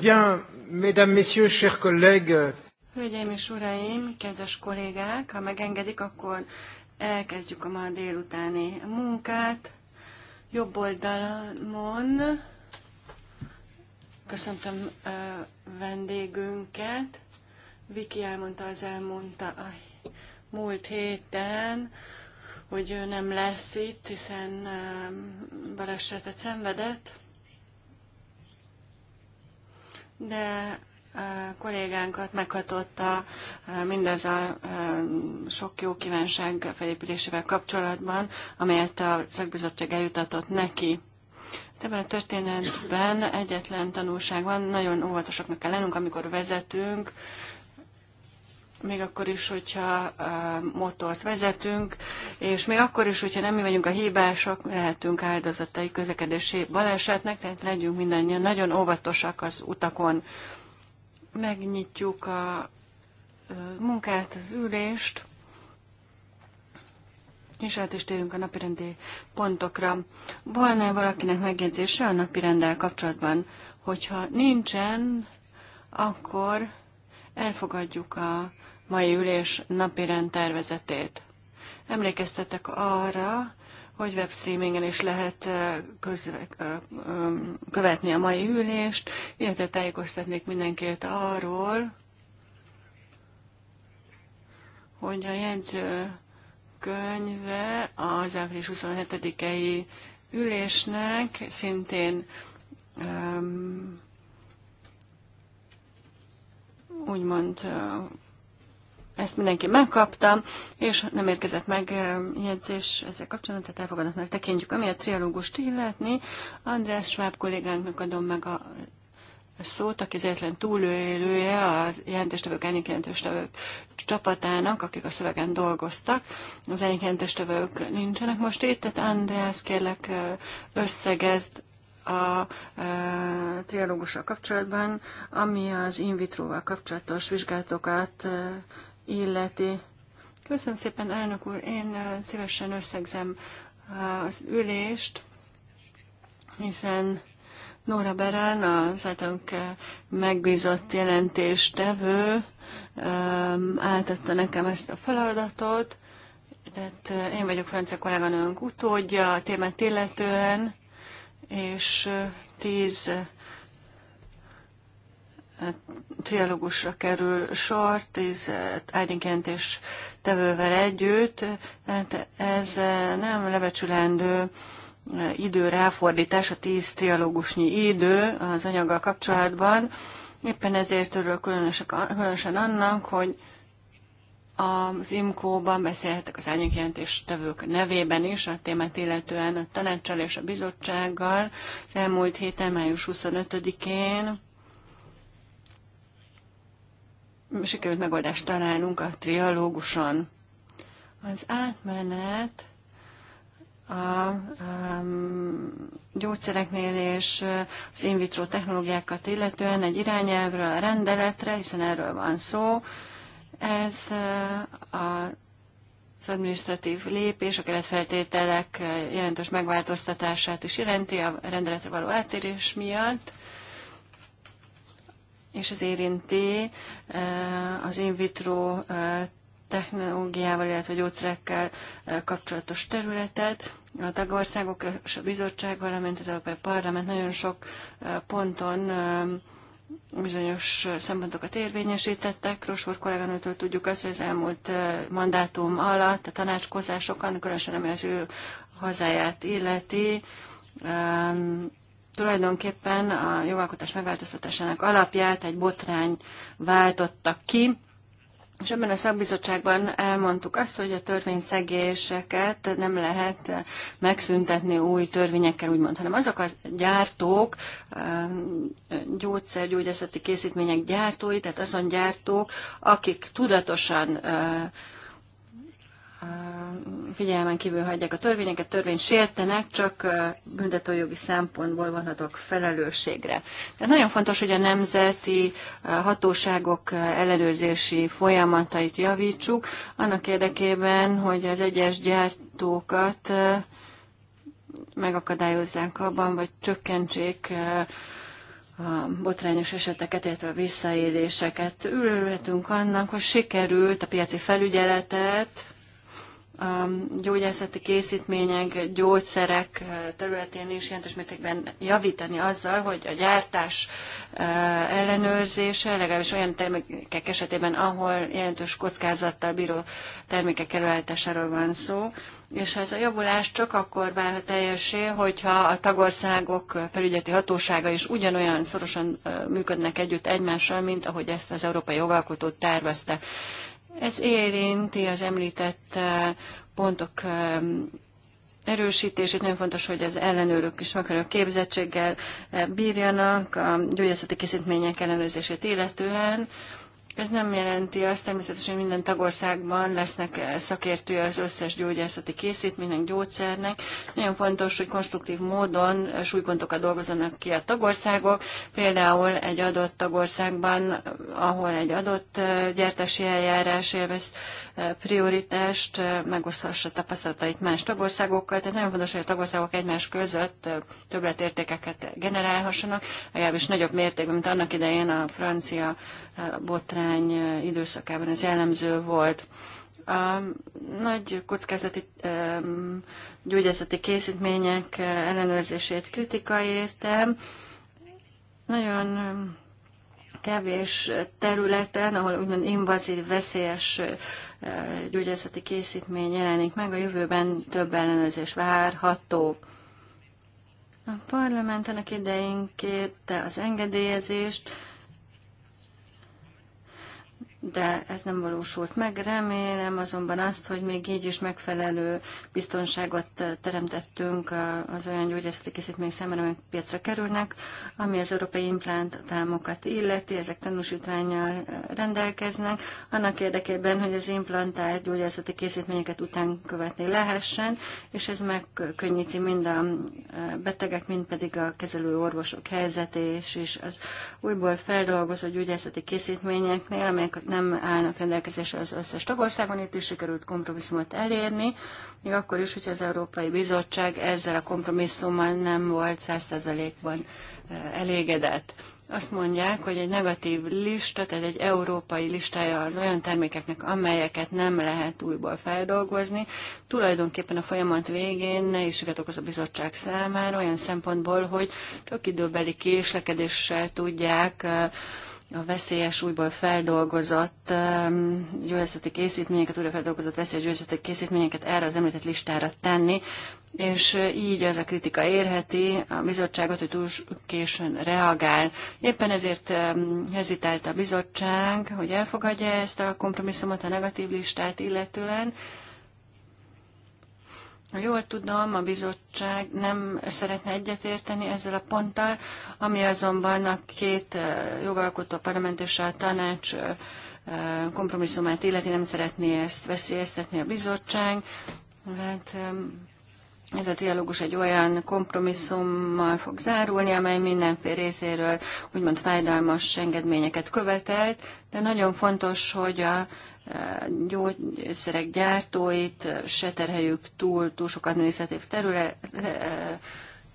Bien, mesdames, messieurs, chers collègues. Hölgyeim és uraim, kedves kollégák, ha megengedik, akkor elkezdjük a ma délutáni munkát. Jobb oldalon köszöntöm vendégünket. Viki elmondta, az elmondta a múlt héten, hogy ő nem lesz itt, hiszen balesetet szenvedett de a kollégánkat meghatotta mindez a sok jó kívánság felépülésével kapcsolatban, amelyet a szakbizottság eljutatott neki. Ebben a történetben egyetlen tanulság van, nagyon óvatosaknak kell lennünk, amikor vezetünk, még akkor is, hogyha motort vezetünk, és még akkor is, hogyha nem mi vagyunk a hibások, lehetünk áldozatai közlekedési balesetnek, tehát legyünk mindannyian nagyon óvatosak az utakon. Megnyitjuk a munkát, az ülést, és át is térünk a napirendi pontokra. Volna valakinek megjegyzése a napirendel kapcsolatban? Hogyha nincsen, akkor elfogadjuk a mai ülés napirend tervezetét. Emlékeztetek arra, hogy webstreamingen is lehet közve, követni a mai ülést, illetve tájékoztatnék mindenkit arról, hogy a jegyzőkönyve az április 27-i ülésnek szintén um, úgymond ezt mindenki megkapta, és nem érkezett meg jegyzés ezzel kapcsolatban, tehát elfogadatnak tekintjük. Ami a trialógust illetni, András Schwab kollégánknak adom meg a szót, aki az egyetlen túlélője a jelentéstevők, elnök jelentéstevők csapatának, akik a szövegen dolgoztak. Az elnök jelentéstevők nincsenek most itt, tehát András, kérlek összegezd a e, trialógussal kapcsolatban, ami az in vitro-val kapcsolatos vizsgálatokat illeti. Köszönöm szépen, elnök úr, én szívesen összegzem az ülést, hiszen Nóra Berán, az általunk megbízott jelentéstevő átadta nekem ezt a feladatot, tehát én vagyok francia kolléganőnk utódja a témát illetően, és tíz trialógusra kerül sor, tíz eh, és tevővel együtt, tehát ez eh, nem lebecsülendő eh, idő ráfordítás, a tíz trialógusnyi idő az anyaggal kapcsolatban. Éppen ezért örülök különösen annak, hogy az IMCO-ban beszélhetek az tevők nevében is, a témát illetően a tanácsal és a bizottsággal az elmúlt héten, május 25-én sikerült megoldást találnunk a trialóguson. Az átmenet a a um, gyógyszereknél és az in vitro technológiákat illetően egy irányelvről a rendeletre, hiszen erről van szó. Ez a, az administratív lépés, a keretfeltételek jelentős megváltoztatását is jelenti a rendeletre való eltérés miatt és ez érinti eh, az in vitro eh, technológiával, illetve gyógyszerekkel eh, kapcsolatos területet. A tagországok és a bizottság, valamint az Európai Parlament nagyon sok ponton bizonyos szempontokat érvényesítettek. Rosfor kolléganőtől tudjuk azt, hogy az elmúlt mandátum alatt a tanácskozásokon, különösen ami az ő hazáját illeti, tulajdonképpen a jogalkotás megváltoztatásának alapját egy botrány váltotta ki, és ebben a szakbizottságban elmondtuk azt, hogy a törvényszegéseket nem lehet megszüntetni új törvényekkel, úgymond, hanem azok a gyártók, gyógyszergyógyászati készítmények gyártói, tehát azon gyártók, akik tudatosan figyelmen kívül hagyják a törvényeket, törvény sértenek, csak büntetőjogi szempontból vonhatok felelősségre. De nagyon fontos, hogy a nemzeti hatóságok ellenőrzési folyamatait javítsuk, annak érdekében, hogy az egyes gyártókat megakadályozzák abban, vagy csökkentsék a botrányos eseteket, illetve a visszaéléseket. Ülhetünk annak, hogy sikerült a piaci felügyeletet gyógyászati készítmények, gyógyszerek eh, területén is jelentős mértékben javítani azzal, hogy a gyártás eh, ellenőrzése, legalábbis olyan termékek esetében, ahol jelentős kockázattal bíró termékek előállításáról van szó, és ez a javulás csak akkor válhat teljesé, hogyha a tagországok felügyeti hatósága is ugyanolyan szorosan eh, működnek együtt egymással, mint ahogy ezt az európai jogalkotó tervezte. Ez érinti az említett pontok erősítését. Nagyon fontos, hogy az ellenőrök is megfelelő képzettséggel bírjanak a gyógyászati készítmények ellenőrzését illetően. Ez nem jelenti azt természetesen, hogy minden tagországban lesznek eh, szakértője az összes gyógyászati készítménynek, gyógyszernek. Nagyon fontos, hogy konstruktív módon eh, súlypontokat dolgozzanak ki a tagországok. Például egy adott tagországban, eh, ahol egy adott gyártási eljárás élvez prioritást, megoszthassa tapasztalatait más tagországokkal. Tehát nagyon fontos, hogy a tagországok egymás között többletértékeket generálhassanak, legalábbis nagyobb mértékben, mint annak idején a francia botrány időszakában ez jellemző volt. A nagy kockázati gyógyászati készítmények ellenőrzését kritika érte. Nagyon kevés területen, ahol úgymond invazív, veszélyes gyógyászati készítmény jelenik meg, a jövőben több ellenőrzés várható. A parlament ennek idején kérte az engedélyezést, de ez nem valósult meg. Remélem azonban azt, hogy még így is megfelelő biztonságot teremtettünk az olyan gyógyászati készítmények számára, amelyek piacra kerülnek, ami az európai implantámokat illeti, ezek tanúsítványjal rendelkeznek, annak érdekében, hogy az implantált gyógyászati készítményeket után követni lehessen, és ez megkönnyíti mind a betegek, mind pedig a kezelő orvosok helyzetét, és az újból feldolgozott gyógyászati készítményeknél, amelyek nem állnak rendelkezésre az összes tagországon, itt is sikerült kompromisszumot elérni, még akkor is, hogy az Európai Bizottság ezzel a kompromisszummal nem volt 100%-ban elégedett. Azt mondják, hogy egy negatív lista, tehát egy európai listája az olyan termékeknek, amelyeket nem lehet újból feldolgozni. Tulajdonképpen a folyamat végén nehézséget okoz a bizottság számára olyan szempontból, hogy csak időbeli késlekedéssel tudják uh, a veszélyes újból feldolgozott um, gyógyászati készítményeket, újra feldolgozott veszélyes gyógyászati készítményeket erre az említett listára tenni, és így az a kritika érheti a bizottságot, hogy túl későn reagál. Éppen ezért um, hezitált a bizottság, hogy elfogadja ezt a kompromisszumot a negatív listát illetően, ha jól tudom, a bizottság nem szeretne egyetérteni ezzel a ponttal, ami azonban a két jogalkotó parlament és a tanács kompromisszumát illeti, nem szeretné ezt veszélyeztetni a bizottság. Hát, ez a dialógus egy olyan kompromisszummal fog zárulni, amely mindenféle részéről úgymond fájdalmas engedményeket követelt, de nagyon fontos, hogy a gyógyszerek gyártóit se terheljük túl, túl sok adminisztratív terület, eh,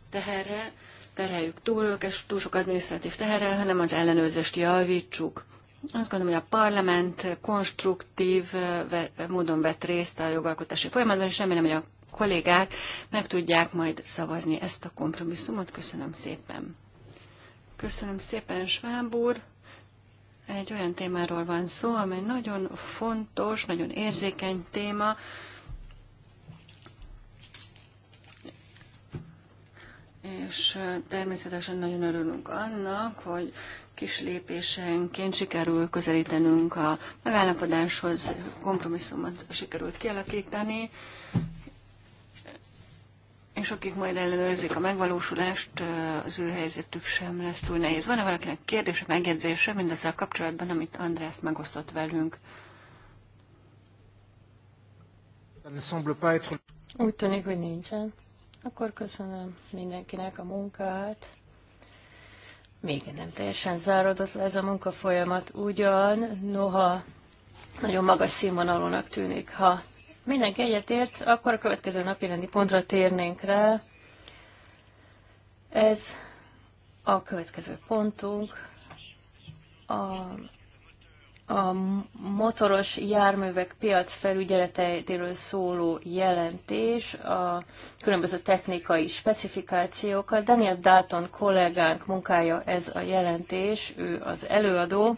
teherre, terheljük túl, és túl sok adminisztratív teherrel, hanem az ellenőrzést javítsuk. Azt gondolom, hogy a parlament konstruktív eh, módon vett részt a jogalkotási folyamatban, és remélem, hogy a kollégák meg tudják majd szavazni ezt a kompromisszumot. Köszönöm szépen. Köszönöm szépen, Schwab úr. Egy olyan témáról van szó, amely nagyon fontos, nagyon érzékeny téma, és természetesen nagyon örülünk annak, hogy kis lépésenként sikerül közelítenünk a megállapodáshoz, kompromisszumot sikerült kialakítani, és akik majd ellenőrzik a megvalósulást, az ő helyzetük sem lesz túl nehéz. Van-e valakinek kérdése, megjegyzése mindezzel kapcsolatban, amit András megosztott velünk? Úgy tűnik, hogy nincsen. Akkor köszönöm mindenkinek a munkát. Még nem teljesen záródott le ez a munkafolyamat, ugyan, noha nagyon magas színvonalúnak tűnik, ha mindenki egyetért, akkor a következő napi rendi pontra térnénk rá. Ez a következő pontunk. A a motoros járművek piac felügyeletéről szóló jelentés, a különböző technikai specifikációkat. Daniel Dalton kollégánk munkája ez a jelentés, ő az előadó,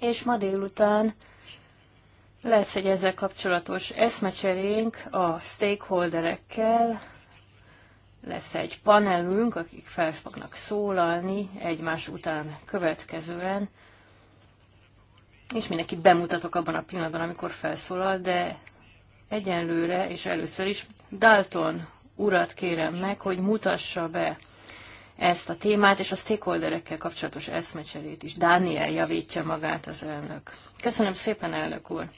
és ma délután lesz egy ezzel kapcsolatos eszmecserénk a stakeholderekkel, lesz egy panelünk, akik fel fognak szólalni egymás után következően, és mindenkit bemutatok abban a pillanatban, amikor felszólal, de egyenlőre és először is Dalton urat kérem meg, hogy mutassa be ezt a témát, és a stakeholderekkel kapcsolatos eszmecserét is. Dániel javítja magát az elnök. Köszönöm szépen, elnök úr!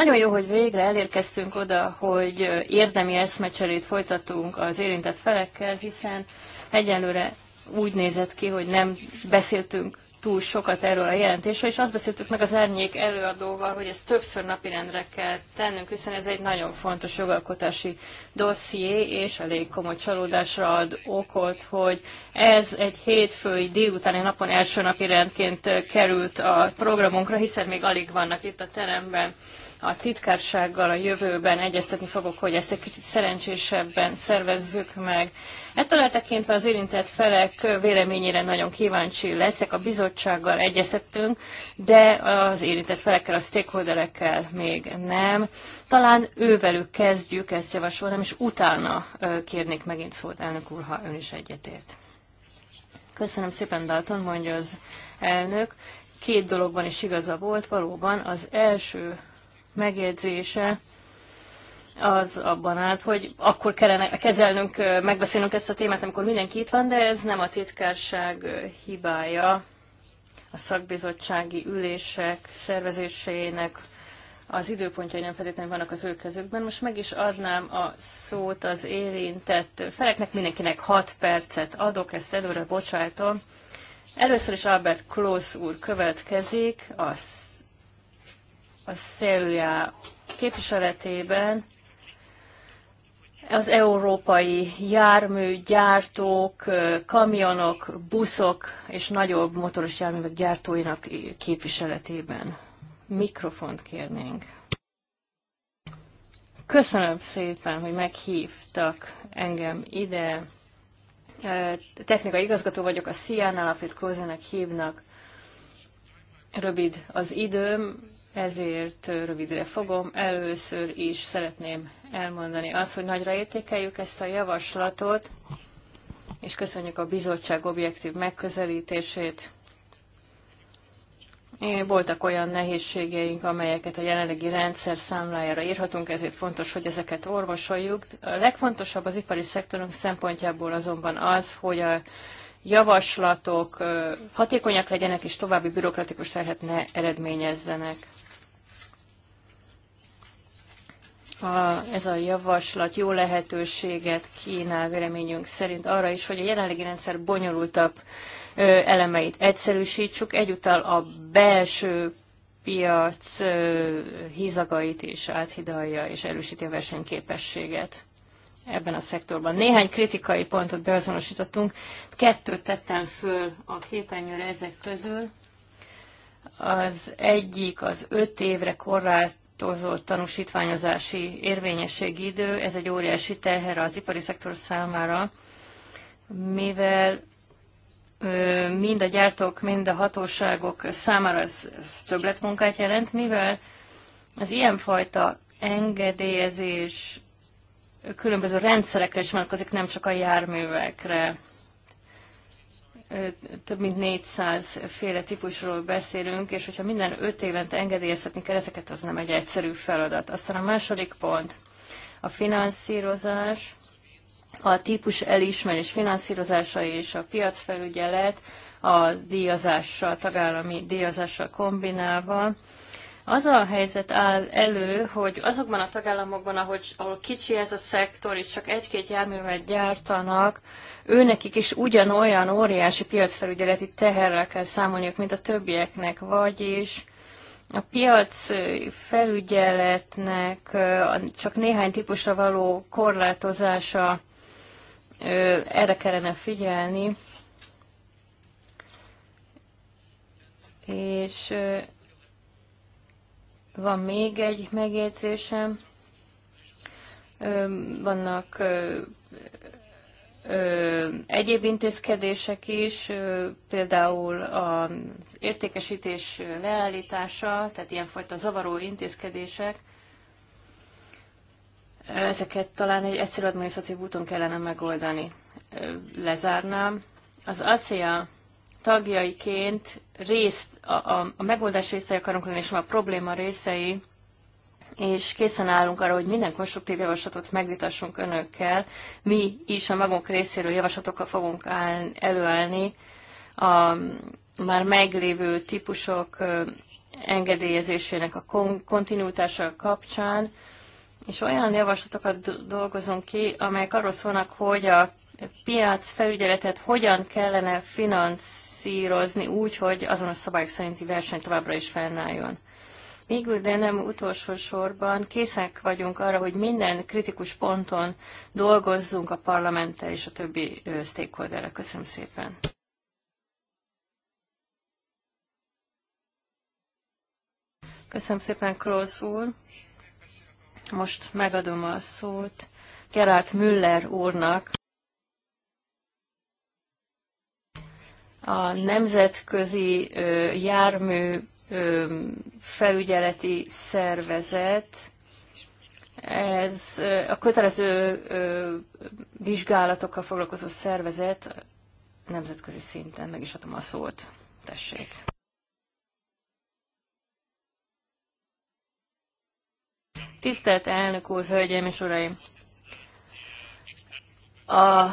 Nagyon jó, hogy végre elérkeztünk oda, hogy érdemi eszmecserét folytatunk az érintett felekkel, hiszen egyelőre úgy nézett ki, hogy nem beszéltünk túl sokat erről a jelentésről, és azt beszéltük meg az árnyék előadóval, hogy ezt többször napirendre kell tennünk, hiszen ez egy nagyon fontos jogalkotási dosszié, és elég komoly csalódásra ad okot, hogy ez egy hétfői délutáni napon első napirendként került a programunkra, hiszen még alig vannak itt a teremben a titkársággal a jövőben egyeztetni fogok, hogy ezt egy kicsit szerencsésebben szervezzük meg. Ettől eltekintve az érintett felek véleményére nagyon kíváncsi leszek, a bizottsággal egyeztettünk, de az érintett felekkel, a stakeholderekkel még nem. Talán ővelük kezdjük, ezt javasolnám, és utána kérnék megint szót, elnök úr, ha ön is egyetért. Köszönöm szépen, Dalton, mondja az elnök. Két dologban is igaza volt, valóban az első megjegyzése az abban állt, hogy akkor kellene kezelnünk, megbeszélnünk ezt a témát, amikor mindenki itt van, de ez nem a titkárság hibája. A szakbizottsági ülések szervezésének az időpontjai nem feltétlenül vannak az ő kezükben. Most meg is adnám a szót az érintett feleknek, mindenkinek 6 percet adok, ezt előre bocsájtom. Először is Albert Klósz úr következik, az a Szélia képviseletében az európai járműgyártók, kamionok, buszok és nagyobb motoros járművek gyártóinak képviseletében. Mikrofont kérnénk. Köszönöm szépen, hogy meghívtak engem ide. Technikai igazgató vagyok a CIA-nál, Alfred hívnak. Rövid az időm, ezért rövidre fogom. Először is szeretném elmondani azt, hogy nagyra értékeljük ezt a javaslatot, és köszönjük a bizottság objektív megközelítését. Voltak olyan nehézségeink, amelyeket a jelenlegi rendszer számlájára írhatunk, ezért fontos, hogy ezeket orvosoljuk. A legfontosabb az ipari szektorunk szempontjából azonban az, hogy a javaslatok hatékonyak legyenek, és további bürokratikus terhet ne eredményezzenek. a, ez a javaslat jó lehetőséget kínál véleményünk szerint arra is, hogy a jelenlegi rendszer bonyolultabb ö, elemeit egyszerűsítsük, egyúttal a belső piac ö, hízagait is áthidalja és erősíti a versenyképességet ebben a szektorban. Néhány kritikai pontot beazonosítottunk, kettőt tettem föl a képernyőre ezek közül. Az egyik az öt évre korlát korlátozott tanúsítványozási érvényességi idő, ez egy óriási teher az ipari szektor számára, mivel mind a gyártók, mind a hatóságok számára ez, ez többletmunkát jelent, mivel az ilyenfajta engedélyezés különböző rendszerekre is vonatkozik, nem csak a járművekre. Több mint 400 féle típusról beszélünk, és hogyha minden öt évente engedélyeztetni kell ezeket, az nem egy egyszerű feladat. Aztán a második pont, a finanszírozás, a típus elismerés finanszírozása és a piacfelügyelet a díjazással, tagállami díjazással kombinálva az a helyzet áll elő, hogy azokban a tagállamokban, ahogy, ahol kicsi ez a szektor, és csak egy-két járművet gyártanak, őnekik is ugyanolyan óriási piacfelügyeleti teherrel kell számolniuk, mint a többieknek, vagyis a piac felügyeletnek csak néhány típusra való korlátozása erre kellene figyelni, és van még egy megjegyzésem. Vannak egyéb intézkedések is, például az értékesítés leállítása, tehát ilyenfajta zavaró intézkedések, ezeket talán egy egyszerű adminisztratív úton kellene megoldani. Lezárnám. Az ACEA tagjaiként részt, a, a, a megoldás részei akarunk lenni, és a probléma részei, és készen állunk arra, hogy minden konstruktív javaslatot megvitassunk önökkel. Mi is a magunk részéről javaslatokkal fogunk áll, előállni a már meglévő típusok engedélyezésének a kon- kontinuitása kapcsán, és olyan javaslatokat dolgozunk ki, amelyek arról szólnak, hogy a piacfelügyeletet hogyan kellene finanszírozni úgy, hogy azonos szabályok szerinti verseny továbbra is fennálljon. Még de nem utolsó sorban készek vagyunk arra, hogy minden kritikus ponton dolgozzunk a parlamenttel és a többi stakeholderrel. Köszönöm szépen! Köszönöm szépen, Krósz úr! Most megadom a szót Gerard Müller úrnak, a nemzetközi jármű felügyeleti szervezet, ez a kötelező vizsgálatokkal foglalkozó szervezet nemzetközi szinten, meg is adom a szót. Tessék. Tisztelt elnök úr, hölgyeim és uraim! A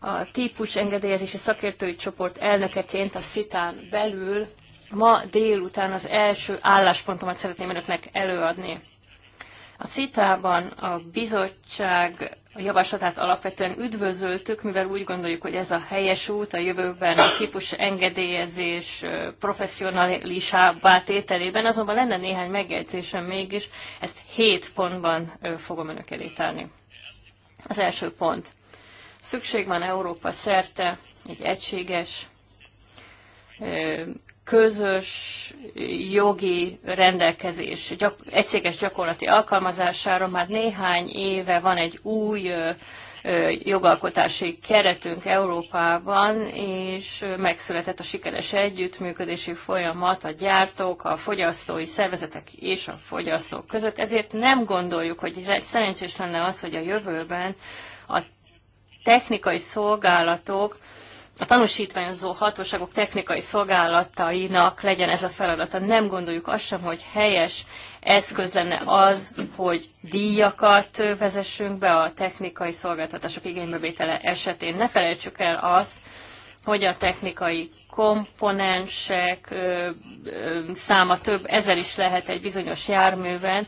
a típus engedélyezési szakértői csoport elnökeként a szitán belül ma délután az első álláspontomat szeretném önöknek előadni. A CITA-ban a bizottság javaslatát alapvetően üdvözöltük, mivel úgy gondoljuk, hogy ez a helyes út a jövőben a típus engedélyezés professzionalisábbá tételében, azonban lenne néhány megjegyzésem mégis, ezt hét pontban fogom önök elé tárni. Az első pont. Szükség van Európa szerte egy egységes, közös jogi rendelkezés, egységes gyakorlati alkalmazására már néhány éve van egy új jogalkotási keretünk Európában, és megszületett a sikeres együttműködési folyamat a gyártók, a fogyasztói szervezetek és a fogyasztók között. Ezért nem gondoljuk, hogy szerencsés lenne az, hogy a jövőben technikai szolgálatok, a tanúsítványozó hatóságok technikai szolgálatainak legyen ez a feladata. Nem gondoljuk azt sem, hogy helyes eszköz lenne az, hogy díjakat vezessünk be a technikai szolgáltatások igénybevétele esetén. Ne felejtsük el azt, hogy a technikai komponensek száma több ezer is lehet egy bizonyos járműben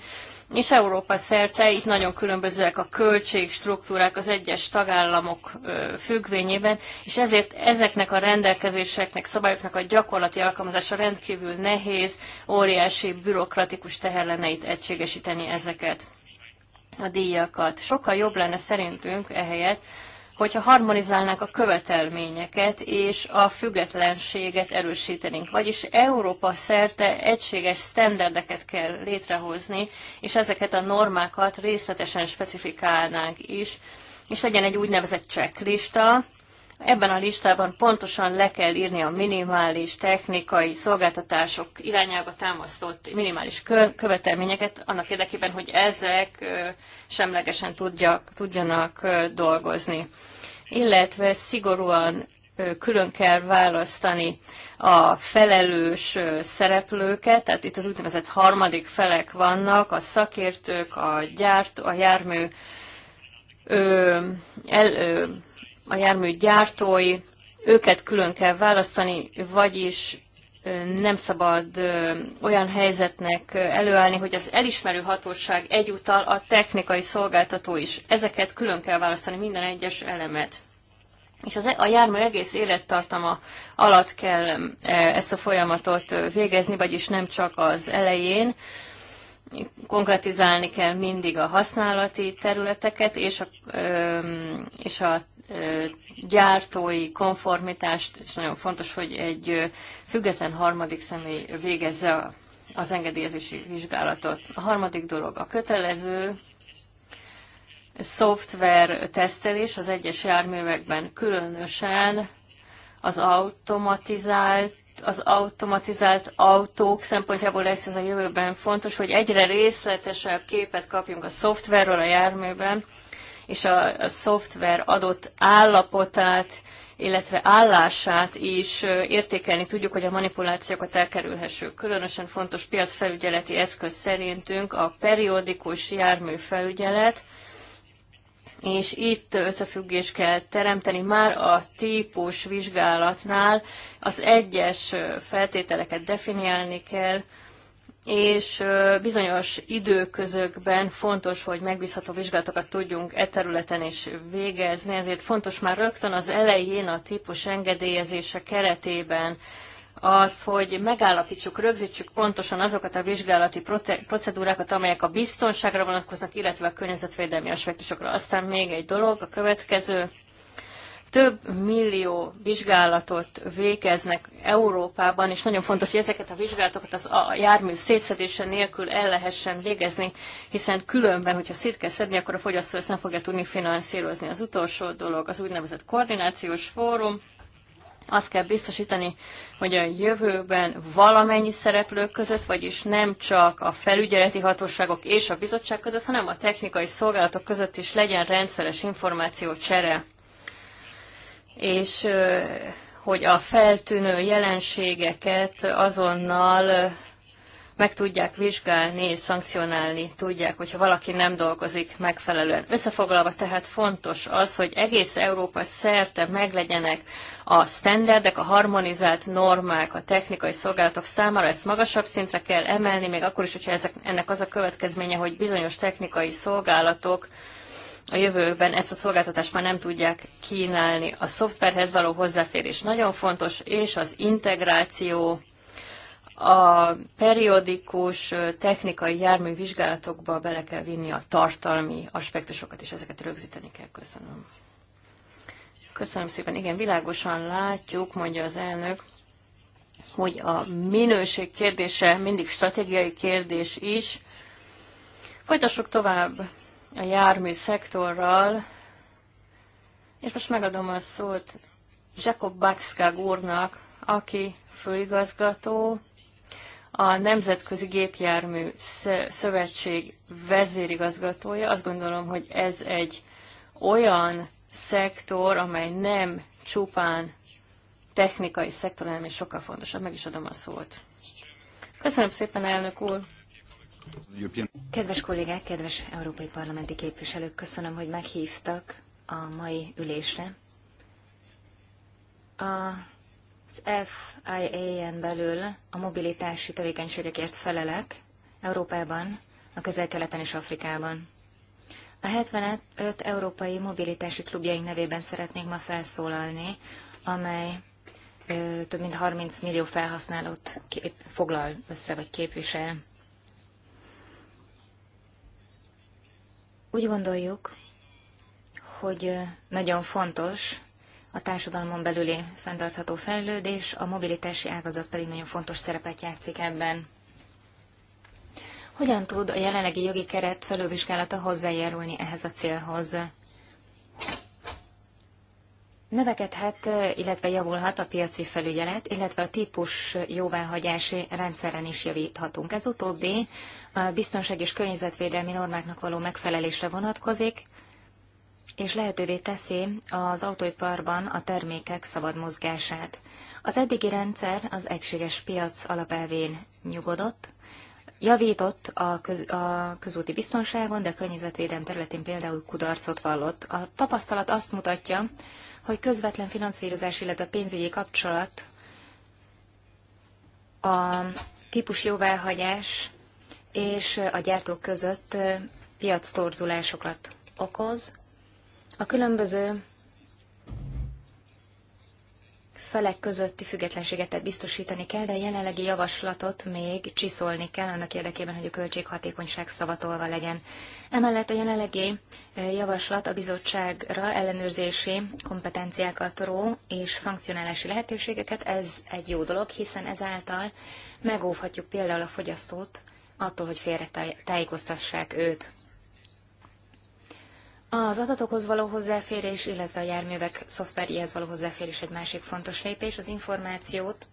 és Európa szerte itt nagyon különbözőek a költségstruktúrák az egyes tagállamok függvényében, és ezért ezeknek a rendelkezéseknek, szabályoknak a gyakorlati alkalmazása rendkívül nehéz, óriási bürokratikus teher lenne itt egységesíteni ezeket a díjakat. Sokkal jobb lenne szerintünk ehelyett, hogyha harmonizálnák a követelményeket és a függetlenséget erősítenénk. Vagyis Európa szerte egységes sztenderdeket kell létrehozni, és ezeket a normákat részletesen specifikálnánk is, és legyen egy úgynevezett checklista, Ebben a listában pontosan le kell írni a minimális technikai szolgáltatások irányába támasztott minimális követelményeket, annak érdekében, hogy ezek semlegesen tudjak, tudjanak dolgozni illetve szigorúan külön kell választani a felelős szereplőket, tehát itt az úgynevezett harmadik felek vannak, a szakértők, a gyárt, a jármű, el, a jármű gyártói, őket külön kell választani, vagyis nem szabad olyan helyzetnek előállni, hogy az elismerő hatóság egyúttal a technikai szolgáltató is. Ezeket külön kell választani, minden egyes elemet. És az, e- a jármű egész élettartama alatt kell ezt a folyamatot végezni, vagyis nem csak az elején. Konkretizálni kell mindig a használati területeket és a, és a gyártói konformitást, és nagyon fontos, hogy egy független harmadik személy végezze az engedélyezési vizsgálatot. A harmadik dolog a kötelező szoftver tesztelés az egyes járművekben, különösen az automatizált az automatizált autók szempontjából lesz ez a jövőben fontos, hogy egyre részletesebb képet kapjunk a szoftverről a járműben, és a, a szoftver adott állapotát, illetve állását is értékelni tudjuk, hogy a manipulációkat elkerülhessük. Különösen fontos piacfelügyeleti eszköz szerintünk a periódikus járműfelügyelet, és itt összefüggés kell teremteni már a típus vizsgálatnál, az egyes feltételeket definiálni kell, és bizonyos időközökben fontos, hogy megbízható vizsgálatokat tudjunk e területen is végezni, ezért fontos már rögtön az elején a típus engedélyezése keretében az, hogy megállapítsuk, rögzítsük pontosan azokat a vizsgálati procedúrákat, amelyek a biztonságra vonatkoznak, illetve a környezetvédelmi aspektusokra. Aztán még egy dolog, a következő több millió vizsgálatot végeznek Európában, és nagyon fontos, hogy ezeket a vizsgálatokat az a jármű szétszedése nélkül el lehessen végezni, hiszen különben, hogyha szét kell szedni, akkor a fogyasztó ezt nem fogja tudni finanszírozni. Az utolsó dolog az úgynevezett koordinációs fórum, azt kell biztosítani, hogy a jövőben valamennyi szereplők között, vagyis nem csak a felügyeleti hatóságok és a bizottság között, hanem a technikai szolgálatok között is legyen rendszeres információ csere és hogy a feltűnő jelenségeket azonnal meg tudják vizsgálni és szankcionálni tudják, hogyha valaki nem dolgozik megfelelően. Összefoglalva tehát fontos az, hogy egész Európa szerte meglegyenek a standardek, a harmonizált normák a technikai szolgálatok számára, ezt magasabb szintre kell emelni, még akkor is, hogyha ezek, ennek az a következménye, hogy bizonyos technikai szolgálatok a jövőben ezt a szolgáltatást már nem tudják kínálni. A szoftverhez való hozzáférés nagyon fontos, és az integráció a periódikus technikai járművizsgálatokba bele kell vinni a tartalmi aspektusokat, és ezeket rögzíteni kell. Köszönöm. Köszönöm szépen. Igen, világosan látjuk, mondja az elnök, hogy a minőség kérdése mindig stratégiai kérdés is. Folytassuk tovább a jármű szektorral, és most megadom a szót Jakob Baxkag úrnak, aki főigazgató, a Nemzetközi Gépjármű Szövetség vezérigazgatója. Azt gondolom, hogy ez egy olyan szektor, amely nem csupán technikai szektor, hanem sokkal fontosabb. Meg is adom a szót. Köszönöm szépen, elnök úr! Kedves kollégák, kedves európai parlamenti képviselők, köszönöm, hogy meghívtak a mai ülésre. Az FIA-en belül a mobilitási tevékenységekért felelek Európában, a közel-keleten és Afrikában. A 75 európai mobilitási klubjaink nevében szeretnék ma felszólalni, amely több mint 30 millió felhasználót kép, foglal össze vagy képvisel. Úgy gondoljuk, hogy nagyon fontos a társadalmon belüli fenntartható fejlődés, a mobilitási ágazat pedig nagyon fontos szerepet játszik ebben. Hogyan tud a jelenlegi jogi keret felülvizsgálata hozzájárulni ehhez a célhoz? Növekedhet, illetve javulhat a piaci felügyelet, illetve a típus jóváhagyási rendszeren is javíthatunk. Ez utóbbi a biztonság és környezetvédelmi normáknak való megfelelésre vonatkozik, és lehetővé teszi az autóiparban a termékek szabad mozgását. Az eddigi rendszer az egységes piac alapelvén nyugodott, javított a, köz, a közúti biztonságon, de a környezetvédelem területén például kudarcot vallott. A tapasztalat azt mutatja, hogy közvetlen finanszírozás, illetve pénzügyi kapcsolat a típus jóváhagyás és a gyártók között piactorzulásokat okoz. A különböző felek közötti függetlenséget biztosítani kell, de a jelenlegi javaslatot még csiszolni kell annak érdekében, hogy a költséghatékonyság szavatolva legyen. Emellett a jelenlegi javaslat a bizottságra ellenőrzési kompetenciákat ró és szankcionálási lehetőségeket, ez egy jó dolog, hiszen ezáltal megóvhatjuk például a fogyasztót attól, hogy félre tájékoztassák őt. Az adatokhoz való hozzáférés, illetve a járművek szoftverjéhez való hozzáférés egy másik fontos lépés. Az információt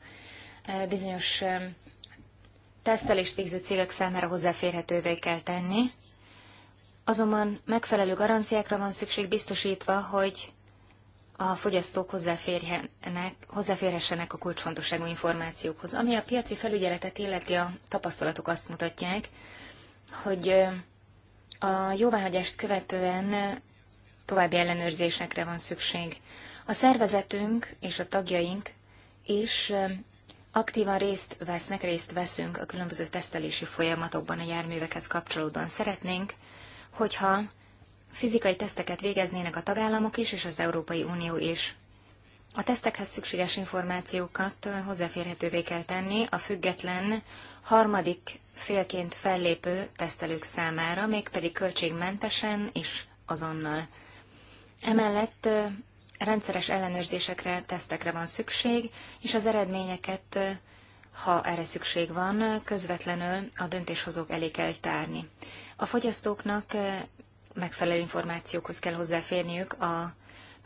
e, bizonyos e, tesztelést végző cégek számára hozzáférhetővé kell tenni, azonban megfelelő garanciákra van szükség biztosítva, hogy a fogyasztók hozzáférhessenek a kulcsfontosságú információkhoz. Ami a piaci felügyeletet illeti, a tapasztalatok azt mutatják, hogy e, a jóváhagyást követően további ellenőrzésekre van szükség. A szervezetünk és a tagjaink is aktívan részt vesznek, részt veszünk a különböző tesztelési folyamatokban a járművekhez kapcsolódóan. Szeretnénk, hogyha fizikai teszteket végeznének a tagállamok is, és az Európai Unió is. A tesztekhez szükséges információkat hozzáférhetővé kell tenni a független harmadik félként fellépő tesztelők számára, mégpedig költségmentesen és azonnal. Emellett rendszeres ellenőrzésekre, tesztekre van szükség, és az eredményeket, ha erre szükség van, közvetlenül a döntéshozók elé kell tárni. A fogyasztóknak megfelelő információkhoz kell hozzáférniük a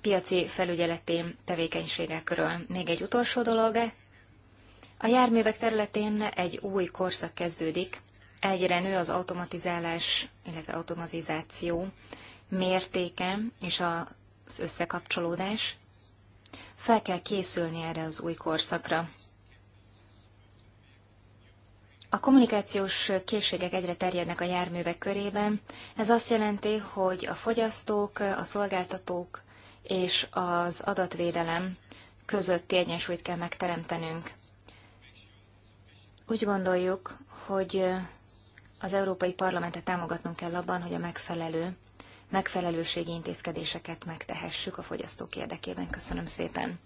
piaci felügyeleti tevékenységekről. Még egy utolsó dolog. A járművek területén egy új korszak kezdődik. Egyre nő az automatizálás, illetve automatizáció mértéke és az összekapcsolódás. Fel kell készülni erre az új korszakra. A kommunikációs készségek egyre terjednek a járművek körében. Ez azt jelenti, hogy a fogyasztók, a szolgáltatók, és az adatvédelem közötti egyensúlyt kell megteremtenünk. Úgy gondoljuk, hogy az Európai Parlamentet támogatnunk kell abban, hogy a megfelelő, megfelelőségi intézkedéseket megtehessük a fogyasztók érdekében. Köszönöm szépen.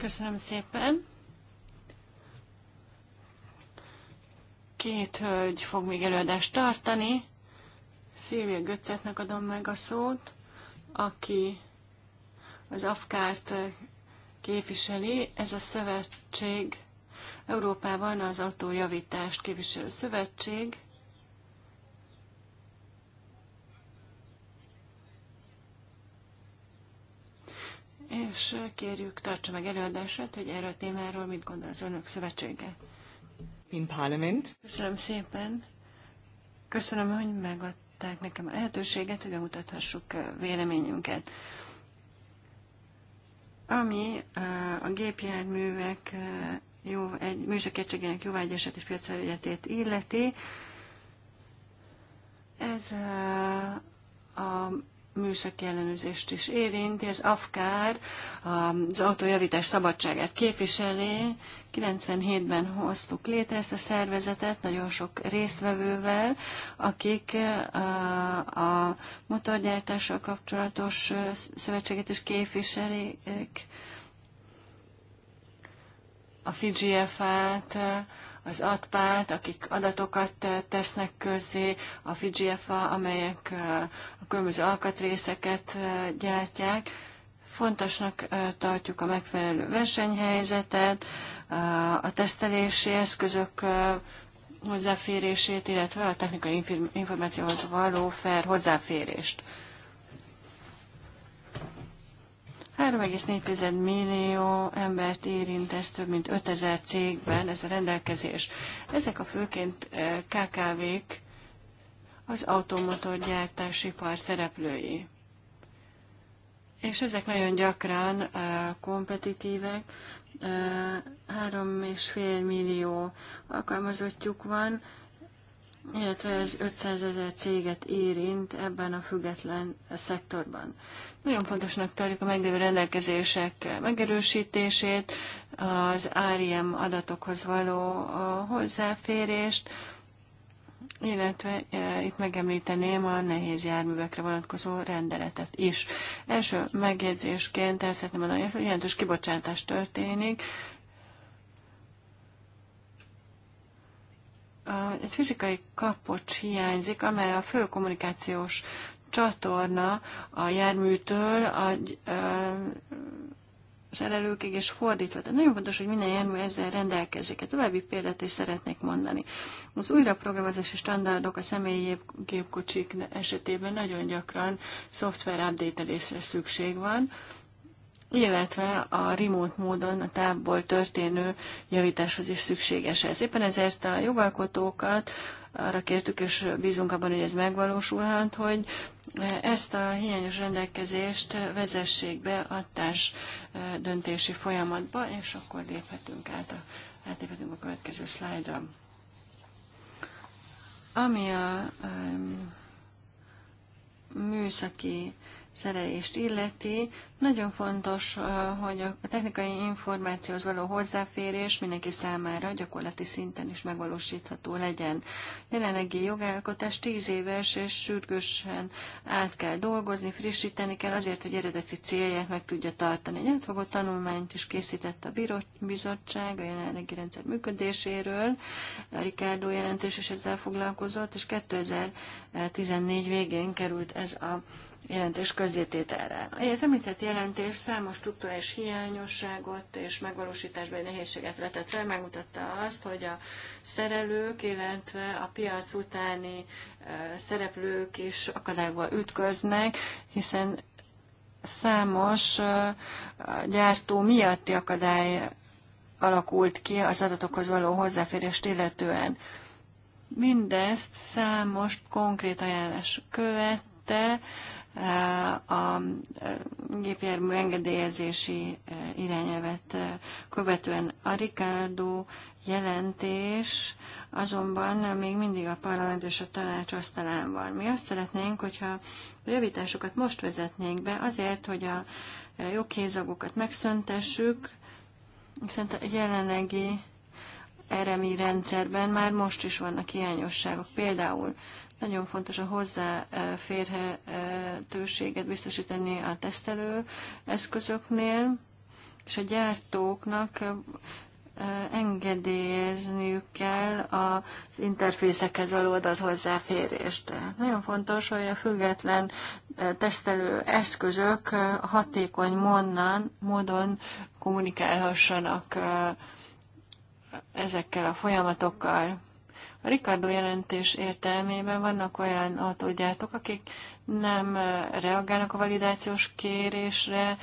Köszönöm szépen. Két hölgy fog még előadást tartani. Szilvia Göccetnek adom meg a szót aki az afkárt képviseli. Ez a szövetség Európában az autójavítást képviselő szövetség. És kérjük, tartsa meg előadását, hogy erről a témáról mit gondol az önök szövetsége. In Parliament. Köszönöm szépen. Köszönöm, hogy megadta adták nekem a lehetőséget, hogy bemutathassuk véleményünket. Ami a gépjárművek jó, egy egységének jóvágyását és piacfelügyetét illeti, ez a műszaki ellenőrzést is érinti. Az AFKÁR az autójavítás szabadságát képviseli. 97-ben hoztuk létre ezt a szervezetet nagyon sok résztvevővel, akik a motorgyártással kapcsolatos szövetséget is képviselik, a fiji t az atpát, akik adatokat eh, tesznek közzé, a FIGFA, amelyek eh, a különböző alkatrészeket eh, gyártják. Fontosnak tartjuk a megfelelő versenyhelyzetet, a tesztelési eszközök hozzáférését, illetve a technikai információhoz való fair hozzáférést. 3,4 millió embert érint ez több mint 5000 cégben, ez a rendelkezés. Ezek a főként eh, KKV-k, az ipar szereplői. És ezek nagyon gyakran uh, kompetitívek, uh, eh, 3,5 millió alkalmazottjuk van, illetve ez 500 ezer céget érint ebben a független szektorban. Nagyon fontosnak tartjuk a meglévő rendelkezések megerősítését, az ARIM adatokhoz való hozzáférést, illetve e, itt megemlíteném a nehéz járművekre vonatkozó rendeletet is. Első megjegyzésként el szeretném mondani, hogy jelentős kibocsátás történik, egy fizikai kapocs hiányzik, amely a fő kommunikációs csatorna a járműtől a, az és fordítva. De nagyon fontos, hogy minden jármű ezzel rendelkezik. Egy további példát is szeretnék mondani. Az újraprogramozási standardok a személyi gépkocsik esetében nagyon gyakran szoftver update szükség van, illetve a remote módon a távból történő javításhoz is szükséges ez. Éppen ezért a jogalkotókat arra kértük, és bízunk abban, hogy ez megvalósulhat, hogy ezt a hiányos rendelkezést vezessék be a társ döntési folyamatba, és akkor léphetünk át a, átléphetünk a következő szlájdra. Ami a um, műszaki szerelést illeti. Nagyon fontos, hogy a technikai információhoz való hozzáférés mindenki számára gyakorlati szinten is megvalósítható legyen. Jelenlegi jogalkotás tíz éves, és sürgősen át kell dolgozni, frissíteni kell azért, hogy eredeti célját meg tudja tartani. Egy átfogó tanulmányt is készített a bizottság a jelenlegi rendszer működéséről. A Ricardo jelentés is ezzel foglalkozott, és 2014 végén került ez a jelentés közzétételre. Az említett jelentés számos struktúrális hiányosságot és megvalósításban nehézséget vetett fel, megmutatta azt, hogy a szerelők, illetve a piac utáni szereplők is akadályba ütköznek, hiszen számos gyártó miatti akadály alakult ki az adatokhoz való hozzáférést illetően. Mindezt számos konkrét ajánlás követte, a gépjármű engedélyezési e, irányelvet e, követően. A Ricardo jelentés azonban még mindig a parlament és a tanács asztalán van. Mi azt szeretnénk, hogyha a javításokat most vezetnénk be azért, hogy a e, jogkézagokat megszöntessük, hiszen a jelenlegi RMI rendszerben már most is vannak hiányosságok. Például nagyon fontos a hozzáférhetőséget biztosítani a tesztelő eszközöknél, és a gyártóknak engedélyezniük kell az interfészekhez való adat hozzáférést. Nagyon fontos, hogy a független tesztelő eszközök hatékony monnan, módon kommunikálhassanak ezekkel a folyamatokkal. Ricardo jelentés értelmében vannak olyan autógyártók, akik nem reagálnak a validációs kérésre,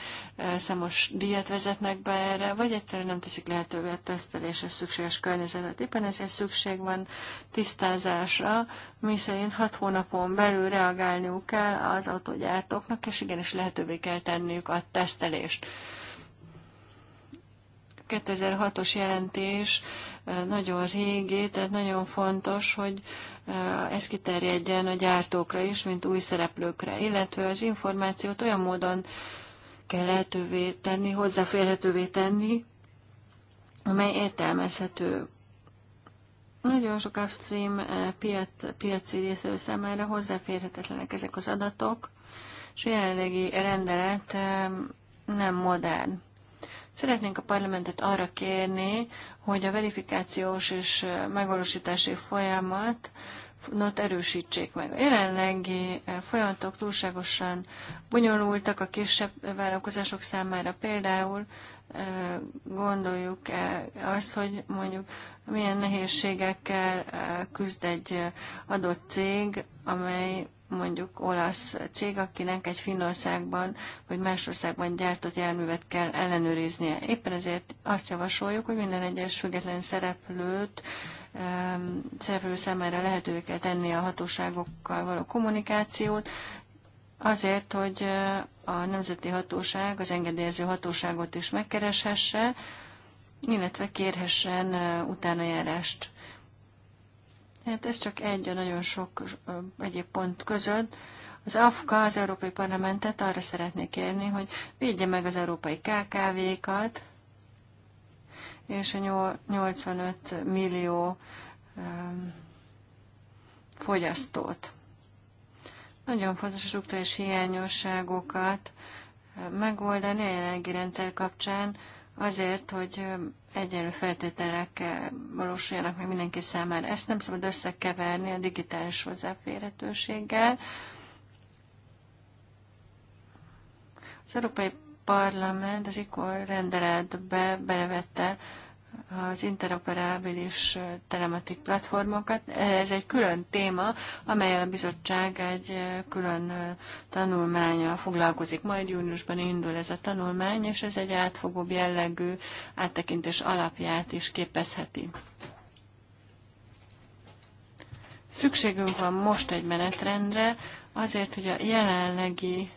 számos díjat vezetnek be erre, vagy egyszerűen nem teszik lehetővé a teszteléshez szükséges környezetet. Éppen ezért szükség van tisztázásra, miszerint hat hónapon belül reagálniuk kell az autógyártóknak, és igenis lehetővé kell tenniük a tesztelést. 2006-os jelentés nagyon régi, tehát nagyon fontos, hogy ez kiterjedjen a gyártókra is, mint új szereplőkre, illetve az információt olyan módon kell lehetővé tenni, hozzáférhetővé tenni, amely értelmezhető. Nagyon sok upstream piac, piaci részvevő számára hozzáférhetetlenek ezek az adatok, és a jelenlegi rendelet nem modern. Szeretnénk a parlamentet arra kérni, hogy a verifikációs és megvalósítási folyamat not erősítsék meg. A jelenlegi folyamatok túlságosan bonyolultak a kisebb vállalkozások számára. Például gondoljuk azt, hogy mondjuk milyen nehézségekkel küzd egy adott cég, amely mondjuk olasz cég, akinek egy Finnországban vagy más országban gyártott járművet kell ellenőriznie. Éppen ezért azt javasoljuk, hogy minden egyes független szereplőt szereplő számára lehetővé kell tenni a hatóságokkal való kommunikációt, azért, hogy a nemzeti hatóság, az engedélyező hatóságot is megkereshesse, illetve kérhessen utánajárást. Hát ez csak egy a nagyon sok egyéb pont között. Az AFKA, az Európai Parlamentet arra szeretnék kérni, hogy védje meg az európai KKV-kat, és a 85 millió fogyasztót. Nagyon fontos a struktúrális hiányosságokat megoldani a jelenlegi rendszer kapcsán, azért, hogy egyenlő feltételek eh, valósuljanak meg mindenki számára. Ezt nem szabad összekeverni a digitális hozzáférhetőséggel. Az Európai Parlament az ikor rendeletbe belevette az interoperábilis telematik platformokat. Ez egy külön téma, amelyel a bizottság egy külön tanulmánya foglalkozik. Majd júniusban indul ez a tanulmány, és ez egy átfogóbb jellegű áttekintés alapját is képezheti. Szükségünk van most egy menetrendre, azért, hogy a jelenlegi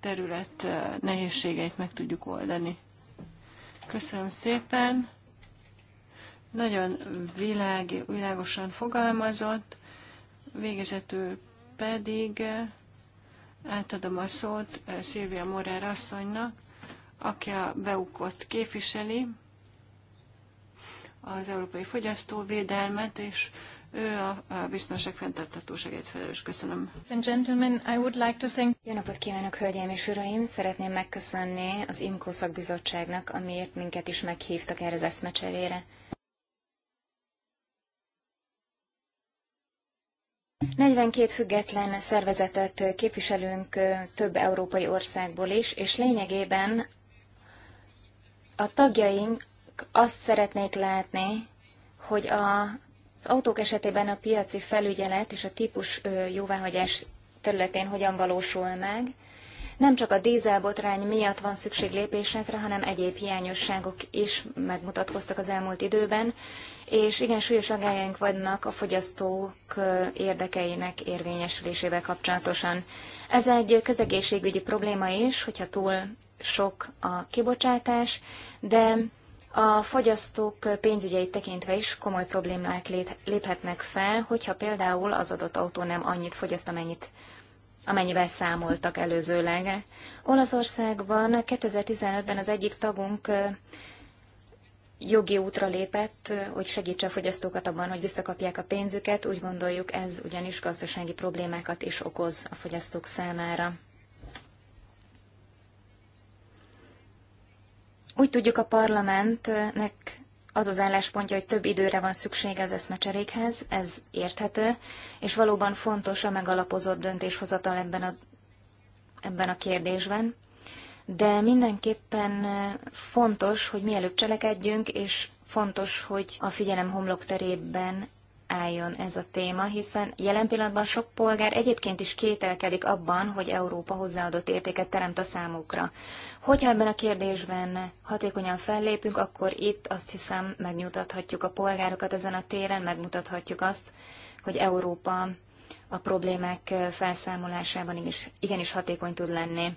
terület nehézségeit meg tudjuk oldani. Köszönöm szépen. Nagyon világ, világosan fogalmazott, végezetül pedig eh, átadom a szót eh, Szilvia Morer asszonynak, aki a beukot képviseli, az Európai Fogyasztóvédelmet, és ő a, biztonság fenntarthatóságért felelős. Köszönöm. Gentlemen, I would like to thank... Jó napot kívánok, hölgyeim és uraim! Szeretném megköszönni az IMCO szakbizottságnak, amiért minket is meghívtak erre az eszmecserére. Negyvenkét független szervezetet képviselünk több európai országból is, és lényegében a tagjaink azt szeretnék látni, hogy a az autók esetében a piaci felügyelet és a típus jóváhagyás területén hogyan valósul meg. Nem csak a dízelbotrány miatt van szükség lépésekre, hanem egyéb hiányosságok is megmutatkoztak az elmúlt időben, és igen súlyos agályaink vannak a fogyasztók érdekeinek érvényesülésével kapcsolatosan. Ez egy közegészségügyi probléma is, hogyha túl sok a kibocsátás, de a fogyasztók pénzügyeit tekintve is komoly problémák léphetnek fel, hogyha például az adott autó nem annyit fogyaszt, amennyit amennyivel számoltak előzőleg. Olaszországban 2015-ben az egyik tagunk jogi útra lépett, hogy segítse a fogyasztókat abban, hogy visszakapják a pénzüket. Úgy gondoljuk, ez ugyanis gazdasági problémákat is okoz a fogyasztók számára. Úgy tudjuk, a parlamentnek az az álláspontja, hogy több időre van szükség az eszmecserékhez, ez érthető, és valóban fontos a megalapozott döntéshozatal ebben a, ebben a kérdésben. De mindenképpen fontos, hogy mielőbb cselekedjünk, és fontos, hogy a figyelem homlokterében álljon ez a téma, hiszen jelen pillanatban sok polgár egyébként is kételkedik abban, hogy Európa hozzáadott értéket teremt a számukra. Hogyha ebben a kérdésben hatékonyan fellépünk, akkor itt azt hiszem megnyugtathatjuk a polgárokat ezen a téren, megmutathatjuk azt, hogy Európa a problémák felszámolásában igenis, igenis hatékony tud lenni.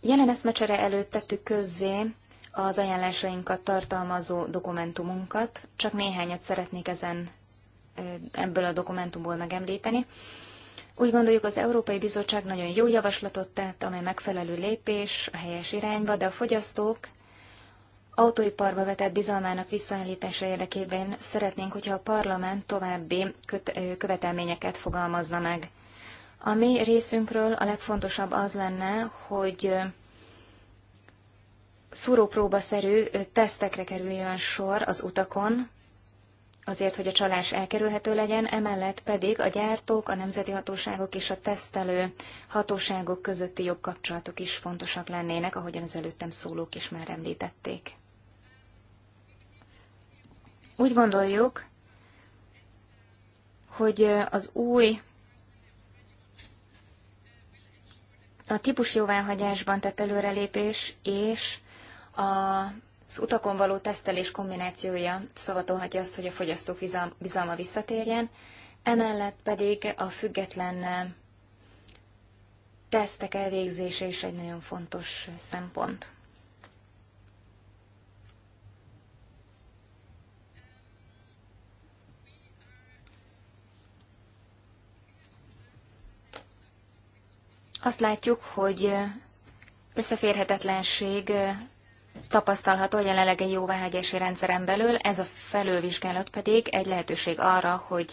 Jelen eszmecsere előtt tettük közzé az ajánlásainkat tartalmazó dokumentumunkat. Csak néhányat szeretnék ezen ebből a dokumentumból megemlíteni. Úgy gondoljuk, az Európai Bizottság nagyon jó javaslatot tett, amely megfelelő lépés a helyes irányba, de a fogyasztók autóiparba vetett bizalmának visszaállítása érdekében szeretnénk, hogyha a parlament további követelményeket fogalmazna meg. A mi részünkről a legfontosabb az lenne, hogy szúrópróbaszerű tesztekre kerüljön sor az utakon, azért, hogy a csalás elkerülhető legyen, emellett pedig a gyártók, a nemzeti hatóságok és a tesztelő hatóságok közötti jobb kapcsolatok is fontosak lennének, ahogyan az előttem szólók is már említették. Úgy gondoljuk, hogy az új a típusjóváhagyásban tett előrelépés és az utakon való tesztelés kombinációja szavatolhatja azt, hogy a fogyasztók bizalma visszatérjen, emellett pedig a független eh, tesztek elvégzése is egy nagyon fontos szempont. Azt látjuk, hogy eh, összeférhetetlenség eh, tapasztalható a egy jóváhagyási rendszeren belül, ez a felülvizsgálat pedig egy lehetőség arra, hogy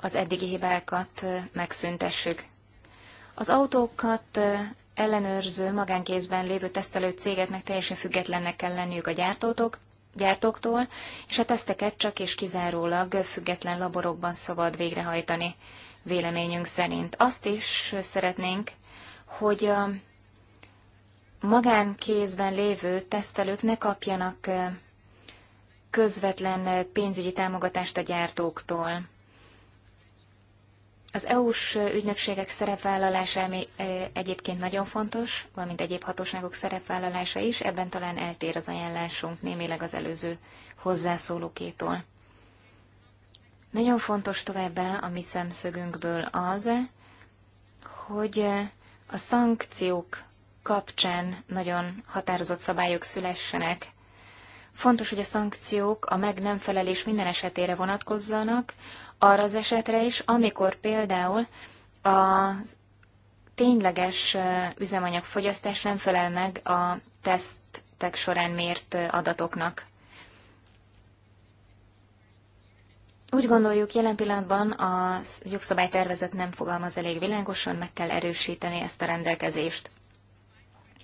az eddigi hibákat megszüntessük. Az autókat ellenőrző magánkézben lévő tesztelő cégeknek teljesen függetlennek kell lenniük a gyártótok, gyártóktól, és a teszteket csak és kizárólag független laborokban szabad végrehajtani, véleményünk szerint. Azt is szeretnénk, hogy a magánkézben lévő tesztelők ne kapjanak közvetlen pénzügyi támogatást a gyártóktól. Az EU-s ügynökségek szerepvállalása egyébként nagyon fontos, valamint egyéb hatóságok szerepvállalása is, ebben talán eltér az ajánlásunk némileg az előző hozzászólókétól. Nagyon fontos továbbá a mi szemszögünkből az, hogy a szankciók kapcsán nagyon határozott szabályok szülessenek. Fontos, hogy a szankciók a meg nem felelés minden esetére vonatkozzanak, arra az esetre is, amikor például a tényleges üzemanyagfogyasztás nem felel meg a tesztek során mért adatoknak. Úgy gondoljuk, jelen pillanatban a jogszabálytervezet nem fogalmaz elég világosan, meg kell erősíteni ezt a rendelkezést.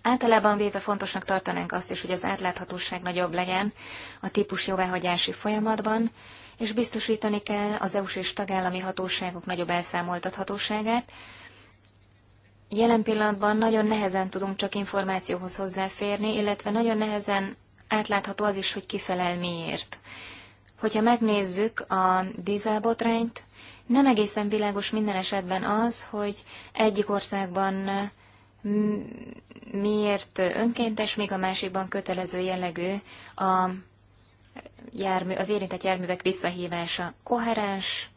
Általában véve fontosnak tartanánk azt is, hogy az átláthatóság nagyobb legyen a típus jóváhagyási folyamatban, és biztosítani kell az EU-s és tagállami hatóságok nagyobb elszámoltathatóságát. Jelen pillanatban nagyon nehezen tudunk csak információhoz hozzáférni, illetve nagyon nehezen átlátható az is, hogy kifelel miért. Hogyha megnézzük a dízelbotrányt, nem egészen világos minden esetben az, hogy egyik országban miért önkéntes, még a másikban kötelező jellegű a jármű, az érintett járművek visszahívása koherens,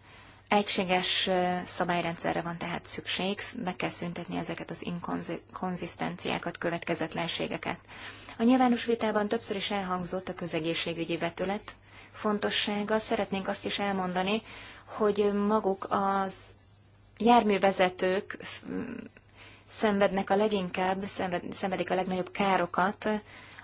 egységes szabályrendszerre van tehát szükség, meg kell szüntetni ezeket az inkonzisztenciákat, következetlenségeket. A nyilvános vitában többször is elhangzott a közegészségügyi vetület fontossága. Szeretnénk azt is elmondani, hogy maguk az járművezetők szenvednek a leginkább, szenved, szenvedik a legnagyobb károkat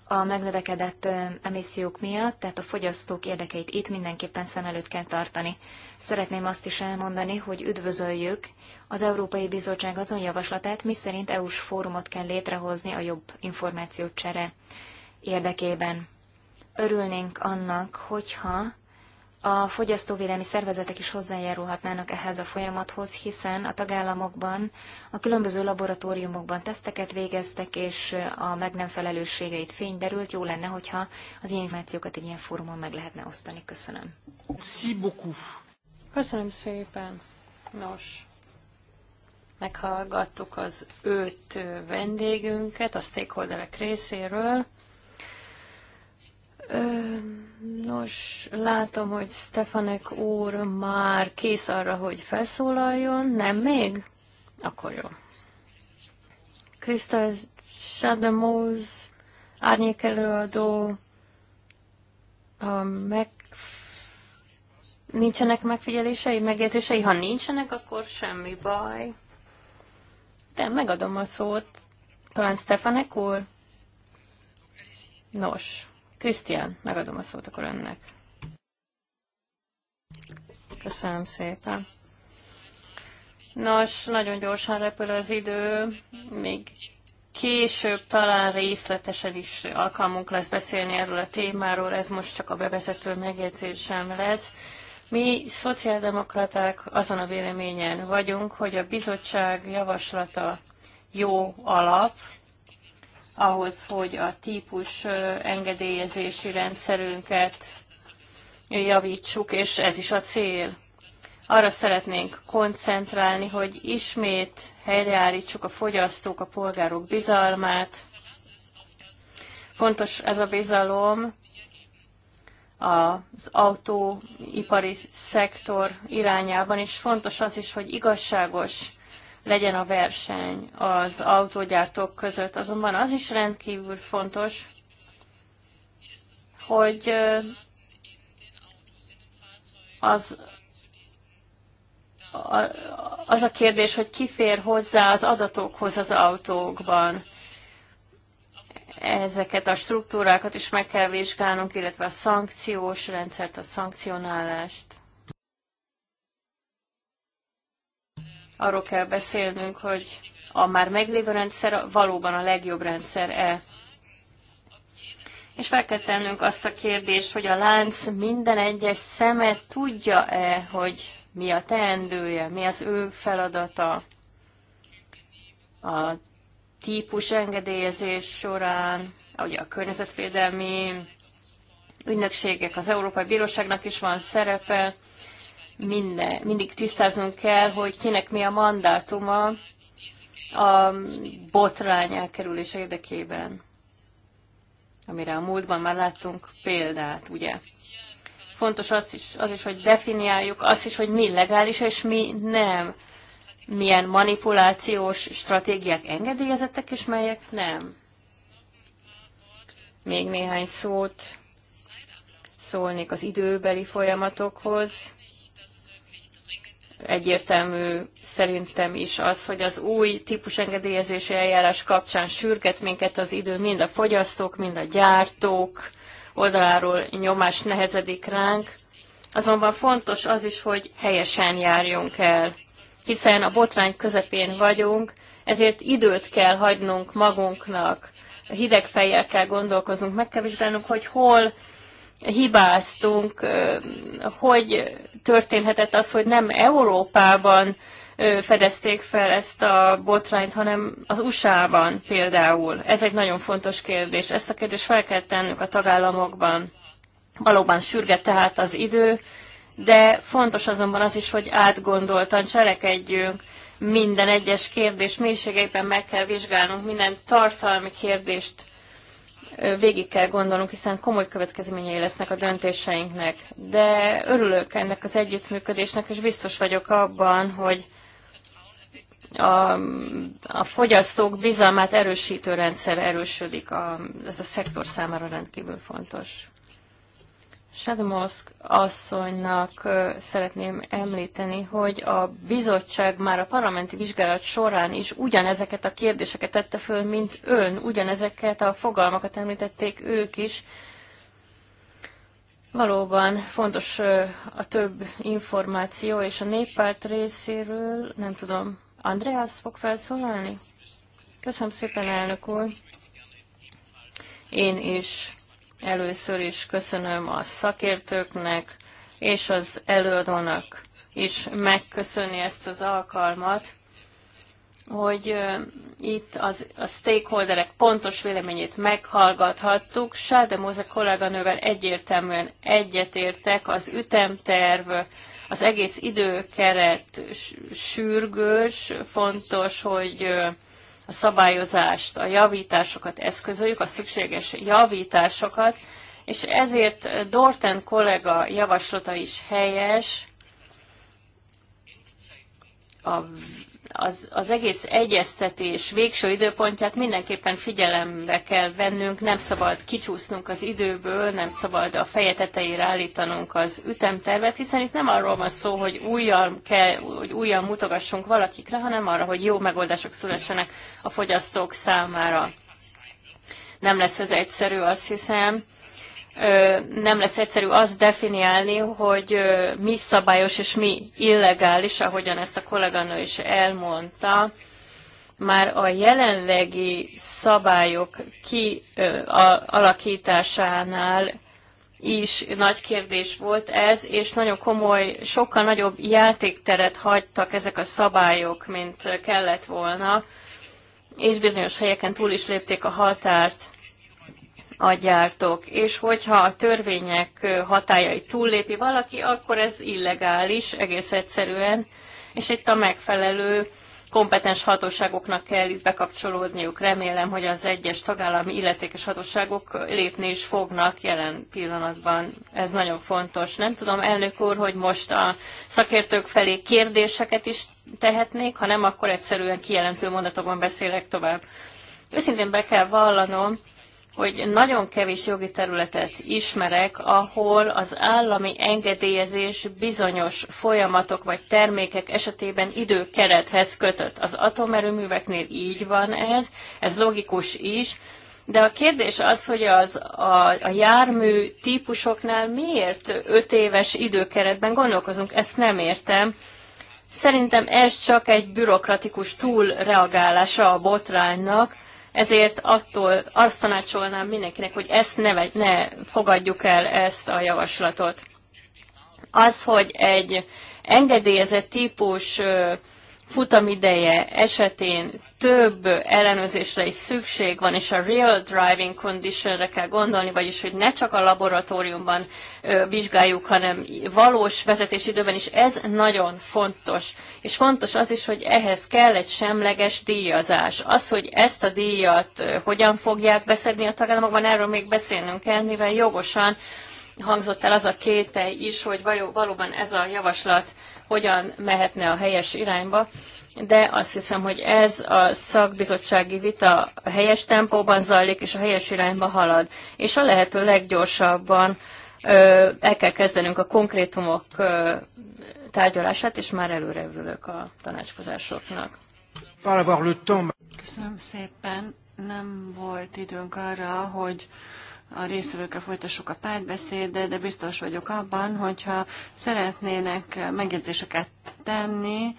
a megnövekedett emissziók miatt, tehát a fogyasztók érdekeit itt mindenképpen szem előtt kell tartani. Szeretném azt is elmondani, hogy üdvözöljük az Európai Bizottság azon javaslatát, miszerint EU-s fórumot kell létrehozni a jobb információcsere érdekében. Örülnénk annak, hogyha a fogyasztóvédelmi szervezetek is hozzájárulhatnának ehhez a folyamathoz, hiszen a tagállamokban a különböző laboratóriumokban teszteket végeztek, és a meg nem felelősségeit fény derült. Jó lenne, hogyha az ilyen információkat egy ilyen fórumon meg lehetne osztani. Köszönöm. Köszönöm szépen. Nos, meghallgattuk az öt vendégünket a stakeholderek részéről. Nos, látom, hogy Stefanek úr már kész arra, hogy felszólaljon. Nem még? Akkor jó. Krista Sadamóz, árnyék előadó, a meg... nincsenek megfigyelései, megértései? Ha nincsenek, akkor semmi baj. De megadom a szót. Talán Stefanek úr? Nos, Krisztián, megadom a szót akkor önnek. Köszönöm szépen. Nos, nagyon gyorsan repül az idő, még később talán részletesen is alkalmunk lesz beszélni erről a témáról, ez most csak a bevezető megjegyzésem lesz. Mi szociáldemokraták azon a véleményen vagyunk, hogy a bizottság javaslata jó alap ahhoz, hogy a típus engedélyezési rendszerünket javítsuk, és ez is a cél. Arra szeretnénk koncentrálni, hogy ismét helyreállítsuk a fogyasztók, a polgárok bizalmát. Fontos ez a bizalom az autóipari szektor irányában, és fontos az is, hogy igazságos legyen a verseny az autógyártók között. Azonban az is rendkívül fontos, hogy az az a kérdés, hogy ki fér hozzá az adatokhoz az autókban. Ezeket a struktúrákat is meg kell vizsgálnunk, illetve a szankciós rendszert, a szankcionálást. arról kell beszélnünk, hogy a már meglévő rendszer valóban a legjobb rendszer-e. És fel kell tennünk azt a kérdést, hogy a lánc minden egyes szeme tudja-e, hogy mi a teendője, mi az ő feladata a típus engedélyezés során, ahogy a környezetvédelmi ügynökségek, az Európai Bíróságnak is van szerepe, minden, mindig tisztáznunk kell, hogy kinek mi a mandátuma a botrány elkerülés érdekében, amire a múltban már láttunk példát, ugye? Fontos az is, az is, hogy definiáljuk azt is, hogy mi legális és mi nem. Milyen manipulációs stratégiák engedélyezettek, és melyek nem. Még néhány szót szólnék az időbeli folyamatokhoz egyértelmű szerintem is az, hogy az új típusengedélyezési eljárás kapcsán sürget minket az idő, mind a fogyasztók, mind a gyártók oldaláról nyomás nehezedik ránk. Azonban fontos az is, hogy helyesen járjunk el, hiszen a botrány közepén vagyunk, ezért időt kell hagynunk magunknak, hideg fejjel kell gondolkoznunk, meg kell vizsgálnunk, hogy hol hibáztunk, hogy történhetett az, hogy nem Európában fedezték fel ezt a botrányt, hanem az USA-ban például. Ez egy nagyon fontos kérdés. Ezt a kérdést fel kell tennünk a tagállamokban. Valóban sürge tehát az idő, de fontos azonban az is, hogy átgondoltan cselekedjünk, minden egyes kérdés mélységeiben meg kell vizsgálnunk, minden tartalmi kérdést végig kell gondolnunk, hiszen komoly következményei lesznek a döntéseinknek. De örülök ennek az együttműködésnek, és biztos vagyok abban, hogy a, a fogyasztók bizalmát erősítő rendszer erősödik. A, ez a szektor számára rendkívül fontos. Sadomoszk asszonynak szeretném említeni, hogy a bizottság már a parlamenti vizsgálat során is ugyanezeket a kérdéseket tette föl, mint ön, ugyanezeket a fogalmakat említették ők is. Valóban fontos a több információ, és a néppárt részéről, nem tudom, Andreas fog felszólalni? Köszönöm szépen, elnök úr. Én is Először is köszönöm a szakértőknek és az előadónak is megköszönni ezt az alkalmat, hogy itt az, a stakeholderek pontos véleményét meghallgathattuk. Sáde Móze kolléganővel egyértelműen egyetértek az ütemterv, az egész időkeret sürgős, fontos, hogy a szabályozást, a javításokat eszközöljük, a szükséges javításokat, és ezért Dorten kollega javaslata is helyes, a az, az egész egyeztetés végső időpontját mindenképpen figyelembe kell vennünk, nem szabad kicsúsznunk az időből, nem szabad a feje tetejére állítanunk az ütemtervet, hiszen itt nem arról van szó, hogy újjal, kell, hogy újjal mutogassunk valakikre, hanem arra, hogy jó megoldások szülessenek a fogyasztók számára. Nem lesz ez egyszerű, azt hiszem, nem lesz egyszerű azt definiálni, hogy mi szabályos és mi illegális, ahogyan ezt a kolléganő is elmondta. Már a jelenlegi szabályok kialakításánál is nagy kérdés volt ez, és nagyon komoly, sokkal nagyobb játékteret hagytak ezek a szabályok, mint kellett volna, és bizonyos helyeken túl is lépték a határt a gyártók, és hogyha a törvények hatájai túllépi valaki, akkor ez illegális egész egyszerűen, és itt a megfelelő kompetens hatóságoknak kell itt bekapcsolódniuk. Remélem, hogy az egyes tagállami illetékes hatóságok lépni is fognak jelen pillanatban. Ez nagyon fontos. Nem tudom, elnök úr, hogy most a szakértők felé kérdéseket is tehetnék, ha nem, akkor egyszerűen kijelentő mondatokban beszélek tovább. Őszintén be kell vallanom, hogy nagyon kevés jogi területet ismerek, ahol az állami engedélyezés bizonyos folyamatok vagy termékek esetében időkerethez kötött. Az atomerőműveknél így van ez, ez logikus is, de a kérdés az, hogy az a, a jármű típusoknál miért öt éves időkeretben gondolkozunk, ezt nem értem. Szerintem ez csak egy bürokratikus túlreagálása a botránynak, ezért attól azt tanácsolnám mindenkinek, hogy ezt ne, ne fogadjuk el ezt a javaslatot. Az, hogy egy engedélyezett típus futamideje esetén több ellenőrzésre is szükség van, és a real driving conditionre kell gondolni, vagyis hogy ne csak a laboratóriumban vizsgáljuk, hanem valós vezetési időben is. Ez nagyon fontos. És fontos az is, hogy ehhez kell egy semleges díjazás. Az, hogy ezt a díjat hogyan fogják beszedni a tagállamokban, erről még beszélnünk kell, mivel jogosan hangzott el az a kétel is, hogy valóban ez a javaslat hogyan mehetne a helyes irányba, de azt hiszem, hogy ez a szakbizottsági vita a helyes tempóban zajlik, és a helyes irányba halad. És a lehető leggyorsabban el kell kezdenünk a konkrétumok tárgyalását, és már előre örülök a tanácskozásoknak. Köszönöm szépen. Nem volt időnk arra, hogy a részvevőkkel folytassuk a párbeszédet, de biztos vagyok abban, hogyha szeretnének megjegyzéseket tenni,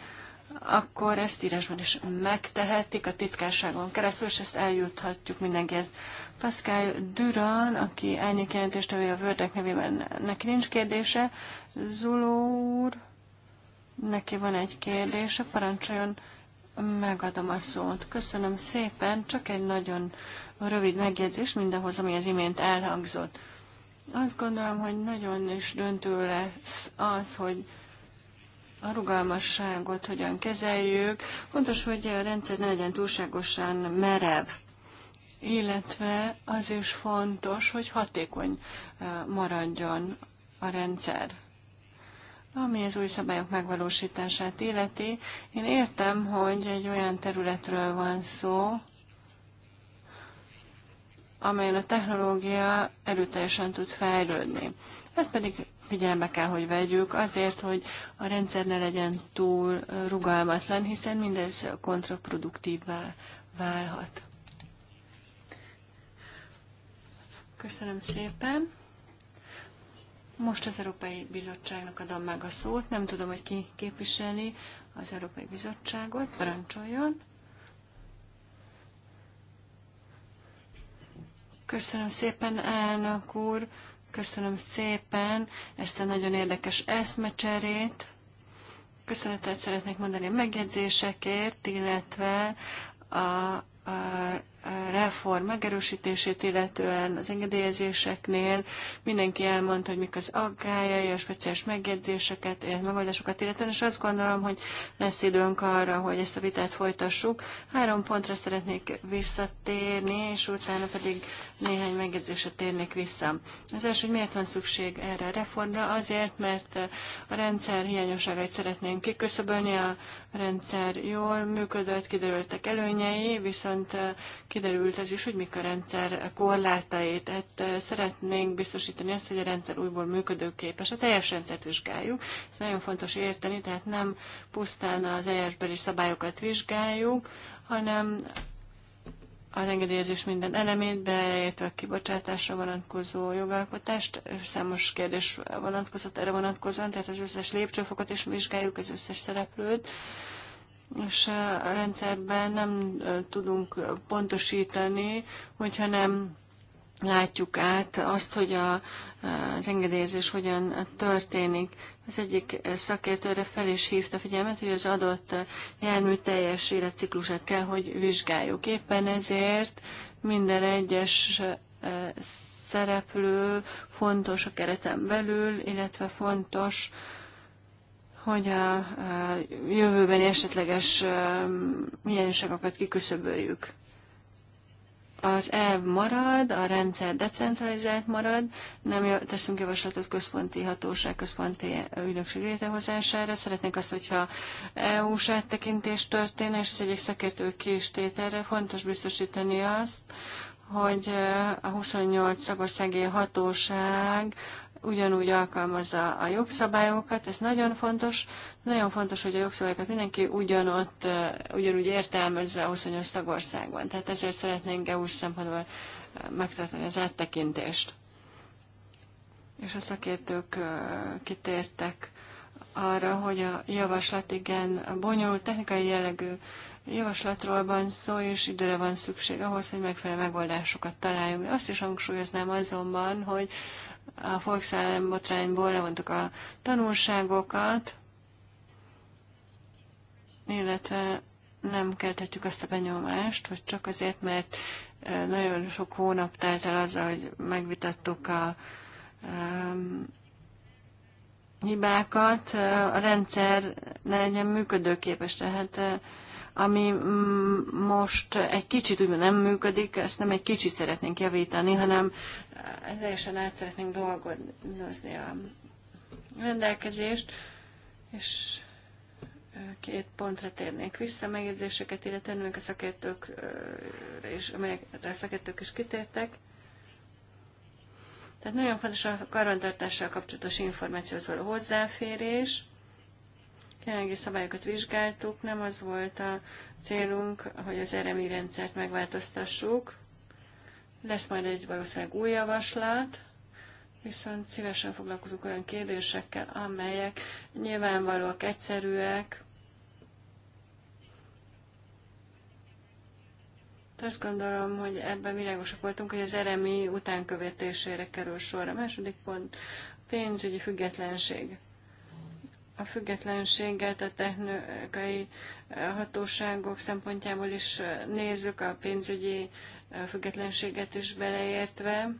akkor ezt írásban is megtehetik a titkárságon keresztül, és ezt eljuthatjuk mindenkihez. Pascal Duran, aki elnyék jelentéstevője a Vördek nevében, neki nincs kérdése. Zuló úr, neki van egy kérdése, parancsoljon. Megadom a szót. Köszönöm szépen. Csak egy nagyon rövid megjegyzés mindenhoz, ami az imént elhangzott. Azt gondolom, hogy nagyon is döntő lesz az, hogy a rugalmasságot hogyan kezeljük. Fontos, hogy a rendszer ne legyen túlságosan merev, illetve az is fontos, hogy hatékony eh, maradjon a rendszer. Ami az új szabályok megvalósítását illeti, én értem, hogy egy olyan területről van szó, amelyen a technológia erőteljesen tud fejlődni. Ezt pedig figyelme kell, hogy vegyük, azért, hogy a rendszer ne legyen túl rugalmatlan, hiszen mindez kontraproduktívvá válhat. Köszönöm szépen! Most az Európai Bizottságnak adom meg a szót. Nem tudom, hogy ki képviseli az Európai Bizottságot. Parancsoljon. Köszönöm szépen, elnök úr. Köszönöm szépen ezt a nagyon érdekes eszmecserét. Köszönetet szeretnék mondani a megjegyzésekért, illetve a, a reform megerősítését illetően az engedélyezéseknél mindenki elmondta, hogy mik az aggályai, a speciális megjegyzéseket, megoldásokat illetően, és azt gondolom, hogy lesz időnk arra, hogy ezt a vitát folytassuk. Három pontra szeretnék visszatérni, és utána pedig néhány megjegyzésre térnék vissza. Az első, hogy miért van szükség erre a reformra? Azért, mert a rendszer hiányosságait szeretnénk kiköszöbölni, a rendszer jól működött, kiderültek előnyei, viszont ki kiderült az is, hogy mik a rendszer korlátai. Tehát szeretnénk biztosítani azt, hogy a rendszer újból működőképes. A teljes rendszert vizsgáljuk. Ez nagyon fontos érteni, tehát nem pusztán az ERS-beli szabályokat vizsgáljuk, hanem a engedélyezés minden elemét, beértve a kibocsátásra vonatkozó jogalkotást, számos kérdés vonatkozott erre vonatkozóan, tehát az összes lépcsőfokot is vizsgáljuk, az összes szereplőt, és a rendszerben nem tudunk pontosítani, hogyha nem látjuk át azt, hogy a, az engedélyezés hogyan történik. Az egyik szakértő erre fel is hívta figyelmet, hogy az adott jármű teljes életciklusát kell, hogy vizsgáljuk. Éppen ezért minden egyes szereplő fontos a kereten belül, illetve fontos hogy a, jövőben esetleges hiányosságokat kiküszöböljük. Az elv marad, a rendszer decentralizált marad, nem teszünk javaslatot központi hatóság, központi ügynökség létrehozására. Szeretnénk azt, hogyha EU-s áttekintés történne, és az egyik szakértő kis tételre. Fontos biztosítani azt, hogy a 28 szagországi hatóság ugyanúgy alkalmazza a jogszabályokat, ez nagyon fontos. Nagyon fontos, hogy a jogszabályokat mindenki ugyanott, ugyanúgy értelmezze a 28 tagországban. Tehát ezért szeretnénk EU szempontból megtartani az áttekintést. És a szakértők kitértek arra, hogy a javaslat igen a bonyolult technikai jellegű javaslatról van szó, és időre van szükség ahhoz, hogy megfelelő megoldásokat találjunk. Azt is hangsúlyoznám azonban, hogy a Volkswagen botrányból levontuk a tanulságokat, illetve nem kelthetjük azt a benyomást, hogy csak azért, mert nagyon sok hónap telt el azzal, hogy megvitattuk a um, hibákat, a rendszer ne legyen működőképes. Tehát ami mm, most egy kicsit úgymond nem működik, ezt nem egy kicsit szeretnénk javítani, hanem teljesen át szeretnénk dolgozni a rendelkezést, és két pontra térnék vissza, megjegyzéseket, illetve a szakértők, és amelyekre a szakértők is kitértek. Tehát nagyon fontos a karbantartással kapcsolatos információhoz való hozzáférés. Jelenlegi szabályokat vizsgáltuk, nem az volt a célunk, hogy az RMI rendszert megváltoztassuk, lesz majd egy valószínűleg új javaslat, viszont szívesen foglalkozunk olyan kérdésekkel, amelyek nyilvánvalóak, egyszerűek. De azt gondolom, hogy ebben világosak voltunk, hogy az eremi utánkövetésére kerül sor. A második pont pénzügyi függetlenség. A függetlenséget a technikai hatóságok szempontjából is eh, nézzük, a pénzügyi függetlenséget is beleértve.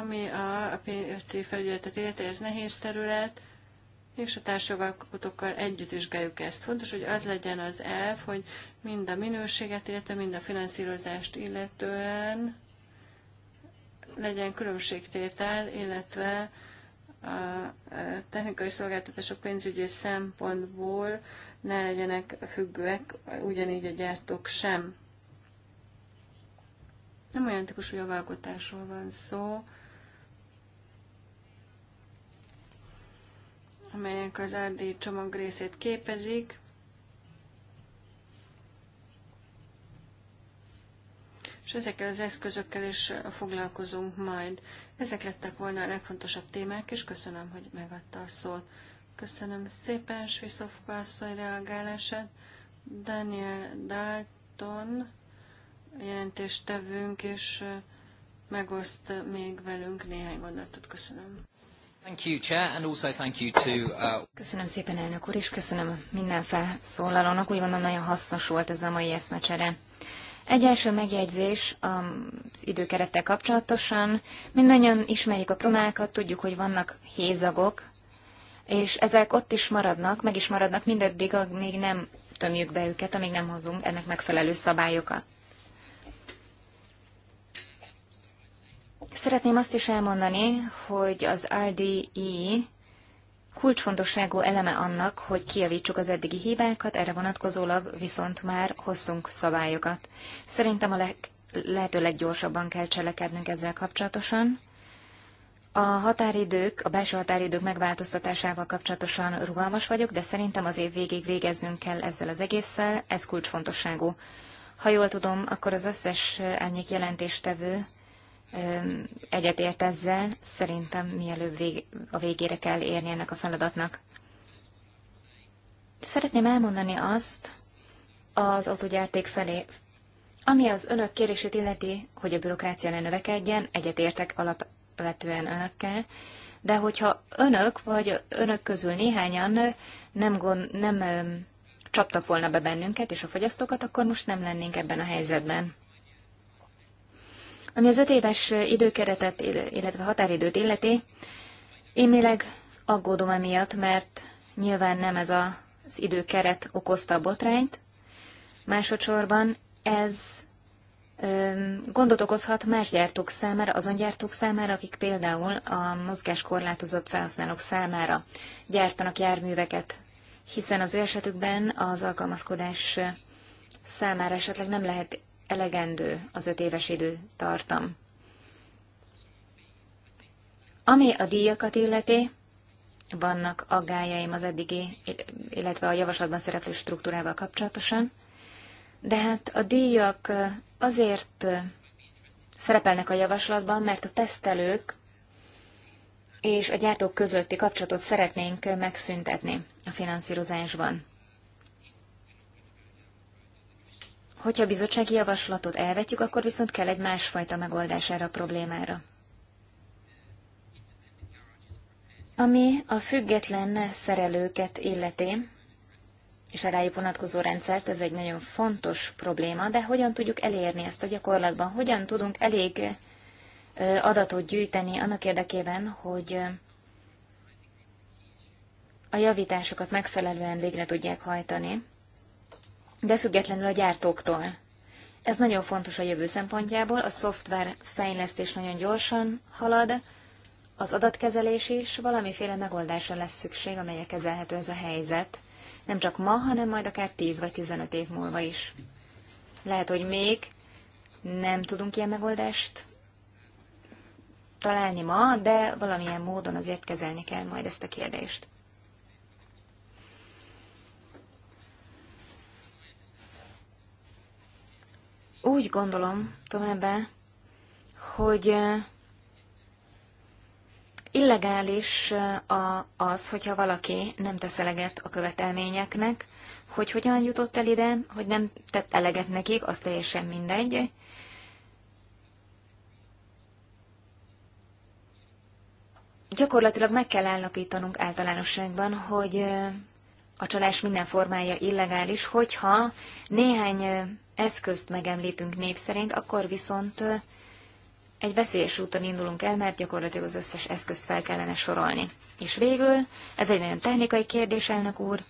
Ami a PC felügyeletet illeti, ez nehéz terület, és a társjogalkotókkal együtt vizsgáljuk ezt. Fontos, hogy az legyen az elv, hogy mind a minőséget, illetve mind a finanszírozást illetően legyen különbségtétel, illetve a technikai szolgáltatások pénzügyi szempontból ne legyenek függőek, ugyanígy a gyártók sem. Nem olyan típusú jogalkotásról van szó, amelyek az erdélyi csomag részét képezik, és ezekkel az eszközökkel is foglalkozunk majd. Ezek lettek volna a legfontosabb témák, és köszönöm, hogy megadta a szót. Köszönöm szépen Svisszofka asszony reagálását. Daniel Dalton jelentéstevőnk, és megoszt még velünk néhány gondolatot. Köszönöm. Thank you, Chair, and also thank you to, uh... Köszönöm szépen, elnök úr, és köszönöm minden felszólalónak. Úgy gondolom, nagyon hasznos volt ez a mai eszmecsere. Egy első megjegyzés az időkerettel kapcsolatosan. Mindannyian ismerjük a promákat, tudjuk, hogy vannak hézagok, és ezek ott is maradnak, meg is maradnak mindaddig, amíg nem tömjük be őket, amíg nem hozunk ennek megfelelő szabályokat. Szeretném azt is elmondani, hogy az RDE kulcsfontosságú eleme annak, hogy kijavítsuk az eddigi hibákat, erre vonatkozólag viszont már hoztunk szabályokat. Szerintem a leg, lehető leggyorsabban kell cselekednünk ezzel kapcsolatosan. A határidők, a belső határidők megváltoztatásával kapcsolatosan rugalmas vagyok, de szerintem az év végéig végeznünk kell ezzel az egésszel, ez kulcsfontosságú. Ha jól tudom, akkor az összes elnyék jelentéstevő egyetért ezzel, szerintem mielőbb vég, a végére kell érni ennek a feladatnak. Szeretném elmondani azt az autógyárték felé, ami az önök kérését illeti, hogy a bürokrácia ne növekedjen, egyetértek alapvetően önökkel, de hogyha önök vagy önök közül néhányan nem, gond, nem csaptak volna be bennünket és a fogyasztókat, akkor most nem lennénk ebben a helyzetben. Ami az öt éves időkeretet, illetve határidőt illeti, még aggódom emiatt, mert nyilván nem ez a, az időkeret okozta a botrányt. Másodszorban ez gondot okozhat más gyártók számára, azon gyártók számára, akik például a mozgáskorlátozott felhasználók számára gyártanak járműveket, hiszen az ő esetükben az alkalmazkodás számára esetleg nem lehet elegendő az öt éves idő tartam. Ami a díjakat illeti, vannak aggájaim az eddigi, illetve a javaslatban szereplő struktúrával kapcsolatosan, de hát a díjak azért szerepelnek a javaslatban, mert a tesztelők és a gyártók közötti kapcsolatot szeretnénk megszüntetni a finanszírozásban. Hogyha a bizottsági javaslatot elvetjük, akkor viszont kell egy másfajta megoldás erre a problémára. Ami a független szerelőket illeti, és a rájuk vonatkozó rendszert, ez egy nagyon fontos probléma, de hogyan tudjuk elérni ezt a gyakorlatban? Hogyan tudunk elég adatot gyűjteni annak érdekében, hogy a javításokat megfelelően végre tudják hajtani? de függetlenül a gyártóktól. Ez nagyon fontos a jövő szempontjából, a szoftver fejlesztés nagyon gyorsan halad, az adatkezelés is, valamiféle megoldásra lesz szükség, amelyek kezelhető ez a helyzet. Nem csak ma, hanem majd akár 10 vagy 15 év múlva is. Lehet, hogy még nem tudunk ilyen megoldást találni ma, de valamilyen módon azért kezelni kell majd ezt a kérdést. Úgy gondolom továbbá, hogy illegális az, hogyha valaki nem tesz eleget a követelményeknek, hogy hogyan jutott el ide, hogy nem tett eleget nekik, az teljesen mindegy. Gyakorlatilag meg kell állapítanunk általánosságban, hogy a csalás minden formája illegális, hogyha néhány eszközt megemlítünk név szerint, akkor viszont egy veszélyes úton indulunk el, mert gyakorlatilag az összes eszközt fel kellene sorolni. És végül, ez egy nagyon technikai kérdés, elnök úr,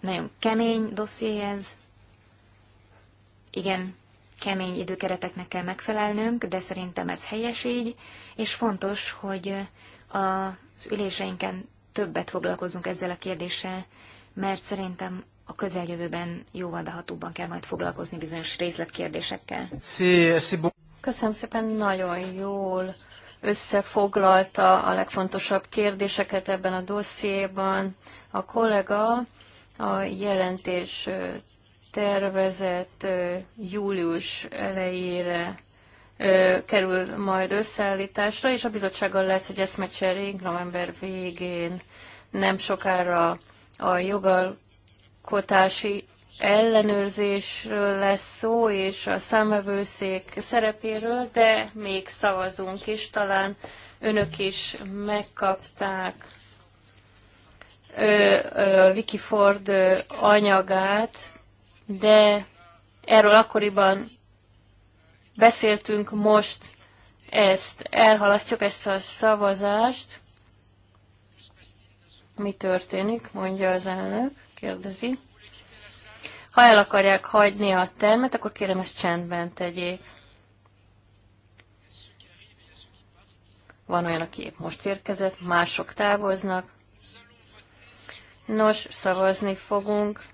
nagyon kemény dosszié ez. Igen, kemény időkereteknek kell megfelelnünk, de szerintem ez helyes így, és fontos, hogy az üléseinken többet foglalkozunk ezzel a kérdéssel, mert szerintem a közeljövőben jóval behatóbban kell majd foglalkozni bizonyos részletkérdésekkel. Köszönöm szépen, nagyon jól összefoglalta a legfontosabb kérdéseket ebben a dossziéban. A kollega a jelentés tervezett július elejére kerül majd összeállításra, és a bizottsággal lesz egy eszmecserénk november végén, nem sokára a jogal kotási ellenőrzésről lesz szó, és a számvevőszék szerepéről, de még szavazunk is, talán önök is megkapták Wikiford Vicky Ford anyagát, de erről akkoriban beszéltünk, most ezt elhalasztjuk, ezt a szavazást. Mi történik, mondja az elnök kérdezi. Ha el akarják hagyni a termet, akkor kérem ezt csendben tegyék. Van olyan, aki épp most érkezett, mások távoznak. Nos, szavazni fogunk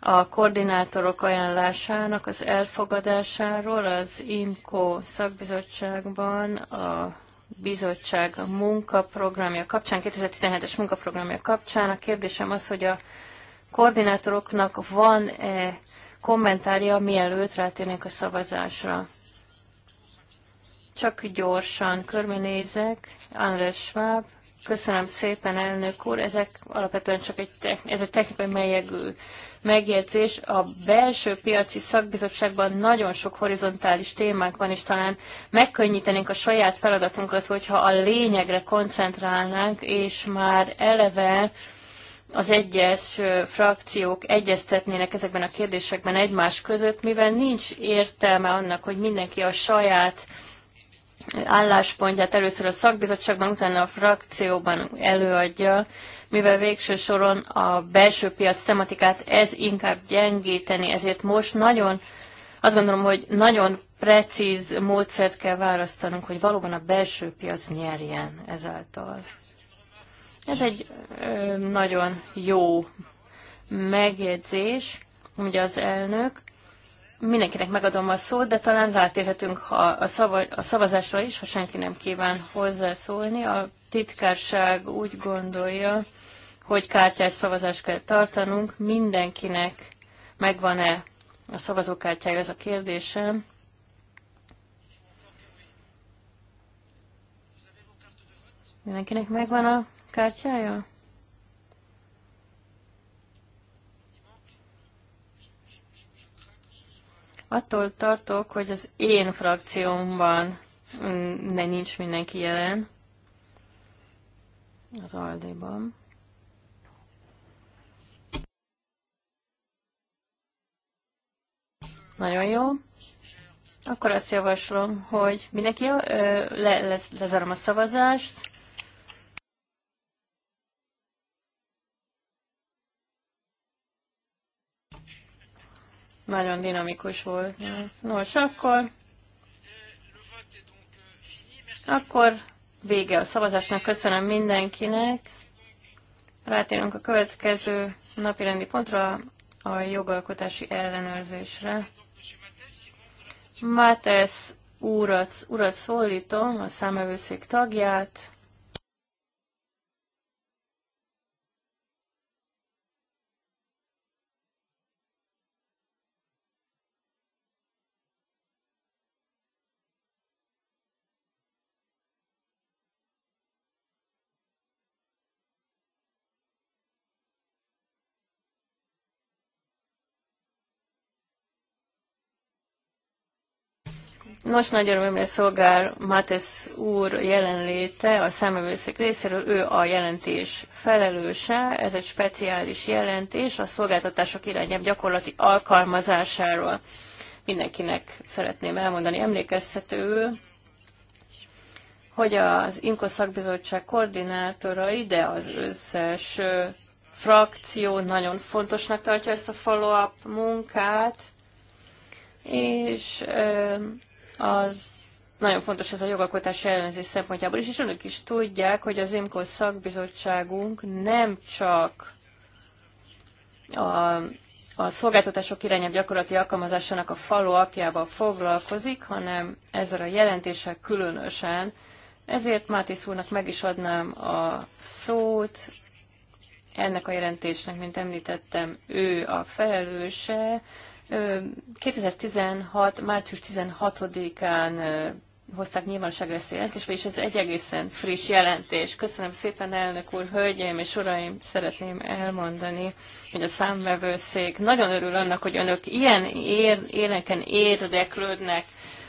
a koordinátorok ajánlásának az elfogadásáról az IMCO szakbizottságban a bizottság munkaprogramja kapcsán, 2017-es munkaprogramja kapcsán. A kérdésem az, hogy a koordinátoroknak van-e kommentárja, mielőtt rátérnénk a szavazásra. Csak gyorsan körbenézek. András Schwab, Köszönöm szépen, elnök úr. Ezek alapvetően csak egy, ez egy technikai melyegű megjegyzés. A belső piaci szakbizottságban nagyon sok horizontális témánk van, és talán megkönnyítenénk a saját feladatunkat, hogyha a lényegre koncentrálnánk, és már eleve az egyes frakciók egyeztetnének ezekben a kérdésekben egymás között, mivel nincs értelme annak, hogy mindenki a saját álláspontját először a szakbizottságban, utána a frakcióban előadja, mivel végső soron a belső piac tematikát ez inkább gyengíteni, ezért most nagyon, azt gondolom, hogy nagyon precíz módszert kell választanunk, hogy valóban a belső piac nyerjen ezáltal. Ez egy ö, nagyon jó megjegyzés, ugye az elnök, mindenkinek megadom a szót, de talán rátérhetünk ha a, szava, a szavazásra is, ha senki nem kíván hozzászólni. A titkárság úgy gondolja, hogy kártyás szavazást kell tartanunk. Mindenkinek megvan-e a szavazókártyája, ez a kérdésem. Mindenkinek megvan a kártyája? Attól tartok, hogy az én frakciómban mm, ne nincs mindenki jelen. Az Aldéban. Nagyon jó. Akkor azt javaslom, hogy mindenki le, lesz, lezárom a szavazást. Nagyon dinamikus volt. Nos, akkor, akkor vége a szavazásnak. Köszönöm mindenkinek. Rátérünk a következő napirendi pontra, a jogalkotási ellenőrzésre. Mátesz úrat, urat szólítom, a számövőszék tagját. Nos, nagy örömmel szolgál Mátesz úr jelenléte a számövőszék részéről, ő a jelentés felelőse, ez egy speciális jelentés a szolgáltatások irányába gyakorlati alkalmazásáról. Mindenkinek szeretném elmondani emlékeztetőül, hogy az INKO szakbizottság koordinátora ide az összes frakció nagyon fontosnak tartja ezt a follow-up munkát, és az nagyon fontos ez a jogalkotás ellenőrzés szempontjából is, és önök is tudják, hogy az IMKO szakbizottságunk nem csak a, a szolgáltatások irányabb gyakorlati alkalmazásának a falu apjával foglalkozik, hanem ezzel a jelentéssel különösen. Ezért Mátisz úrnak meg is adnám a szót. Ennek a jelentésnek, mint említettem, ő a felelőse. 2016. március 16-án hozták nyilvánosságra ezt a jelentést, és ez egy egészen friss jelentés. Köszönöm szépen, elnök úr, hölgyeim és uraim, szeretném elmondani, hogy a számvevőszék nagyon örül annak, hogy önök ilyen ér, éleken érdeklődnek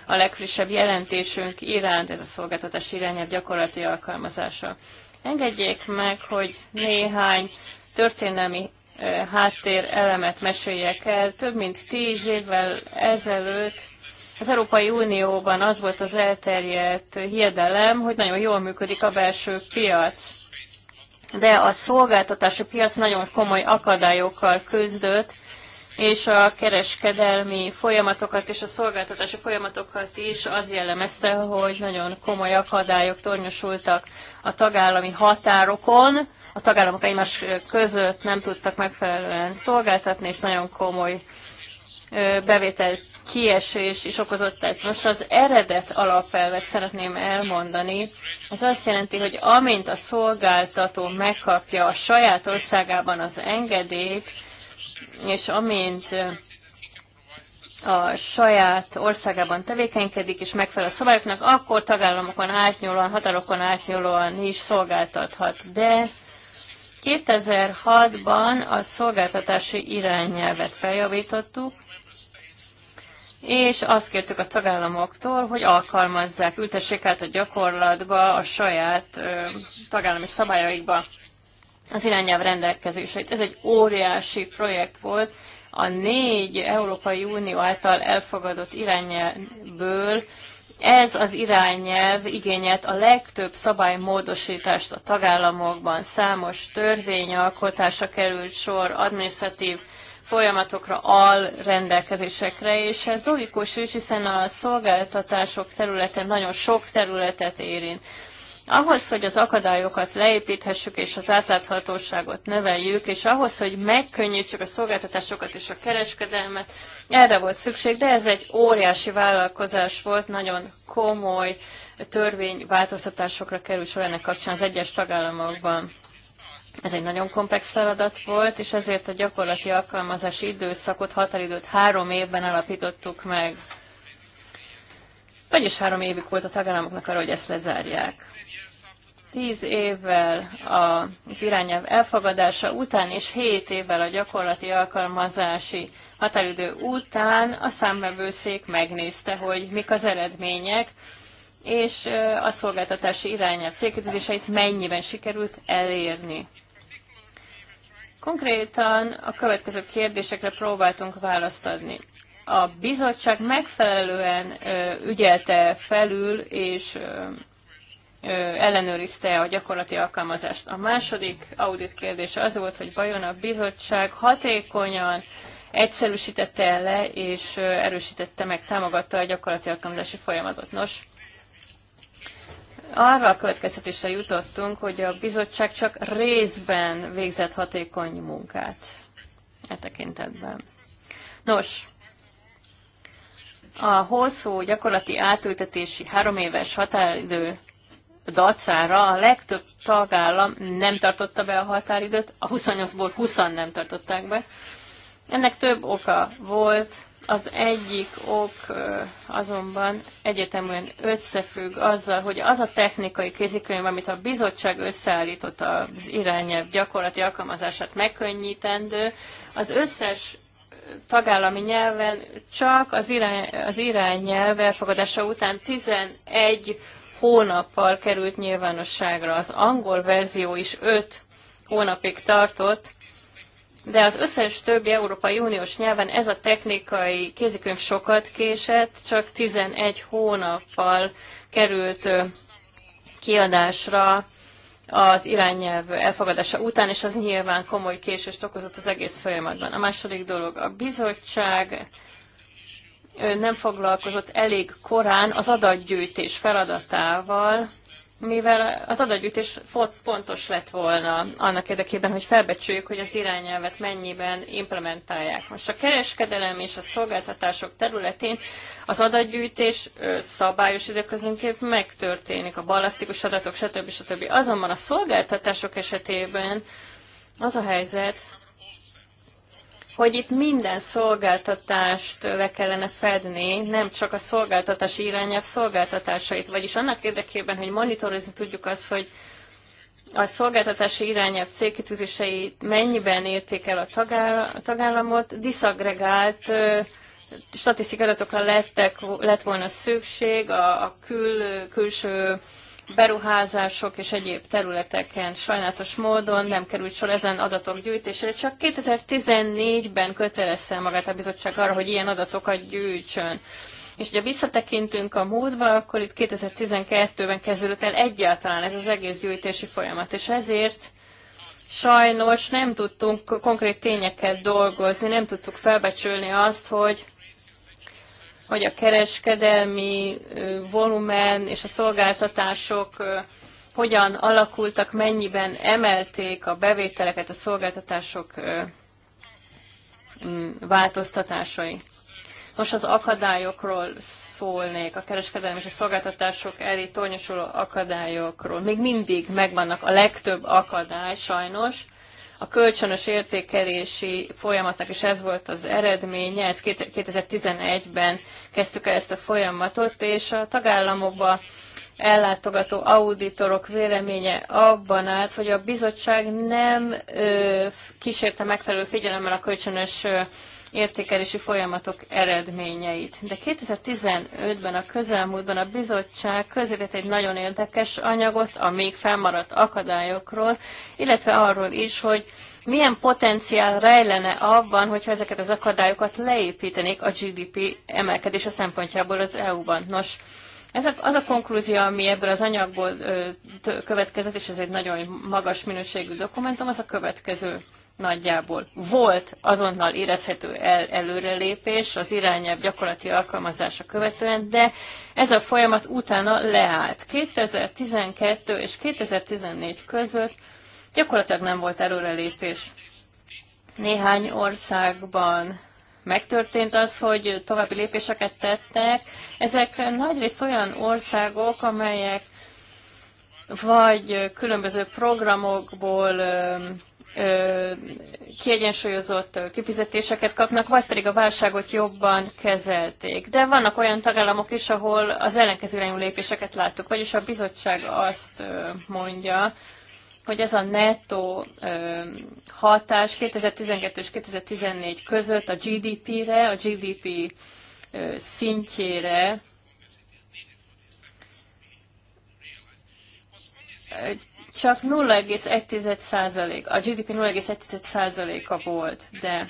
a legfrissebb jelentésünk iránt, ez a szolgáltatás irányelv gyakorlati alkalmazása. Engedjék meg, hogy néhány történelmi háttér elemet meséljek el. Több mint tíz évvel ezelőtt az Európai Unióban az volt az elterjedt hiedelem, hogy nagyon jól működik a belső piac. De a szolgáltatási piac nagyon komoly akadályokkal küzdött, és a kereskedelmi folyamatokat és a szolgáltatási folyamatokat is az jellemezte, hogy nagyon komoly akadályok tornyosultak a tagállami határokon, a tagállamok egymás között nem tudtak megfelelően szolgáltatni, és nagyon komoly bevétel kiesés is okozott ez. Most az eredet alapelvet szeretném elmondani. Ez azt jelenti, hogy amint a szolgáltató megkapja a saját országában az engedélyt, és amint a saját országában tevékenykedik és megfelel a szabályoknak, akkor tagállamokon átnyúlóan, határokon átnyúlóan is szolgáltathat. De 2006-ban a szolgáltatási irányelvet feljavítottuk, és azt kértük a tagállamoktól, hogy alkalmazzák, ültessék át a gyakorlatba a saját ö, tagállami szabályaikba az irányelv rendelkezéseit. Ez egy óriási projekt volt. A négy Európai Unió által elfogadott irányelvből ez az irányelv igényelt a legtöbb szabálymódosítást a tagállamokban. Számos törvényalkotása került sor, administratív folyamatokra, rendelkezésekre és ez logikus is, hiszen a szolgáltatások területen nagyon sok területet érint. Ahhoz, hogy az akadályokat leépíthessük és az átláthatóságot növeljük, és ahhoz, hogy megkönnyítsük a szolgáltatásokat és a kereskedelmet, erre volt szükség, de ez egy óriási vállalkozás volt, nagyon komoly törvényváltoztatásokra került sor ennek kapcsán az egyes tagállamokban. Ez egy nagyon komplex feladat volt, és ezért a gyakorlati alkalmazási időszakot, határidőt három évben alapítottuk meg. Vagyis három évig volt a tagállamoknak arra, hogy ezt lezárják tíz évvel az irányelv elfogadása után és hét évvel a gyakorlati alkalmazási határidő után a számbevőszék megnézte, hogy mik az eredmények, és a szolgáltatási irányelv célkitűzéseit mennyiben sikerült elérni. Konkrétan a következő kérdésekre próbáltunk választ adni. A bizottság megfelelően ügyelte felül és ellenőrizte a gyakorlati alkalmazást. A második audit kérdése az volt, hogy vajon a bizottság hatékonyan egyszerűsítette le és erősítette meg, támogatta a gyakorlati alkalmazási folyamatot. Nos, arra a következtetésre jutottunk, hogy a bizottság csak részben végzett hatékony munkát e tekintetben. Nos, a hosszú gyakorlati átültetési három éves határidő dacára a legtöbb tagállam nem tartotta be a határidőt, a 28-ból 20 nem tartották be. Ennek több oka volt, az egyik ok azonban egyeteműen összefügg azzal, hogy az a technikai kézikönyv, amit a bizottság összeállított az irányelv gyakorlati alkalmazását megkönnyítendő, az összes tagállami nyelven csak az, irány, az irányelv elfogadása után 11 hónappal került nyilvánosságra. Az angol verzió is öt hónapig tartott, de az összes többi Európai Uniós nyelven ez a technikai kézikönyv sokat késett, csak 11 hónappal került kiadásra az irányelv elfogadása után, és az nyilván komoly késést okozott az egész folyamatban. A második dolog, a bizottság nem foglalkozott elég korán az adatgyűjtés feladatával, mivel az adatgyűjtés fontos lett volna annak érdekében, hogy felbecsüljük, hogy az irányelvet mennyiben implementálják. Most a kereskedelem és a szolgáltatások területén az adatgyűjtés szabályos időközönként megtörténik, a ballasztikus adatok, stb. stb. Azonban a szolgáltatások esetében az a helyzet, hogy itt minden szolgáltatást le kellene fedni, nem csak a szolgáltatás irányelv szolgáltatásait, vagyis annak érdekében, hogy monitorozni tudjuk azt, hogy a szolgáltatási irányelv célkitűzései mennyiben érték el a tagállamot, diszagregált statisztikai adatokra lettek, lett volna szükség a, a kül, külső beruházások és egyéb területeken sajnálatos módon nem került sor ezen adatok gyűjtésére. Csak 2014-ben kötelezte magát a bizottság arra, hogy ilyen adatokat gyűjtsön. És ugye visszatekintünk a múltba, akkor itt 2012-ben kezdődött el egyáltalán ez az egész gyűjtési folyamat, és ezért sajnos nem tudtunk konkrét tényeket dolgozni, nem tudtuk felbecsülni azt, hogy hogy a kereskedelmi volumen és a szolgáltatások hogyan alakultak, mennyiben emelték a bevételeket a szolgáltatások változtatásai. Most az akadályokról szólnék, a kereskedelem és a szolgáltatások elé tornyosuló akadályokról. Még mindig megvannak a legtöbb akadály sajnos, a kölcsönös értékelési folyamatnak, és ez volt az eredménye, ez 2011-ben kezdtük el ezt a folyamatot, és a tagállamokba ellátogató auditorok véleménye abban állt, hogy a bizottság nem ö, kísérte megfelelő figyelemmel a kölcsönös ö, értékelési folyamatok eredményeit. De 2015-ben a közelmúltban a bizottság közvetett egy nagyon érdekes anyagot a még fennmaradt akadályokról, illetve arról is, hogy milyen potenciál rejlene abban, hogyha ezeket az akadályokat leépítenék a GDP emelkedése szempontjából az EU-ban. Nos, ez a, az a konklúzió, ami ebből az anyagból ö, következett, és ez egy nagyon magas minőségű dokumentum, az a következő nagyjából volt azonnal érezhető el, előrelépés az irányelv gyakorlati alkalmazása követően, de ez a folyamat utána leállt. 2012 és 2014 között gyakorlatilag nem volt előrelépés. Néhány országban megtörtént az, hogy további lépéseket tettek. Ezek nagyrészt olyan országok, amelyek vagy különböző programokból kiegyensúlyozott kifizetéseket kapnak, vagy pedig a válságot jobban kezelték. De vannak olyan tagállamok is, ahol az ellenkező irányú lépéseket láttuk, vagyis a bizottság azt mondja, hogy ez a nettó hatás 2012 és 2014 között a GDP-re, a GDP szintjére csak 0,1% a GDP 0,1%-a volt, de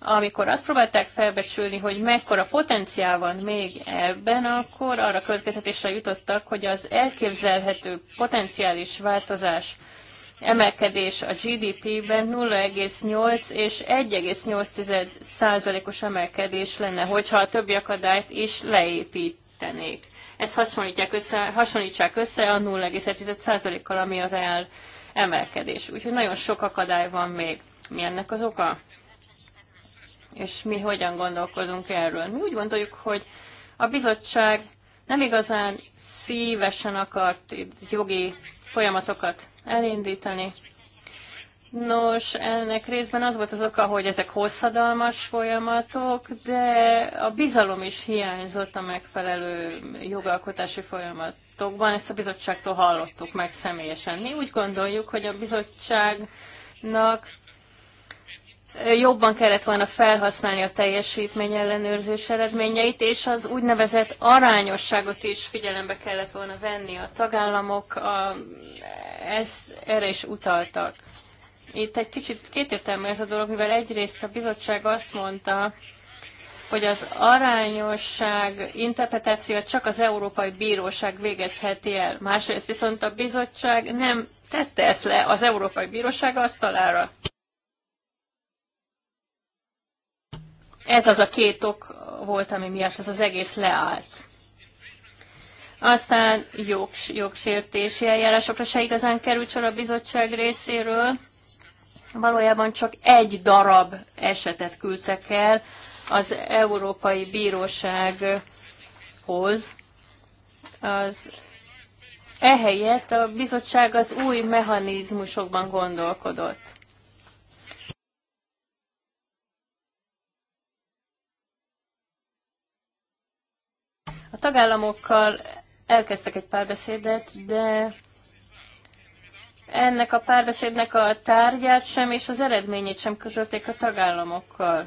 amikor azt próbálták felbecsülni, hogy mekkora potenciál van még ebben, akkor arra következetésre jutottak, hogy az elképzelhető potenciális változás emelkedés a GDP-ben 0,8 és 1,8 százalékos emelkedés lenne, hogyha a többi akadályt is leépítenék ezt hasonlítják össze, hasonlítsák össze a 0,1%-kal, ami a reál emelkedés. Úgyhogy nagyon sok akadály van még. Mi ennek az oka? És mi hogyan gondolkozunk erről? Mi úgy gondoljuk, hogy a bizottság nem igazán szívesen akart jogi folyamatokat elindítani, Nos, ennek részben az volt az oka, hogy ezek hosszadalmas folyamatok, de a bizalom is hiányzott a megfelelő jogalkotási folyamatokban. Ezt a bizottságtól hallottuk meg személyesen. Mi úgy gondoljuk, hogy a bizottságnak jobban kellett volna felhasználni a teljesítmény ellenőrzés eredményeit, és az úgynevezett arányosságot is figyelembe kellett volna venni a tagállamok, a, ezt erre is utaltak. Itt egy kicsit kétértelmű ez a dolog, mivel egyrészt a bizottság azt mondta, hogy az arányosság interpretációt csak az Európai Bíróság végezheti el. Másrészt viszont a bizottság nem tette ezt le az Európai Bíróság asztalára. Ez az a két ok volt, ami miatt ez az egész leállt. Aztán jogs, jogsértési eljárásokra se igazán került sor a bizottság részéről, valójában csak egy darab esetet küldtek el az Európai Bírósághoz. Az ehelyett a bizottság az új mechanizmusokban gondolkodott. A tagállamokkal elkezdtek egy párbeszédet, de ennek a párbeszédnek a tárgyát sem, és az eredményét sem közölték a tagállamokkal.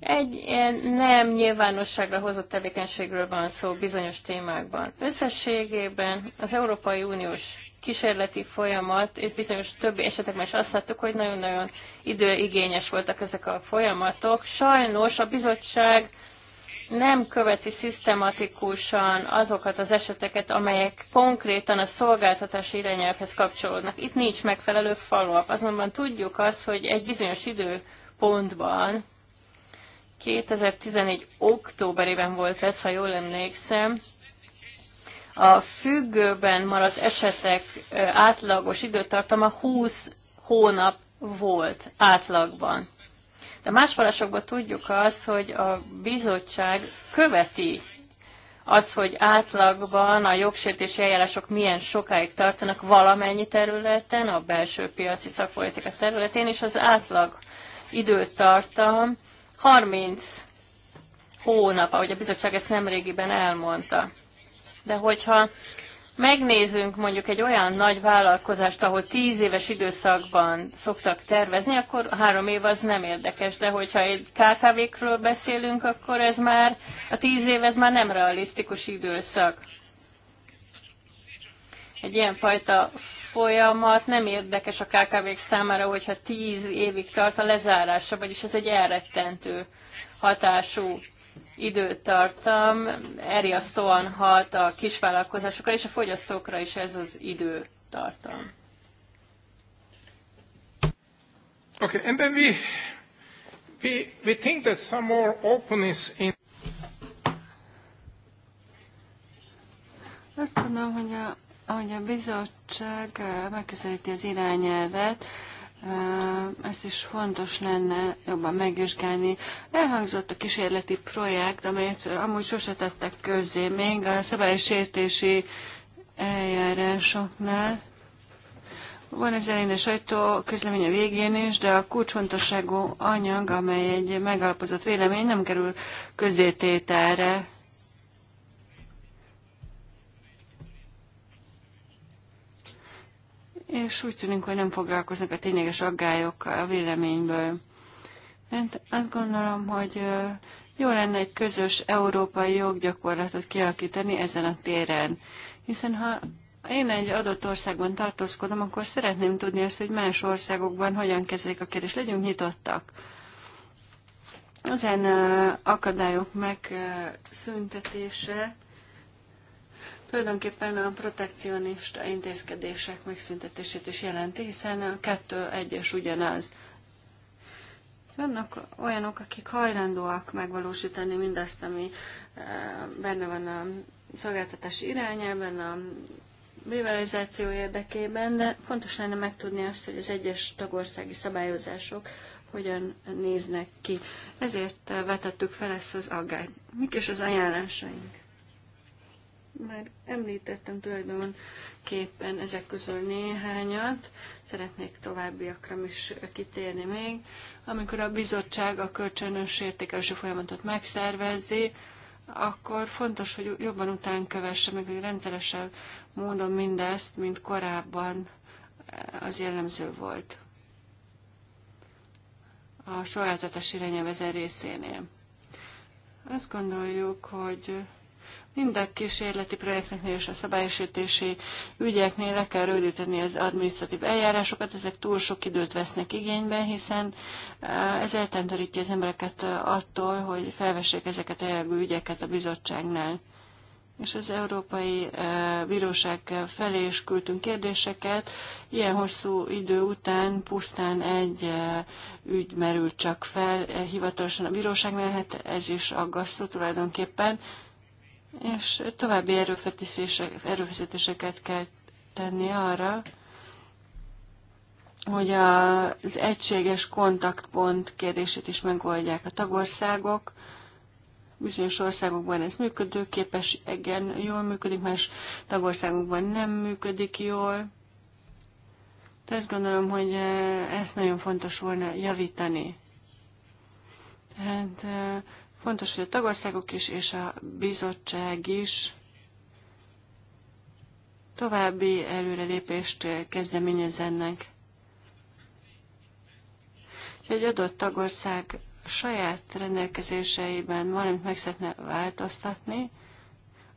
Egy ilyen nem nyilvánosságra hozott tevékenységről van szó bizonyos témákban. Összességében az Európai Uniós kísérleti folyamat, és bizonyos többi esetekben is azt láttuk, hogy nagyon-nagyon időigényes voltak ezek a folyamatok. Sajnos a bizottság nem követi szisztematikusan azokat az eseteket, amelyek konkrétan a szolgáltatási irányelvhez kapcsolódnak. Itt nincs megfelelő follow-up, azonban tudjuk azt, hogy egy bizonyos időpontban, 2014. októberében volt ez, ha jól emlékszem, a függőben maradt esetek átlagos időtartama 20 hónap volt átlagban. De más forrásokból tudjuk azt, hogy a bizottság követi az, hogy átlagban a jogsértési eljárások milyen sokáig tartanak valamennyi területen, a belső piaci szakpolitika területén, és az átlag időtartam 30 hónap, ahogy a bizottság ezt nemrégiben elmondta. De hogyha megnézünk mondjuk egy olyan nagy vállalkozást, ahol tíz éves időszakban szoktak tervezni, akkor három év az nem érdekes, de hogyha egy KKV-kről beszélünk, akkor ez már, a tíz év ez már nem realisztikus időszak. Egy ilyen fajta folyamat nem érdekes a KKV-k számára, hogyha tíz évig tart a lezárása, vagyis ez egy elrettentő hatású időtartam erjasztóan hat a kisvállalkozásokra és a fogyasztókra is ez az időtartam. Okay, and then we, we, we think that some more openness in Azt gondolom, hogy a, hogy a bizottság eh, megközelíti az irányelvet, ezt is fontos lenne jobban megvizsgálni. Elhangzott a kísérleti projekt, amelyet amúgy sose tettek közzé még a szabálysértési eljárásoknál. Van ez elén a sajtó közleménye végén is, de a kulcsfontosságú anyag, amely egy megalapozott vélemény, nem kerül közzétételre. és úgy tűnik, hogy nem foglalkoznak a tényleges aggályok a véleményből. Én azt gondolom, hogy jó lenne egy közös európai joggyakorlatot kialakítani ezen a téren, hiszen ha én egy adott országban tartózkodom, akkor szeretném tudni azt, hogy más országokban hogyan kezelik a kérdést. Legyünk nyitottak. Ezen akadályok megszüntetése tulajdonképpen a protekcionista intézkedések megszüntetését is jelenti, hiszen a kettő egyes ugyanaz. Vannak olyanok, akik hajlandóak megvalósítani mindazt, ami eh, benne van a szolgáltatás irányában, a rivalizáció érdekében, de fontos lenne megtudni azt, hogy az egyes tagországi szabályozások hogyan néznek ki. Ezért eh, vetettük fel ezt az aggályt. Mik is az ajánlásaink? Már említettem tulajdonképpen ezek közül néhányat, szeretnék továbbiakra is kitérni még. Amikor a bizottság a kölcsönös értékelési folyamatot megszervezi, akkor fontos, hogy jobban után kövesse meg, hogy rendszeresebb módon mindezt, mint korábban eh, az jellemző volt a szolgáltatás irányelv ezen részénél. Azt gondoljuk, hogy Mind a kísérleti projekteknél és a szabályosítási ügyeknél le kell rövidíteni az adminisztratív eljárásokat, ezek túl sok időt vesznek igénybe, hiszen eh, ez eltántorítja az embereket eh, attól, hogy felvessék ezeket a jelgő ügyeket a bizottságnál. És az Európai eh, Bíróság felé is küldtünk kérdéseket. Ilyen hosszú idő után pusztán egy ügy merült csak fel hivatalosan a bíróságnál, hát ez is aggasztó tulajdonképpen és további erőfeszítéseket kell tenni arra, hogy az egységes kontaktpont kérdését is megoldják a tagországok. Bizonyos országokban ez működőképes, igen, jól működik, más tagországokban nem működik jól. De azt gondolom, hogy eh, ezt nagyon fontos volna javítani. Tehát eh, Fontos, hogy a tagországok is és a bizottság is további előrelépést kezdeményezennek. Egy adott tagország saját rendelkezéseiben valamit meg szeretne változtatni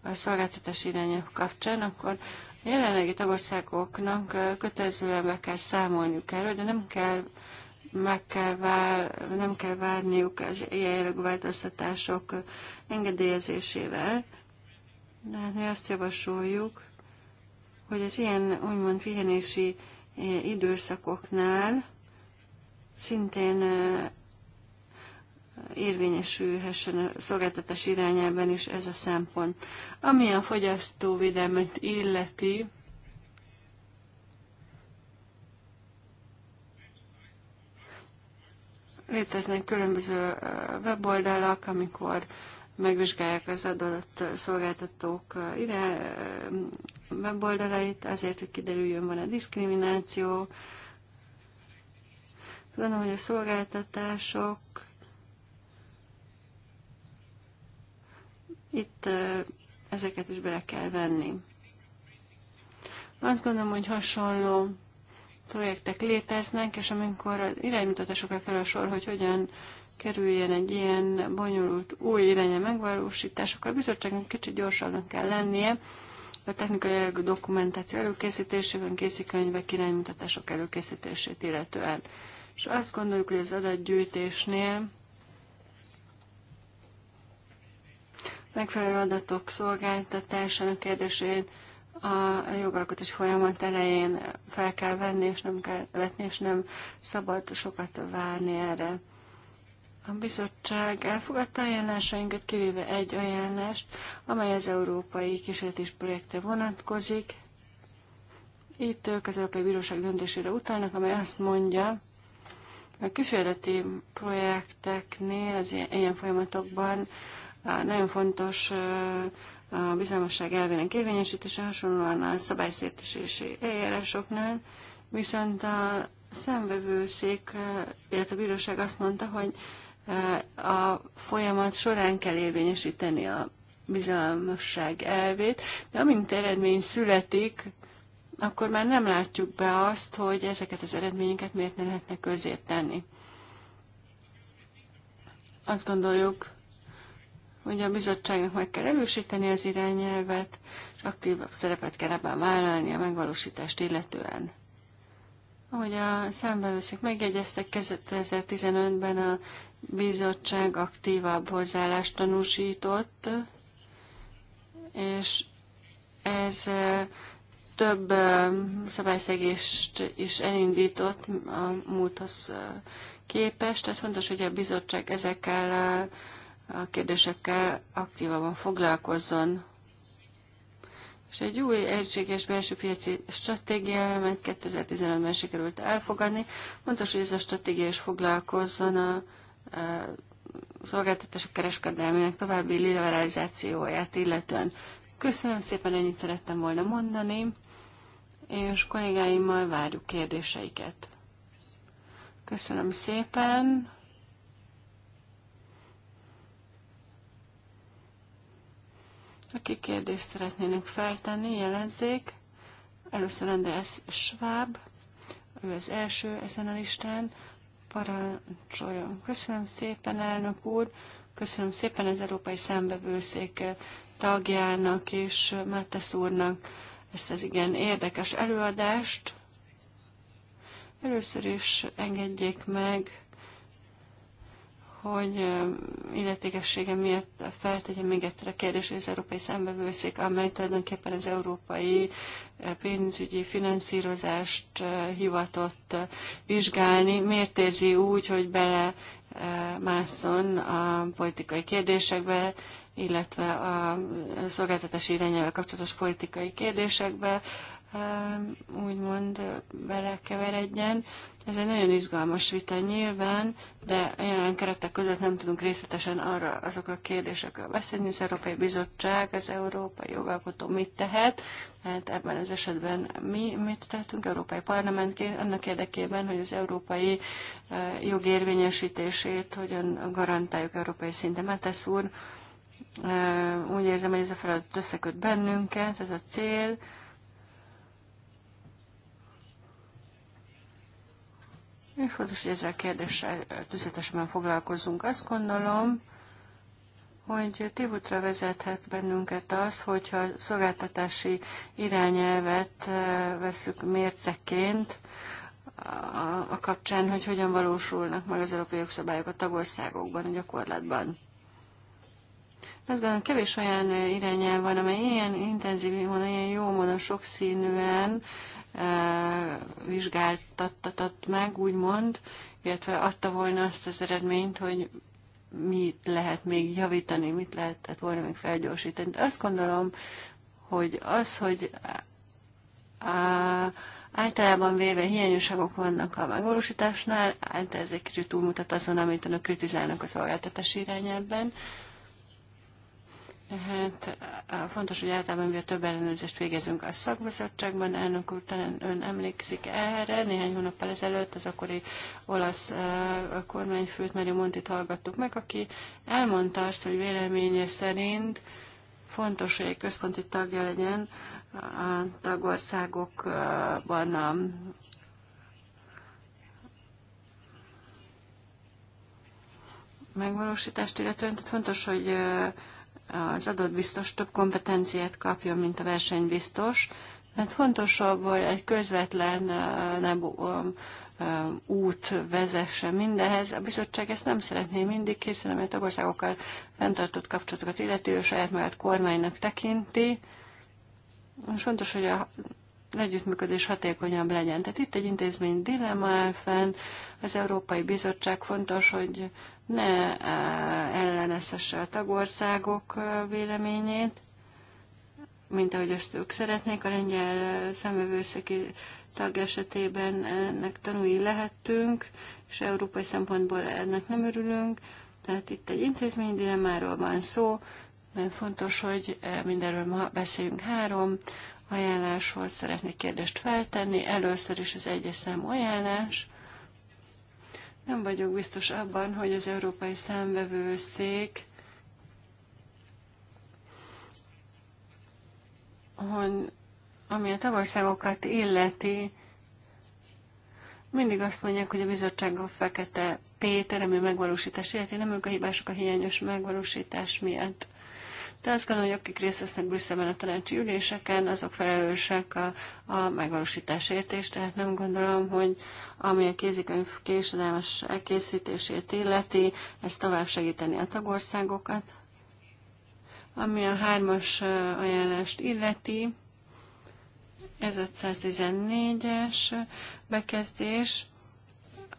a szolgáltatás irányok kapcsán, akkor a jelenlegi tagországoknak kötelezően be kell számolniuk erről, de nem kell meg kell vár, nem kell várniuk az ilyen változtatások engedélyezésével, de hát mi azt javasoljuk, hogy az ilyen úgymond pihenési eh, időszakoknál szintén eh, érvényesülhessen a szolgáltatás irányában is ez a szempont. Ami a fogyasztóvédelmet illeti, Léteznek különböző weboldalak, amikor megvizsgálják az adott szolgáltatók ide weboldalait, azért, hogy kiderüljön, van a diszkrimináció. Gondolom, hogy a szolgáltatások itt ezeket is bele kell venni. Azt gondolom, hogy hasonló projektek léteznek, és amikor az iránymutatásokra kell a sor, hogy hogyan kerüljen egy ilyen bonyolult új irányja megvalósítás, akkor a bizottságnak kicsit gyorsabban kell lennie, a technikai jellegű dokumentáció előkészítésében, készikönyvek iránymutatások előkészítését illetően. És azt gondoljuk, hogy az adatgyűjtésnél megfelelő adatok szolgáltatásának kérdésén a jogalkotás folyamat elején fel kell venni, és nem kell vetni, és nem szabad sokat várni erre. A bizottság elfogadta ajánlásainkat, kivéve egy ajánlást, amely az európai kísérletés projektre vonatkozik. Itt ők az Európai Bíróság döntésére utalnak, amely azt mondja, a kísérleti projekteknél, az ilyen folyamatokban nagyon fontos a bizalmasság elvének érvényesítése hasonlóan a szabályszértésési eljárásoknál, viszont a szék, illetve a bíróság azt mondta, hogy eh, a folyamat során kell érvényesíteni a bizalmasság elvét, de amint eredmény születik, akkor már nem látjuk be azt, hogy ezeket az eredményeket miért ne lehetne közé tenni. Azt gondoljuk, hogy a bizottságnak meg kell erősíteni az irányelvet, és aktívabb szerepet kell ebben vállalni a megvalósítást illetően. Ahogy a számbevőszék megjegyeztek, 2015-ben a bizottság aktívabb hozzáállást tanúsított, és ez több szabályszegést is elindított a múlthoz képest, tehát fontos, hogy a bizottság ezekkel a kérdésekkel aktívabban foglalkozzon. És egy új egységes belső piaci stratégia, amelyet 2015-ben sikerült elfogadni. Fontos, hogy ez a stratégia is foglalkozzon a, a szolgáltatások kereskedelmének további liberalizációját illetően. Köszönöm szépen, ennyit szerettem volna mondani, és kollégáimmal várjuk kérdéseiket. Köszönöm szépen. Aki kérdést szeretnének feltenni, jelezzék. Először András Schwab, ő az első ezen a listán. Parancsoljon. Köszönöm szépen, elnök úr. Köszönöm szépen az Európai Szembevőszék tagjának és Mátesz úrnak ezt az igen érdekes előadást. Először is engedjék meg, hogy illetékessége miatt feltegyem még egyszer a kérdést, hogy az Európai Számbevőszék, amely tulajdonképpen az európai pénzügyi finanszírozást hivatott vizsgálni, miért érzi úgy, hogy bele mászon a politikai kérdésekbe, illetve a szolgáltatási irányelve kapcsolatos politikai kérdésekbe, úgymond belekeveredjen. Ez egy nagyon izgalmas vita nyilván, de jelen keretek között nem tudunk részletesen arra azok a kérdésekről beszélni. Az Európai Bizottság, az Európai Jogalkotó mit tehet, tehát ebben az esetben mi mit tettünk Európai Parlament annak érdekében, hogy az európai jogérvényesítését hogyan garantáljuk európai szinten. Mátesz úr, úgy érzem, hogy ez a feladat összeköt bennünket, ez a cél, És fontos, hogy ezzel kérdéssel tüzetesen foglalkozunk. Azt gondolom, hogy tévútra vezethet bennünket az, hogyha a szolgáltatási irányelvet eh, veszük mérceként, a kapcsán, hogy hogyan valósulnak meg az európai jogszabályok a tagországokban, a gyakorlatban. Azt gondolom, kevés olyan irányel van, amely ilyen intenzív ilyen jó módon, sokszínűen vizsgáltattatott meg, úgymond, illetve adta volna azt az eredményt, hogy mit lehet még javítani, mit lehetett volna még felgyorsítani. De azt gondolom, hogy az, hogy a, általában véve hiányosságok vannak a megvalósításnál, hát ez egy kicsit túlmutat azon, amit önök kritizálnak a szolgáltatás irányában. Hát fontos, hogy általában ugye több ellenőrzést végezünk a szakbizottságban. Elnök úr, talán ön emlékszik erre. Néhány hónappal ezelőtt az akkori olasz kormányfőt, Mário Montit hallgattuk meg, aki elmondta azt, hogy véleménye szerint fontos, hogy egy központi tagja legyen a tagországokban a megvalósítást illetően. Tehát fontos, hogy az adott biztos több kompetenciát kapjon, mint a versenybiztos, mert hát fontosabb, hogy egy közvetlen nem, út vezesse mindehez. A bizottság ezt nem szeretné mindig, hiszen mert a tagországokkal fenntartott kapcsolatokat illető, ő saját magát kormánynak tekinti. És fontos, hogy a együttműködés hatékonyabb legyen. Tehát itt egy intézmény dilemma áll fenn, az Európai Bizottság fontos, hogy ne eh, ellenezhesse a tagországok eh, véleményét, mint ahogy ezt ők szeretnék. A lengyel eh, szemövőszeki tag esetében ennek tanúi lehettünk, és európai szempontból ennek nem örülünk. Tehát itt egy intézmény dilemmáról van szó, mert fontos, hogy mindenről ma beszéljünk három ajánláshoz. Szeretnék kérdést feltenni. Először is az egyes számú ajánlás nem vagyok biztos abban, hogy az Európai Számvevőszék hogy ami a tagországokat illeti, mindig azt mondják, hogy a bizottság a fekete Péter, ami a megvalósítás illeti, nem ők a hibások a hiányos megvalósítás miatt de azt gondolom, hogy akik részt vesznek Brüsszelben a tanácsi üléseken, azok felelősek a, a megvalósításért, és tehát nem gondolom, hogy ami a kézikönyv késedelmes elkészítését illeti, ez tovább segíteni a tagországokat. Ami a hármas ajánlást illeti, ez 514-es bekezdés.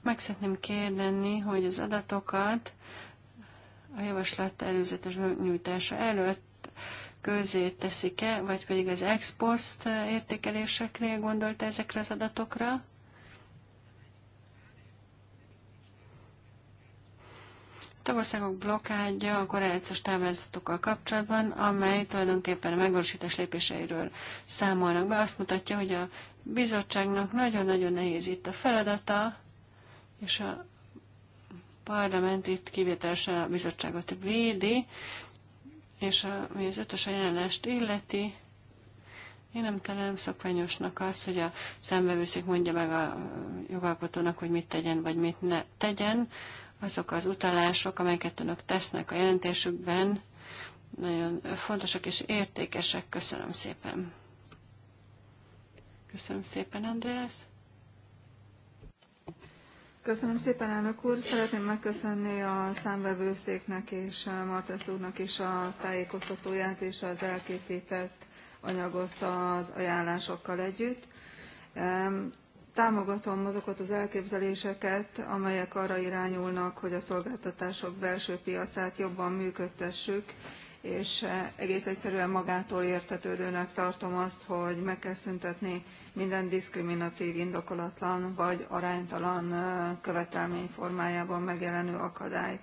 Meg szeretném kérdeni, hogy az adatokat a javaslat előzetes nyújtása előtt közé teszik-e, vagy pedig az ex post értékeléseknél gondolt ezekre az adatokra? A tagországok blokádja a korrelációs táblázatokkal kapcsolatban, amely tulajdonképpen a megvalósítás lépéseiről számolnak be. Azt mutatja, hogy a bizottságnak nagyon-nagyon nehéz itt a feladata, és a parlament itt kivételesen a bizottságot védi, és ami az ötös ajánlást illeti, én nem találom szokványosnak azt, hogy a szembevőszék mondja meg a jogalkotónak, hogy mit tegyen, vagy mit ne tegyen. Azok az utalások, amelyeket önök tesznek a jelentésükben, nagyon fontosak és értékesek. Köszönöm szépen. Köszönöm szépen, Andrész. Köszönöm szépen, elnök úr! Szeretném megköszönni a számvevőszéknek és Martesz úrnak is a tájékoztatóját és az elkészített anyagot az ajánlásokkal együtt. Támogatom azokat az elképzeléseket, amelyek arra irányulnak, hogy a szolgáltatások belső piacát jobban működtessük, és eh, egész egyszerűen magától értetődőnek tartom azt, hogy meg kell szüntetni minden diszkriminatív, indokolatlan vagy aránytalan eh, követelmény formájában megjelenő akadályt.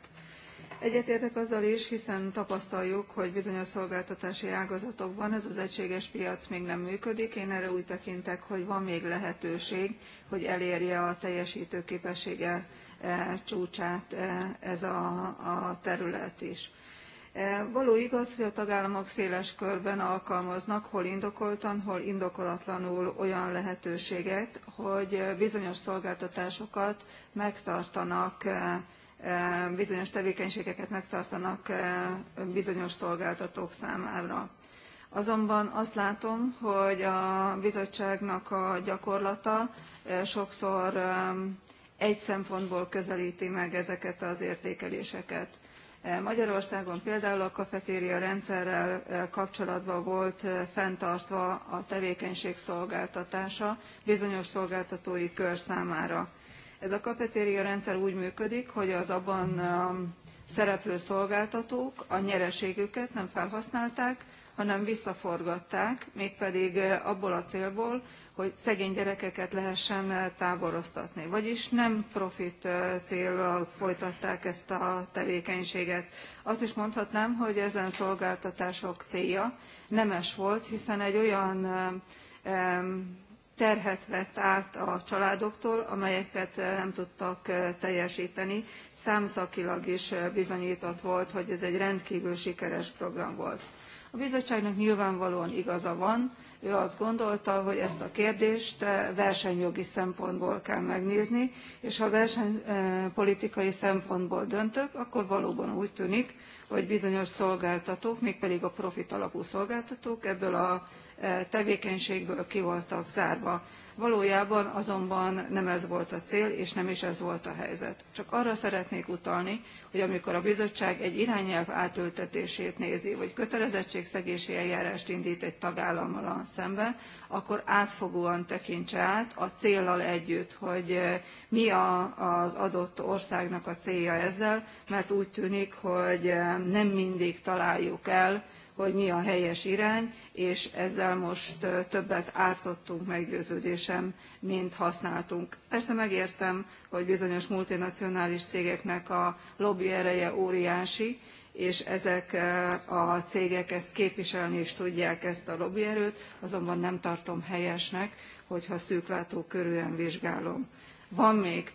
Egyetértek azzal is, hiszen tapasztaljuk, hogy bizonyos szolgáltatási ágazatokban ez az egységes piac még nem működik. Én erre úgy tekintek, hogy van még lehetőség, hogy elérje a teljesítőképessége eh, csúcsát ez a, a terület is E, való igaz hogy a tagállamok széles körben alkalmaznak hol indokoltan hol indokolatlanul olyan lehetőséget hogy bizonyos szolgáltatásokat megtartanak e, e, bizonyos tevékenységeket megtartanak bizonyos szolgáltatók számára. azonban azt látom hogy a bizottságnak a gyakorlata sokszor egy szempontból közelti meg ezeket az értékeléseket magyarországon például a kafetériarendszerrel rendszerrel kapcsolatban volt fenntartva a tevékenység szolgáltatása bizonyos szolgáltatói kör számára. ez a kafetériarendszer rendszer úgy működik hogy az abban szereplő szolgáltatók a nyereségüket nem felhasználták hanem visszaforgatták mégpedig abból a célból hogy szegény gyerekeket lehessen eh, táboroztatni. Vagyis nem profit eh, célral folytatták ezt a tevékenységet. Azt is mondhatnám, hogy ezen szolgáltatások célja nemes volt, hiszen egy olyan eh, terhet vett át a családoktól, amelyeket nem tudtak teljesíteni. Számszakilag is bizonyított volt, hogy ez egy rendkívül sikeres program volt. A bizottságnak nyilvánvalóan igaza van, ő azt gondolta hogy ezt a kérdést eh, versenyjogi szempontból kell megnézni és ha versenypolitikai eh, szempontból döntök akkor valóban úgy tűnik hogy bizonyos szolgáltatók mégpedig a profitalapú szolgáltatók ebből a eh, tevékenységből ki voltak zárva valójában azonban nem ez volt a cél és nem is ez volt a helyzet. csak arra szeretnék utalni hogy amikor a bizottság egy irányelv átültetését nézi vagy kötelezettségszegési eljárást indt egy tagállammal szemben akkor átfogóan tekintse át a céllal együtt hogy eh, mi a, az adott országnak a célja ezzel mert úgy tűnik hogy eh, nem mindig találjuk el hogy mi a helyes irány és ezzel most többet ártottunk meggyőződésem mint használtunk. persze megértem hogy bizonyos multinacionális cégeknek a lobby ereje óriási és ezek a cégek ezt képviselni is tudják ezt a lobbyerőt azonban nem tartom helyesnek hogyha szűklátókörűen vizsgálom van még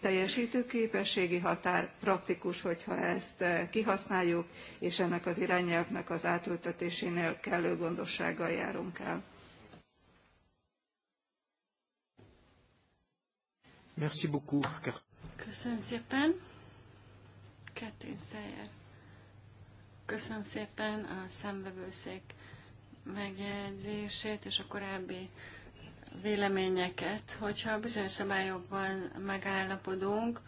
képességi határ, praktikus, hogyha ezt eh, kihasználjuk, és ennek az irányelvnek az átültetésénél kellő gondossággal járunk el. Merci beaucoup. Köszönöm szépen. Ketrin Steyer. Köszönöm szépen a szembevőszék megjegyzését és a korábbi véleményeket, hogyha bizonyos szabályokban megállapodunk,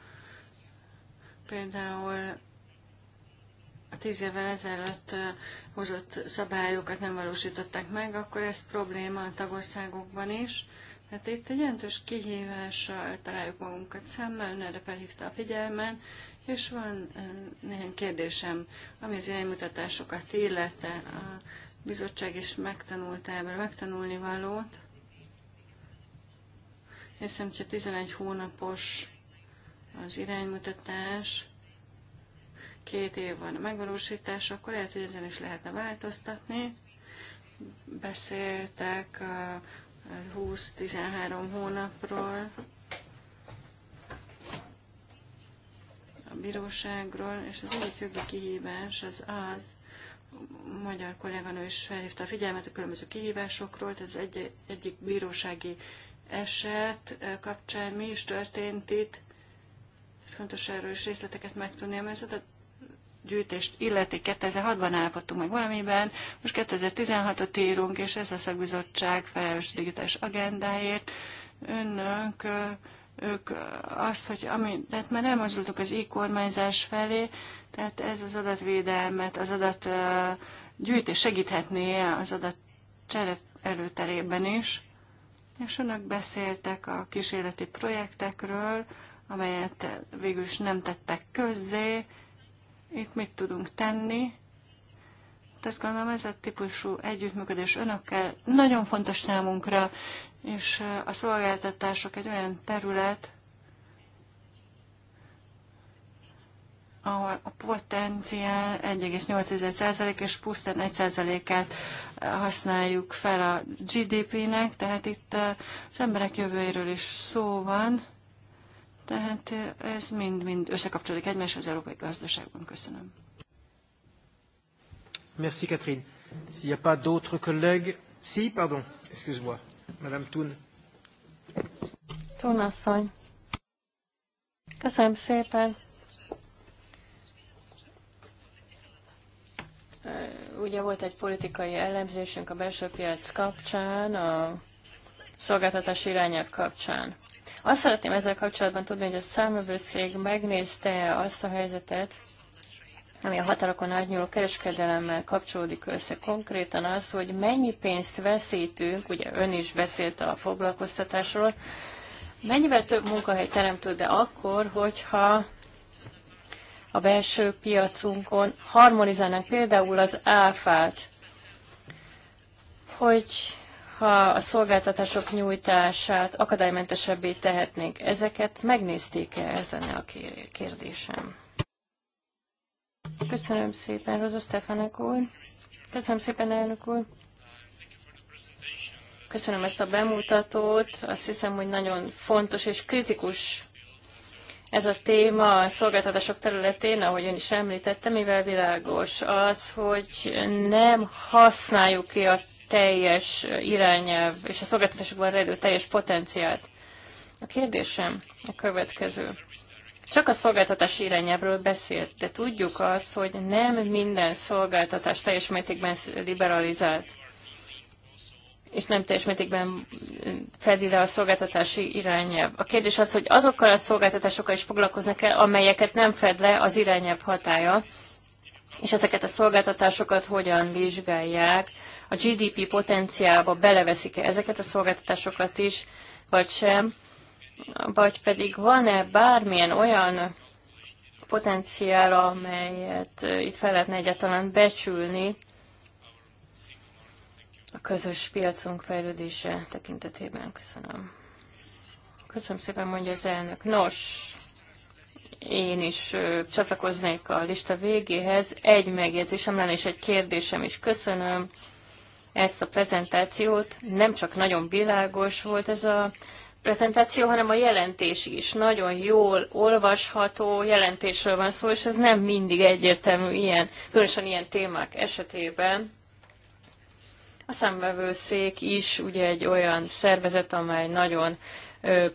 például a tíz évvel ezelőtt hozott szabályokat nem valósították meg, akkor ez probléma a tagországokban is. Tehát itt egy jelentős kihívással találjuk magunkat szemmel, erre felhívta a figyelmen, és van néhány kérdésem, ami az iránymutatásokat illete. A bizottság is megtanult ebből megtanulni valót. Hiszem, hogyha 11 hónapos az iránymutatás, két év van a megvalósítás, akkor lehet, hogy ezen is lehetne változtatni. Beszéltek a 20-13 hónapról, a bíróságról, és az egyik jogi kihívás az az, a magyar kolléganő is felhívta a figyelmet a különböző kihívásokról, tehát az egy, egyik bírósági eset kapcsán mi is történt itt. Fontos erről is részleteket megtudni, mert ez a gyűjtést illeti. 2006-ban állapodtunk meg valamiben, most 2016-ot írunk, és ez a szakbizottság felelős digitális agendáért. Önök ők azt, hogy ami, tehát már elmozdultuk az e-kormányzás felé, tehát ez az adatvédelmet, az adat gyűjtés segíthetné az adat cseret előterében is. És önök beszéltek a kísérleti projektekről, amelyet végül is nem tettek közzé. Itt mit tudunk tenni? Hát azt gondolom, ez a típusú együttműködés önökkel nagyon fontos számunkra, és a szolgáltatások egy olyan terület, ahol a potenciál 1,8% és pusztán 1%-át használjuk fel a GDP-nek, tehát itt eh, az emberek jövőjéről is szó van, tehát eh, ez mind-mind összekapcsolódik egymáshoz az európai gazdaságban. Köszönöm. Merci Catherine. S'il n'y a pas d'autres collègues... Si, pardon, excuse-moi. Madame Thun. Thun asszony. Köszönöm szépen. Ugye volt egy politikai elemzésünk a belső piac kapcsán, a szolgáltatás irányelv kapcsán. Azt szeretném ezzel kapcsolatban tudni, hogy a számövőszék megnézte azt a helyzetet, ami a határokon átnyúló kereskedelemmel kapcsolódik össze. Konkrétan az, hogy mennyi pénzt veszítünk, ugye ön is beszélt a foglalkoztatásról, mennyivel több munkahely teremtő, de akkor, hogyha a belső piacunkon, harmonizálnánk például az áfát, hogy ha a szolgáltatások nyújtását akadálymentesebbé tehetnénk. Ezeket megnézték-e? Ez lenne a kérdésem. Köszönöm szépen, Rosa Stefanek úr. Köszönöm szépen, elnök úr. Köszönöm ezt a bemutatót. Azt hiszem, hogy nagyon fontos és kritikus ez a téma a szolgáltatások területén, ahogy ön is említette, mivel világos az, hogy nem használjuk ki a teljes irányelv és a szolgáltatásokban rejlő teljes potenciált. A kérdésem a következő. Csak a szolgáltatás irányelvről beszélt, de tudjuk azt, hogy nem minden szolgáltatás teljes mértékben liberalizált és nem teljes mértékben fedi le a szolgáltatási irányelv. A kérdés az, hogy azokkal a szolgáltatásokkal is foglalkoznak-e, amelyeket nem fed le az irányelv hatája, és ezeket a szolgáltatásokat hogyan vizsgálják, a GDP potenciálba beleveszik-e ezeket a szolgáltatásokat is, vagy sem, vagy pedig van-e bármilyen olyan potenciál, amelyet eh, itt fel lehetne egyáltalán becsülni, a közös piacunk fejlődése tekintetében. Köszönöm. Köszönöm szépen, mondja az elnök. Nos, én is csatlakoznék a lista végéhez. Egy megjegyzésem lenne és egy kérdésem is. Köszönöm ezt a prezentációt. Nem csak nagyon világos volt ez a prezentáció, hanem a jelentés is. Nagyon jól olvasható jelentésről van szó, és ez nem mindig egyértelmű ilyen, különösen ilyen témák esetében. A szemvevőszék is ugye egy olyan szervezet, amely nagyon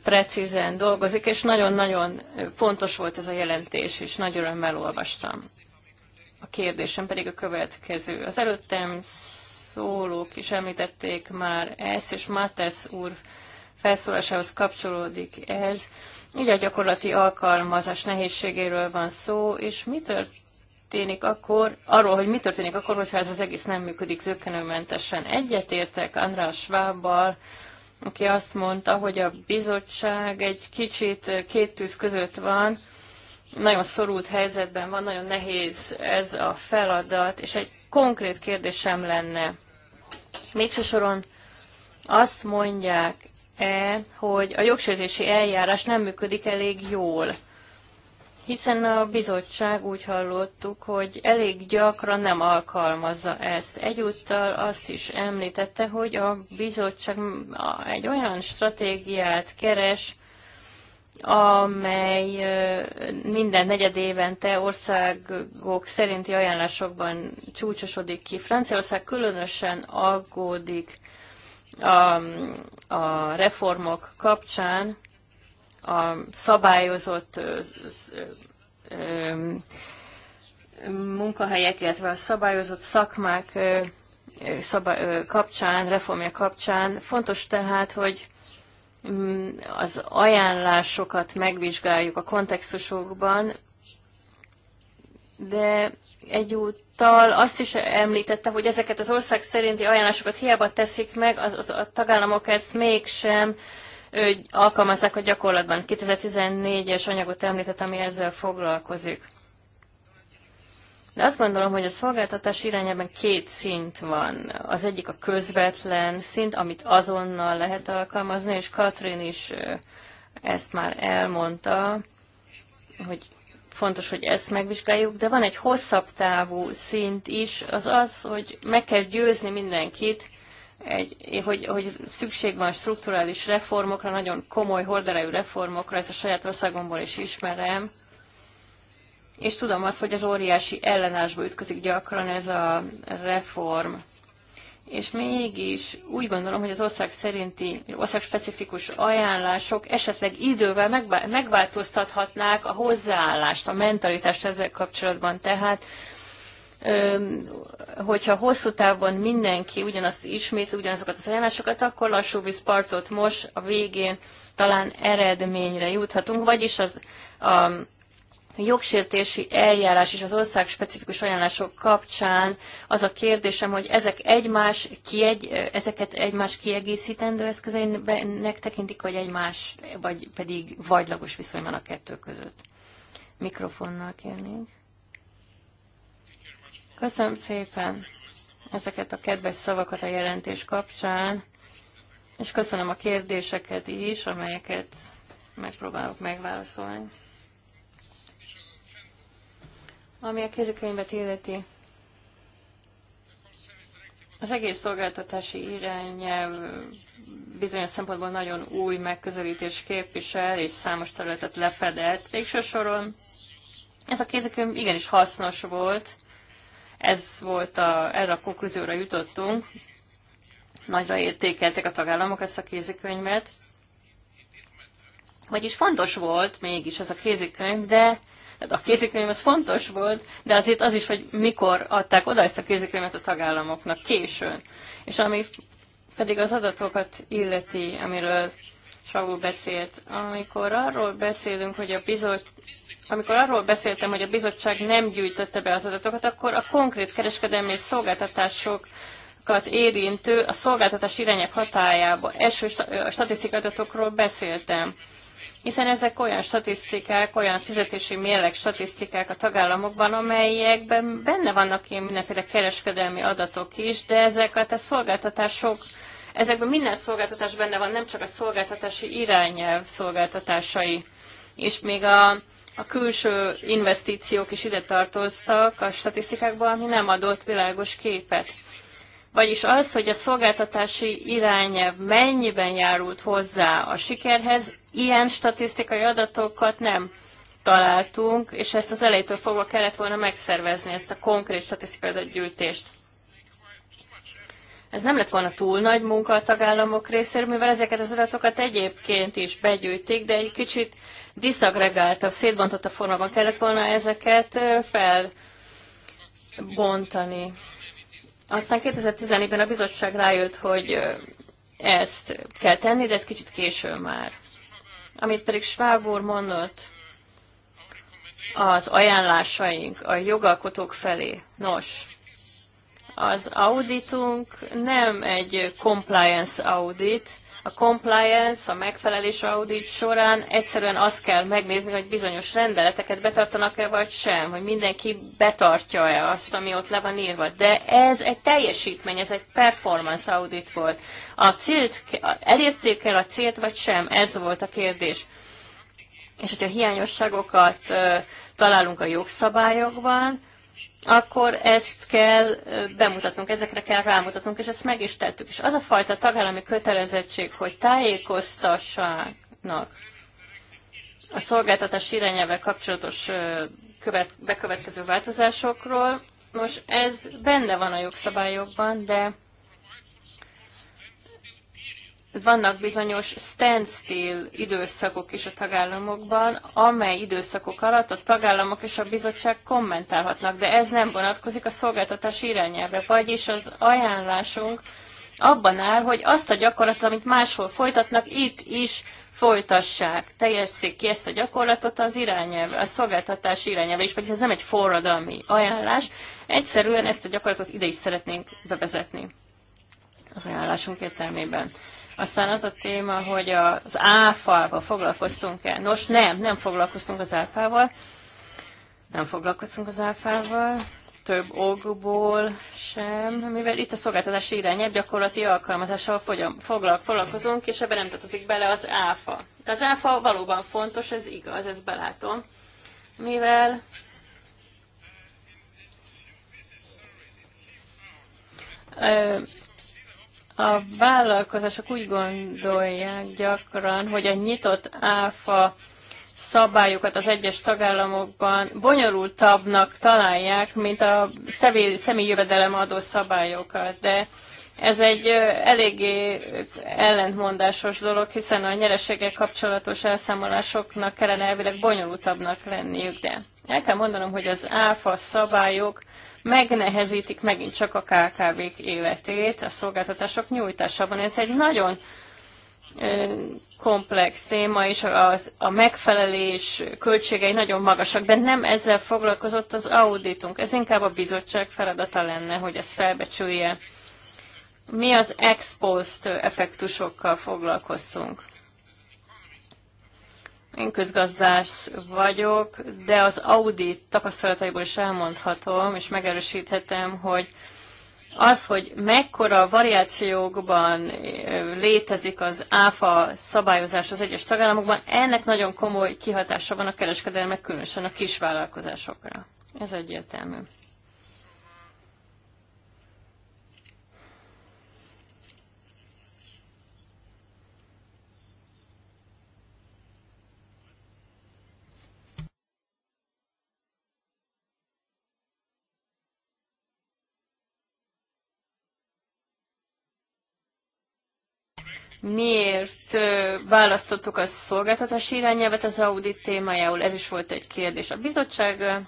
precízen dolgozik, és nagyon-nagyon fontos volt ez a jelentés, és nagy örömmel olvastam. A kérdésem pedig a következő. Az előttem szólók is említették már ezt, és Mátesz úr felszólásához kapcsolódik ez. Így a gyakorlati alkalmazás nehézségéről van szó, és mi történt? történik akkor, arról, hogy mi történik akkor, hogyha ez az egész nem működik zökkenőmentesen. Egyetértek András Schwabbal, aki azt mondta, hogy a bizottság egy kicsit két tűz között van, nagyon szorult helyzetben van, nagyon nehéz ez a feladat, és egy konkrét kérdésem lenne. Mégső soron azt mondják-e, hogy a jogsértési eljárás nem működik elég jól? Hiszen a bizottság úgy hallottuk, hogy elég gyakran nem alkalmazza ezt. Egyúttal azt is említette, hogy a bizottság egy olyan stratégiát keres, amely minden negyed évente országok szerinti ajánlásokban csúcsosodik ki. Franciaország különösen aggódik a, a reformok kapcsán, a szabályozott munkahelyek, illetve a szabályozott szakmák kapcsán, reformja kapcsán. Fontos tehát, hogy mm, az ajánlásokat megvizsgáljuk a kontextusokban, de egyúttal azt is említette, hogy ezeket az ország szerinti ajánlásokat hiába teszik meg, az, az, a tagállamok ezt mégsem alkalmazzák a gyakorlatban. 2014-es anyagot említett, ami ezzel foglalkozik. De azt gondolom, hogy a szolgáltatás irányában két szint van. Az egyik a közvetlen szint, amit azonnal lehet alkalmazni, és Katrin is ezt már elmondta, hogy fontos, hogy ezt megvizsgáljuk, de van egy hosszabb távú szint is, az az, hogy meg kell győzni mindenkit egy, hogy, hogy szükség van strukturális reformokra, nagyon komoly horderejű reformokra, ezt a saját országomból is ismerem, és tudom azt, hogy az óriási ellenásba ütközik gyakran ez a reform. És mégis úgy gondolom, hogy az ország szerinti, ország specifikus ajánlások esetleg idővel megváltoztathatnák a hozzáállást, a mentalitást ezzel kapcsolatban. Tehát hogyha hosszú távon mindenki ugyanazt ismét, ugyanazokat az ajánlásokat, akkor lassú vízpartot most a végén talán eredményre juthatunk, vagyis az a jogsértési eljárás és az ország specifikus ajánlások kapcsán az a kérdésem, hogy ezek egymás kiegy, ezeket egymás kiegészítendő eszközeinek tekintik, vagy egymás, vagy pedig vagylagos viszonyban a kettő között. Mikrofonnal kérnénk. Köszönöm szépen ezeket a kedves szavakat a jelentés kapcsán, és köszönöm a kérdéseket is, amelyeket megpróbálok megválaszolni. Ami a kézikönyvet illeti, az egész szolgáltatási irányelv bizonyos szempontból nagyon új megközelítés képvisel, és számos területet lefedett. Végső soron ez a kézikönyv igenis hasznos volt, ez volt a, erre a konklúzióra jutottunk. Nagyra értékeltek a tagállamok ezt a kézikönyvet. Vagyis fontos volt mégis ez a kézikönyv, de tehát a kézikönyv az fontos volt, de azért az is, hogy mikor adták oda ezt a kézikönyvet a tagállamoknak, későn. És ami pedig az adatokat illeti, amiről Saul beszélt, amikor arról beszélünk, hogy a bizot, amikor arról beszéltem, hogy a bizottság nem gyűjtötte be az adatokat, akkor a konkrét kereskedelmi és szolgáltatásokat érintő, a szolgáltatás irányek hatájába eső statisztikai adatokról beszéltem hiszen ezek olyan statisztikák, olyan fizetési mérleg statisztikák a tagállamokban, amelyekben benne vannak ilyen mindenféle kereskedelmi adatok is, de ezeket a szolgáltatások, ezekben minden szolgáltatás benne van, nem csak a szolgáltatási irányelv szolgáltatásai. És még a a külső investíciók is ide tartoztak a statisztikákban, ami nem adott világos képet. Vagyis az, hogy a szolgáltatási irányelv mennyiben járult hozzá a sikerhez, ilyen statisztikai adatokat nem találtunk, és ezt az elejétől fogva kellett volna megszervezni, ezt a konkrét statisztikai adatgyűjtést. Ez nem lett volna túl nagy munka a tagállamok részéről, mivel ezeket az adatokat egyébként is begyűjtik, de egy kicsit diszagregáltabb, szétbontottabb formában kellett volna ezeket felbontani. Aztán 2014-ben a bizottság rájött, hogy ezt kell tenni, de ez kicsit késő már. Amit pedig Schwab úr mondott, az ajánlásaink a jogalkotók felé. Nos, az auditunk nem egy compliance audit, a compliance, a megfelelés audit során egyszerűen azt kell megnézni, hogy bizonyos rendeleteket betartanak-e vagy sem, hogy mindenki betartja-e azt, ami ott le van írva. De ez egy teljesítmény, ez egy performance audit volt. A célt, elérték el a célt vagy sem? Ez volt a kérdés. És hogyha hiányosságokat találunk a jogszabályokban, akkor ezt kell bemutatnunk, ezekre kell rámutatnunk, és ezt meg is tettük. És az a fajta tagállami kötelezettség, hogy tájékoztassanak a szolgáltatás irányelve kapcsolatos követ, bekövetkező változásokról, most ez benne van a jogszabályokban, de vannak bizonyos standstill időszakok is a tagállamokban, amely időszakok alatt a tagállamok és a bizottság kommentálhatnak, de ez nem vonatkozik a szolgáltatás irányelvre, vagyis az ajánlásunk abban áll, hogy azt a gyakorlatot, amit máshol folytatnak, itt is folytassák, teljesszék ki ezt a gyakorlatot az irányelve, a szolgáltatás irányelve, és vagyis ez nem egy forradalmi ajánlás, egyszerűen ezt a gyakorlatot ide is szeretnénk bevezetni az ajánlásunk értelmében. Aztán az a téma, hogy az áfával foglalkoztunk-e. Nos, nem, nem foglalkoztunk az áfával. Nem foglalkoztunk az áfával, több okból sem, mivel itt a szolgáltatási irányebb gyakorlati alkalmazással foglal, foglalkozunk, és ebben nem tartozik bele az áfa. De az áfa valóban fontos, ez igaz, ezt belátom, mivel a vállalkozások úgy gondolják gyakran, hogy a nyitott áfa szabályokat az egyes tagállamokban bonyolultabbnak találják, mint a jövedelem adó szabályokat, de ez egy eléggé ellentmondásos dolog, hiszen a nyereségek kapcsolatos elszámolásoknak kellene elvileg bonyolultabbnak lenniük, de el kell mondanom, hogy az áfa szabályok megnehezítik megint csak a KKV-k életét a szolgáltatások nyújtásában. Ez egy nagyon komplex téma, és az, a megfelelés költségei nagyon magasak, de nem ezzel foglalkozott az auditunk. Ez inkább a bizottság feladata lenne, hogy ezt felbecsülje. Mi az exposed effektusokkal foglalkoztunk. Én közgazdász vagyok, de az audit tapasztalataiból is elmondhatom, és megerősíthetem, hogy az, hogy mekkora variációkban létezik az áfa szabályozás az egyes tagállamokban, ennek nagyon komoly kihatása van a kereskedelmek, különösen a kisvállalkozásokra. Ez egyértelmű. miért választottuk a szolgáltatás irányelvet az audit témájául? Ez is volt egy kérdés. A bizottság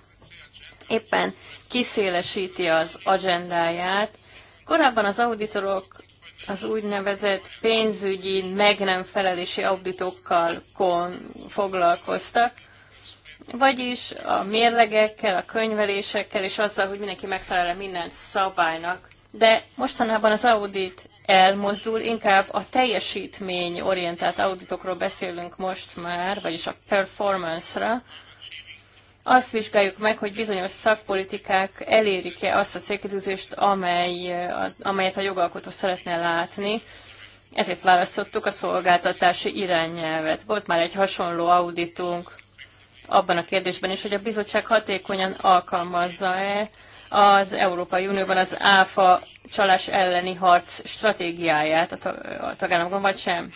éppen kiszélesíti az agendáját. Korábban az auditorok az úgynevezett pénzügyi meg nem felelési auditokkal kon foglalkoztak, vagyis a mérlegekkel, a könyvelésekkel és azzal, hogy mindenki megfelel minden szabálynak. De mostanában az audit elmozdul, inkább a teljesítmény orientált auditokról beszélünk most már, vagyis a performance-ra. Azt vizsgáljuk meg, hogy bizonyos szakpolitikák elérik-e azt a célkitűzést, amely, amelyet a jogalkotó szeretne látni. Ezért választottuk a szolgáltatási irányelvet. Volt már egy hasonló auditunk abban a kérdésben is, hogy a bizottság hatékonyan alkalmazza-e az Európai Unióban az ÁFA csalás elleni harc stratégiáját a tagállamokon, vagy sem?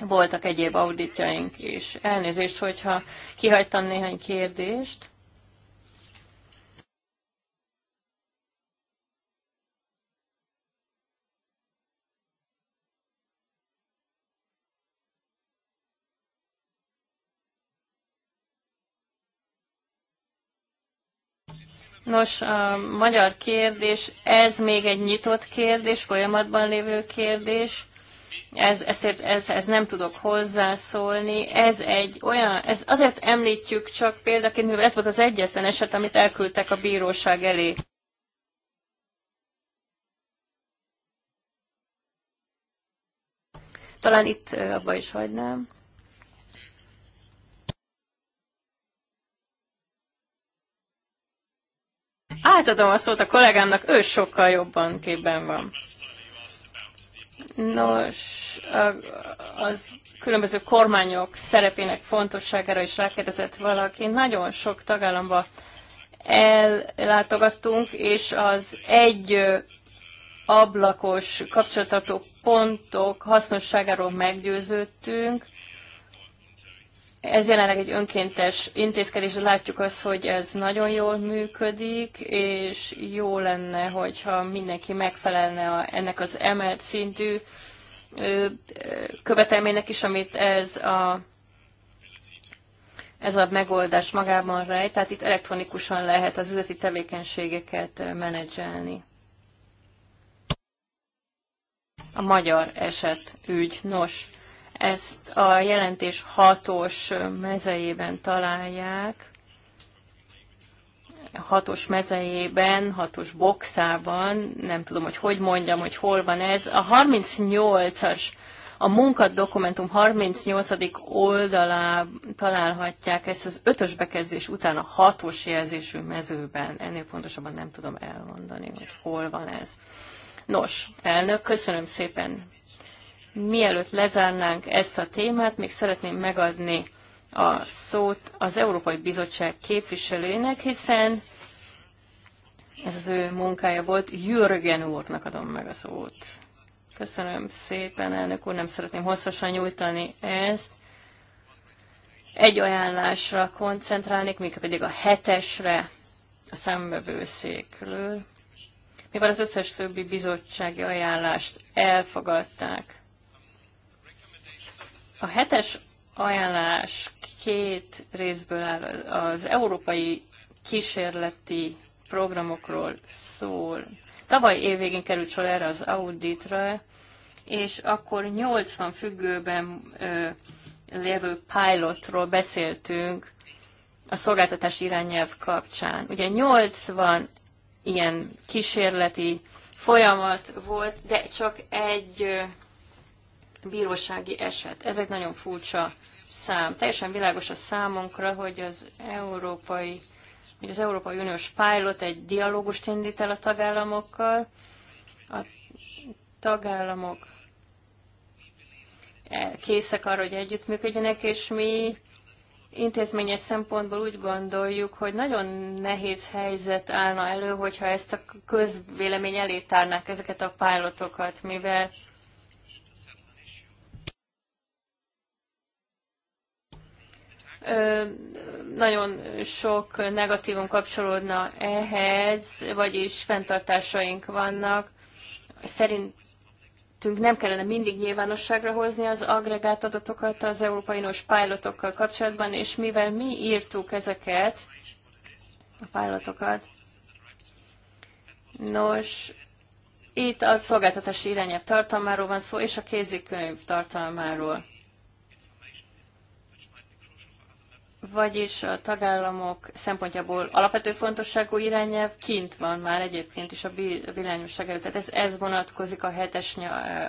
Voltak egyéb auditjaink is. Elnézést, hogyha kihagytam néhány kérdést. Nos, a magyar kérdés, ez még egy nyitott kérdés, folyamatban lévő kérdés. Ez, ezért ez, ez nem tudok hozzászólni. Ez egy olyan, ez azért említjük csak példaként, mivel ez volt az egyetlen eset, amit elküldtek a bíróság elé. Talán itt abba is hagynám. Átadom a szót a kollégámnak, ő sokkal jobban képben van. Nos, az különböző kormányok szerepének fontosságára is rákérdezett valaki. Nagyon sok tagállamba ellátogattunk, és az egy ablakos kapcsolatartó pontok hasznosságáról meggyőződtünk, ez jelenleg egy önkéntes intézkedés, de látjuk azt, hogy ez nagyon jól működik, és jó lenne, hogyha mindenki megfelelne a, ennek az emelt szintű követelménynek is, amit ez a, ez a megoldás magában rejt, tehát itt elektronikusan lehet az üzleti tevékenységeket menedzselni. A magyar eset ügy, nos, ezt a jelentés hatos mezejében találják, hatos mezejében, hatos boxában, nem tudom, hogy hogy mondjam, hogy hol van ez. A 38-as, a munkadokumentum 38. oldalán találhatják ezt az ötös bekezdés után a hatos jelzésű mezőben. Ennél pontosabban nem tudom elmondani, hogy hol van ez. Nos, elnök, köszönöm szépen Mielőtt lezárnánk ezt a témát, még szeretném megadni a szót az Európai Bizottság képviselőjének, hiszen ez az ő munkája volt. Jürgen úrnak adom meg a szót. Köszönöm szépen, elnök úr, nem szeretném hosszasan nyújtani ezt. Egy ajánlásra koncentrálnék, még pedig a hetesre a számbevőszékről. Mivel az összes többi bizottsági ajánlást elfogadták, a hetes ajánlás két részből áll. Az európai kísérleti programokról szól. Tavaly évvégén került sor erre az auditra, és akkor 80 függőben ö, lévő pilotról beszéltünk a szolgáltatás irányelv kapcsán. Ugye 80 ilyen kísérleti folyamat volt, de csak egy bírósági eset. Ez egy nagyon furcsa szám. Teljesen világos a számunkra, hogy az Európai, hogy az Európai Uniós Pilot egy dialógust indít el a tagállamokkal. A tagállamok e, készek arra, hogy együttműködjenek, és mi intézményes szempontból úgy gondoljuk, hogy nagyon nehéz helyzet állna elő, hogyha ezt a közvélemény elé tárnák ezeket a pilotokat, mivel nagyon sok negatívum kapcsolódna ehhez, vagyis fenntartásaink vannak. Szerintünk nem kellene mindig nyilvánosságra hozni az agregált adatokat az Európai nos pilotokkal kapcsolatban, és mivel mi írtuk ezeket, a pilotokat, nos, itt a szolgáltatási irányelv tartalmáról van szó, és a kézikönyv tartalmáról. vagyis a tagállamok szempontjából alapvető fontosságú irányelv kint van már egyébként is a bilányosság előtt. Tehát ez, ez vonatkozik a hetes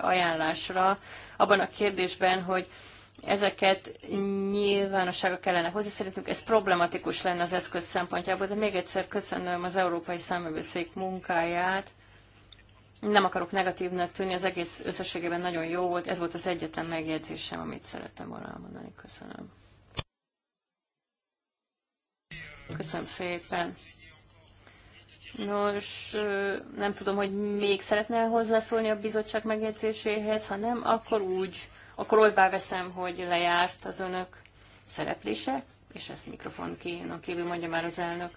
ajánlásra abban a kérdésben, hogy ezeket nyilvánosságra kellene hozni. Szerintünk ez problematikus lenne az eszköz szempontjából, de még egyszer köszönöm az Európai Számövőszék munkáját. Nem akarok negatívnak tűnni, az egész összességében nagyon jó volt. Ez volt az egyetlen megjegyzésem, amit szerettem volna elmondani. Köszönöm. Köszönöm szépen. Nos, nem tudom, hogy még szeretne hozzászólni a bizottság megjegyzéséhez, ha nem, akkor úgy, akkor olybá veszem, hogy lejárt az önök szereplése, és ezt mikrofon kívül, kívül mondja már az elnök.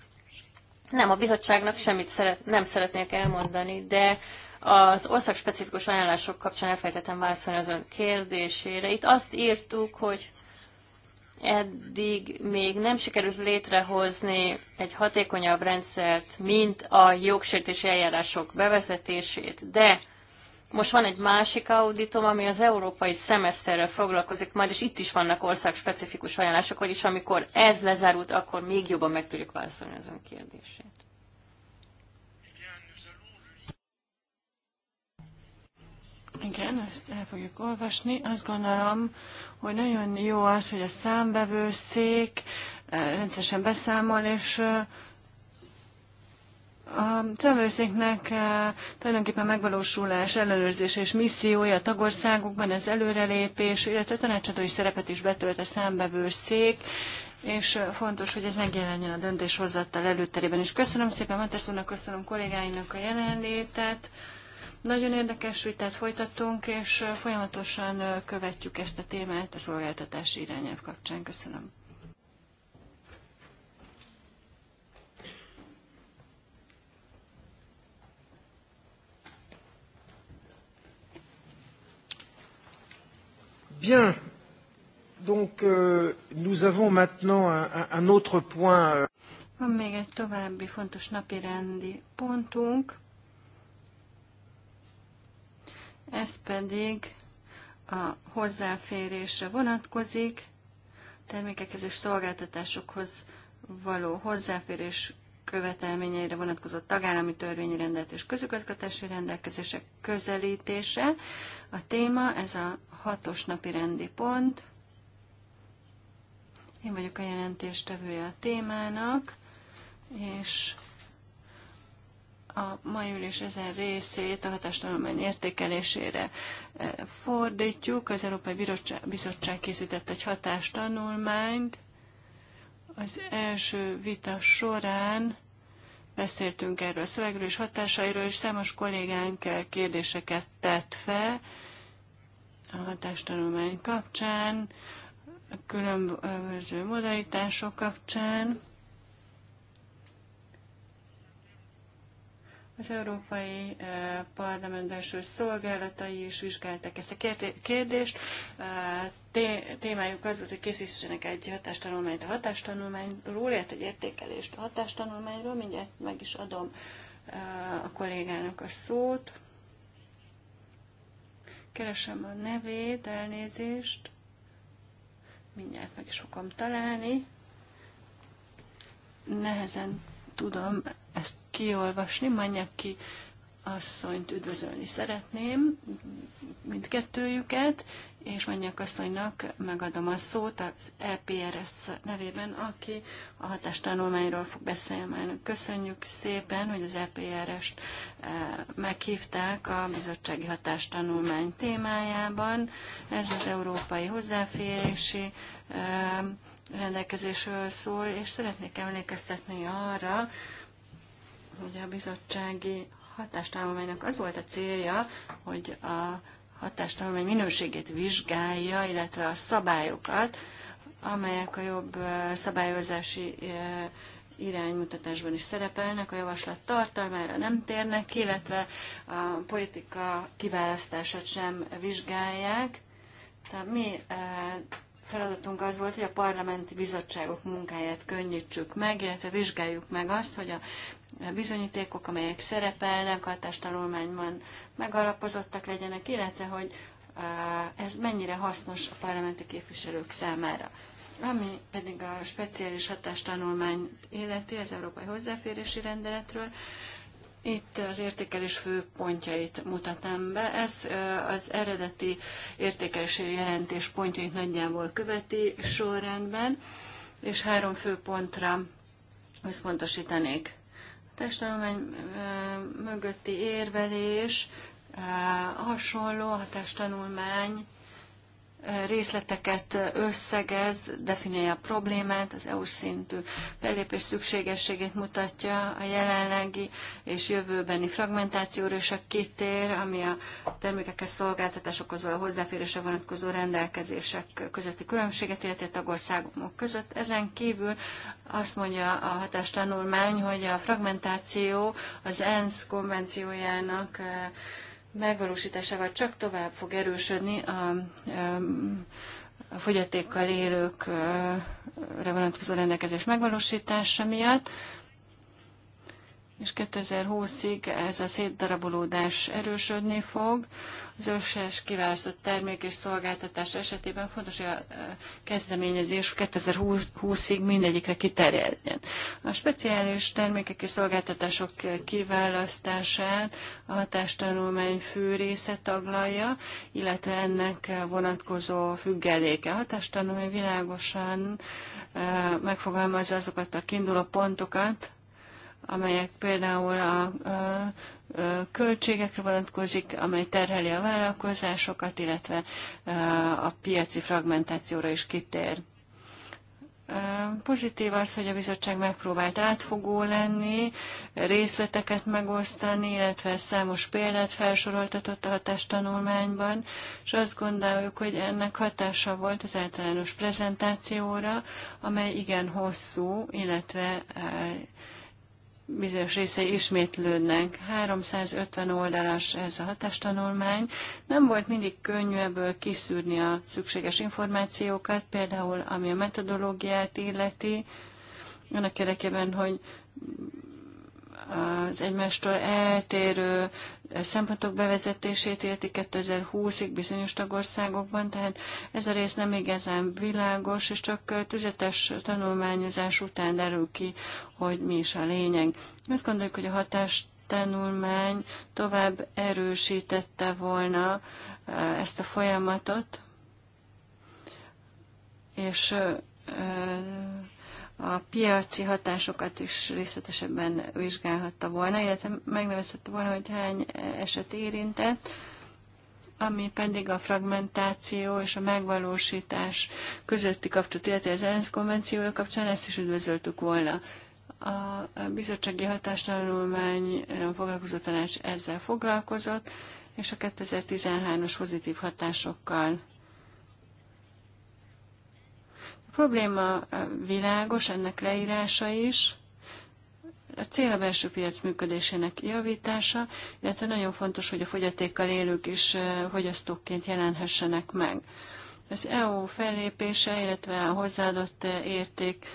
Nem, a bizottságnak semmit szeret, nem szeretnék elmondani, de az országspecifikus ajánlások kapcsán elfelejtettem válaszolni az ön kérdésére. Itt azt írtuk, hogy eddig még nem sikerült létrehozni egy hatékonyabb rendszert, mint a jogsértési eljárások bevezetését, de most van egy másik auditom, ami az európai szemeszterrel foglalkozik, majd és itt is vannak országspecifikus ajánlások, vagyis amikor ez lezárult, akkor még jobban meg tudjuk válaszolni az ön kérdését. Igen, ezt el fogjuk olvasni. Azt gondolom, hogy nagyon jó az, hogy a számbevőszék eh, rendszeresen beszámol, és eh, a szemvőszéknek eh, tulajdonképpen megvalósulás, ellenőrzés és missziója a tagországokban, ez előrelépés, illetve tanácsadói szerepet is betölt a számbevőszék, és fontos, hogy ez megjelenjen a döntéshozattal előterében is. Köszönöm szépen Matesz úrnak, köszönöm kollégáinak a jelenlétet. Nagyon érdekes vitát folytattunk, és folyamatosan követjük ezt a témát a szolgáltatási irányelv kapcsán. Köszönöm. Bien. Donc, euh, nous avons maintenant un, un autre point. Euh. Van még egy további fontos napirendi pontunk ez pedig a hozzáférésre vonatkozik, termékekhez és szolgáltatásokhoz való hozzáférés követelményeire vonatkozó tagállami törvényi rendelet és közigazgatási rendelkezések közelítése. A téma ez a hatos napi rendi pont. Én vagyok a jelentéstevője a témának, és a mai ülés ezen részét a hatástanulmány értékelésére eh, fordítjuk. Az Európai Bizottság, Bizottság készített egy hatástanulmányt. Az első vita során beszéltünk erről a szövegről és hatásairól, és számos kollégánk kérdéseket tett fel a hatástanulmány kapcsán, a különböző modalitások kapcsán. Az Európai eh, Parlament belső szolgálatai is vizsgálták ezt a kérdést. Eh, témájuk az volt, hogy készítsenek egy hatástanulmányt a hatástanulmányról, illetve egy értékelést a hatástanulmányról. Mindjárt meg is adom eh, a kollégának a szót. Keresem a nevét, elnézést. Mindjárt meg is fogom találni. Nehezen tudom ezt kiolvasni. ki asszonyt üdvözölni szeretném, mindkettőjüket, és menjek asszonynak megadom a szót az EPRS nevében, aki a hatástanulmányról fog beszélni. Köszönjük szépen, hogy az EPRS-t eh, meghívták a bizottsági hatástanulmány témájában. Ez az európai hozzáférési eh, rendelkezésről szól, és szeretnék emlékeztetni arra, hogy a bizottsági hatástalmánynak az volt a célja, hogy a hatástalmány minőségét vizsgálja, illetve a szabályokat, amelyek a jobb szabályozási iránymutatásban is szerepelnek, a javaslat tartalmára nem térnek, illetve a politika kiválasztását sem vizsgálják. Tehát mi feladatunk az volt, hogy a parlamenti bizottságok munkáját könnyítsük meg, illetve vizsgáljuk meg azt, hogy a bizonyítékok, amelyek szerepelnek a hatástanulmányban megalapozottak legyenek, illetve hogy ez mennyire hasznos a parlamenti képviselők számára. Ami pedig a speciális hatástanulmány illeti az Európai Hozzáférési Rendeletről, itt az értékelés fő pontjait mutatnám be. Ez az eredeti értékelési jelentés pontjait nagyjából követi sorrendben, és három fő pontra összpontosítanék testtanulmány mögötti érvelés hasonló, a testtanulmány részleteket összegez, definiálja a problémát, az EU-s szintű fellépés szükségességét mutatja a jelenlegi és jövőbeni fragmentációra, és a kitér, ami a termékekhez szolgáltatásokhoz való hozzáférésre vonatkozó rendelkezések közötti különbséget, illetve tagországok között. Ezen kívül azt mondja a hatástanulmány, hogy a fragmentáció az ENSZ konvenciójának eh, megvalósításával csak tovább fog erősödni a, a fogyatékkal élőkre vonatkozó rendelkezés megvalósítása miatt és 2020-ig ez a szétdarabolódás erősödni fog. Az összes kiválasztott termék és szolgáltatás esetében fontos, hogy a kezdeményezés 2020-ig mindegyikre kiterjedjen. A speciális termékek és szolgáltatások kiválasztását a hatástanulmány fő része taglalja, illetve ennek vonatkozó függeléke. A hatástanulmány világosan megfogalmazza azokat a kiinduló pontokat, amelyek például a, a költségekre vonatkozik, amely terheli a vállalkozásokat, illetve a piaci fragmentációra is kitér. Pozitív az, hogy a bizottság megpróbált átfogó lenni, részleteket megosztani, illetve számos példát felsoroltatott a hatástanulmányban, és azt gondoljuk, hogy ennek hatása volt az általános prezentációra, amely igen hosszú, illetve bizonyos részei ismétlődnek. 350 oldalas ez a hatástanulmány. Nem volt mindig könnyű ebből kiszűrni a szükséges információkat, például ami a metodológiát illeti, annak érdekében, hogy az egymástól eltérő szempontok bevezetését érti 2020-ig bizonyos tagországokban, tehát ez a rész nem igazán világos, és csak tüzetes tanulmányozás után derül ki, hogy mi is a lényeg. Azt gondoljuk, hogy a hatást tanulmány tovább erősítette volna e, ezt a folyamatot, és e, a piaci hatásokat is részletesebben vizsgálhatta volna, illetve megnevezhette volna, hogy hány eset érintett, ami pedig a fragmentáció és a megvalósítás közötti kapcsolat, illetve az ENSZ konvenciója kapcsán ezt is üdvözöltük volna. A bizottsági hatástanulmány foglalkozó tanács ezzel foglalkozott, és a 2013-as pozitív hatásokkal probléma eh, világos, ennek leírása is. A cél a belső piac működésének javítása, illetve nagyon fontos, hogy a fogyatékkal élők is eh, fogyasztóként jelenhessenek meg. Az EU fellépése, illetve a hozzáadott eh, érték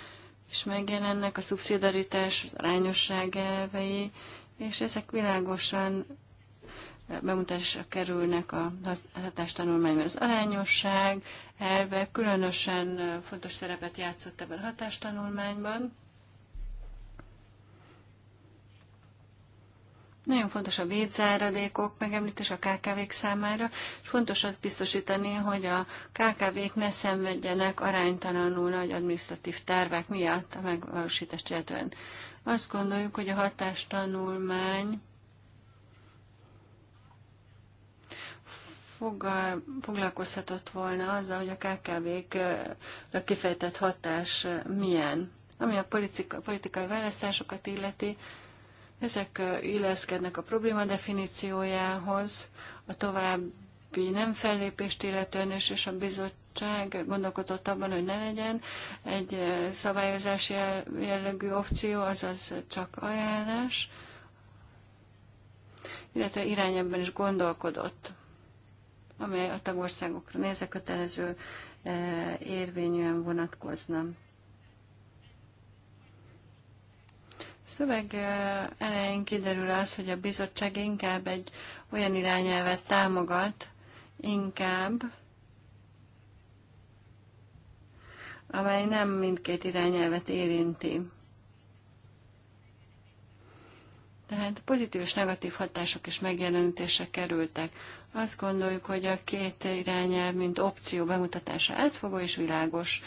is megjelennek, a szubszidaritás, az arányosság elvei, és ezek világosan bemutatásra kerülnek a hatástanulmányban. Az arányosság elve különösen fontos szerepet játszott ebben a hatástanulmányban. Nagyon fontos a védzáradékok megemlítés a KKV-k számára, és fontos azt biztosítani, hogy a KKV-k ne szenvedjenek aránytalanul nagy adminisztratív tervek miatt a megvalósítást illetően. Azt gondoljuk, hogy a hatástanulmány fogal, foglalkozhatott volna azzal, hogy a KKV-kra kifejtett hatás milyen. Ami a politika, politikai választásokat illeti, ezek illeszkednek a probléma definíciójához, a további nem fellépést illetően, és, és a bizottság gondolkodott abban, hogy ne legyen egy szabályozási jellegű opció, azaz csak ajánlás, illetve irányában is gondolkodott amely a tagországokra nézve kötelező eh, érvényűen vonatkozna. A szöveg eh, elején kiderül az, hogy a bizottság inkább egy olyan irányelvet támogat, inkább, amely nem mindkét irányelvet érinti. Tehát pozitív és negatív hatások is megjelenítések kerültek. Azt gondoljuk, hogy a két irányelv, mint opció bemutatása átfogó és világos.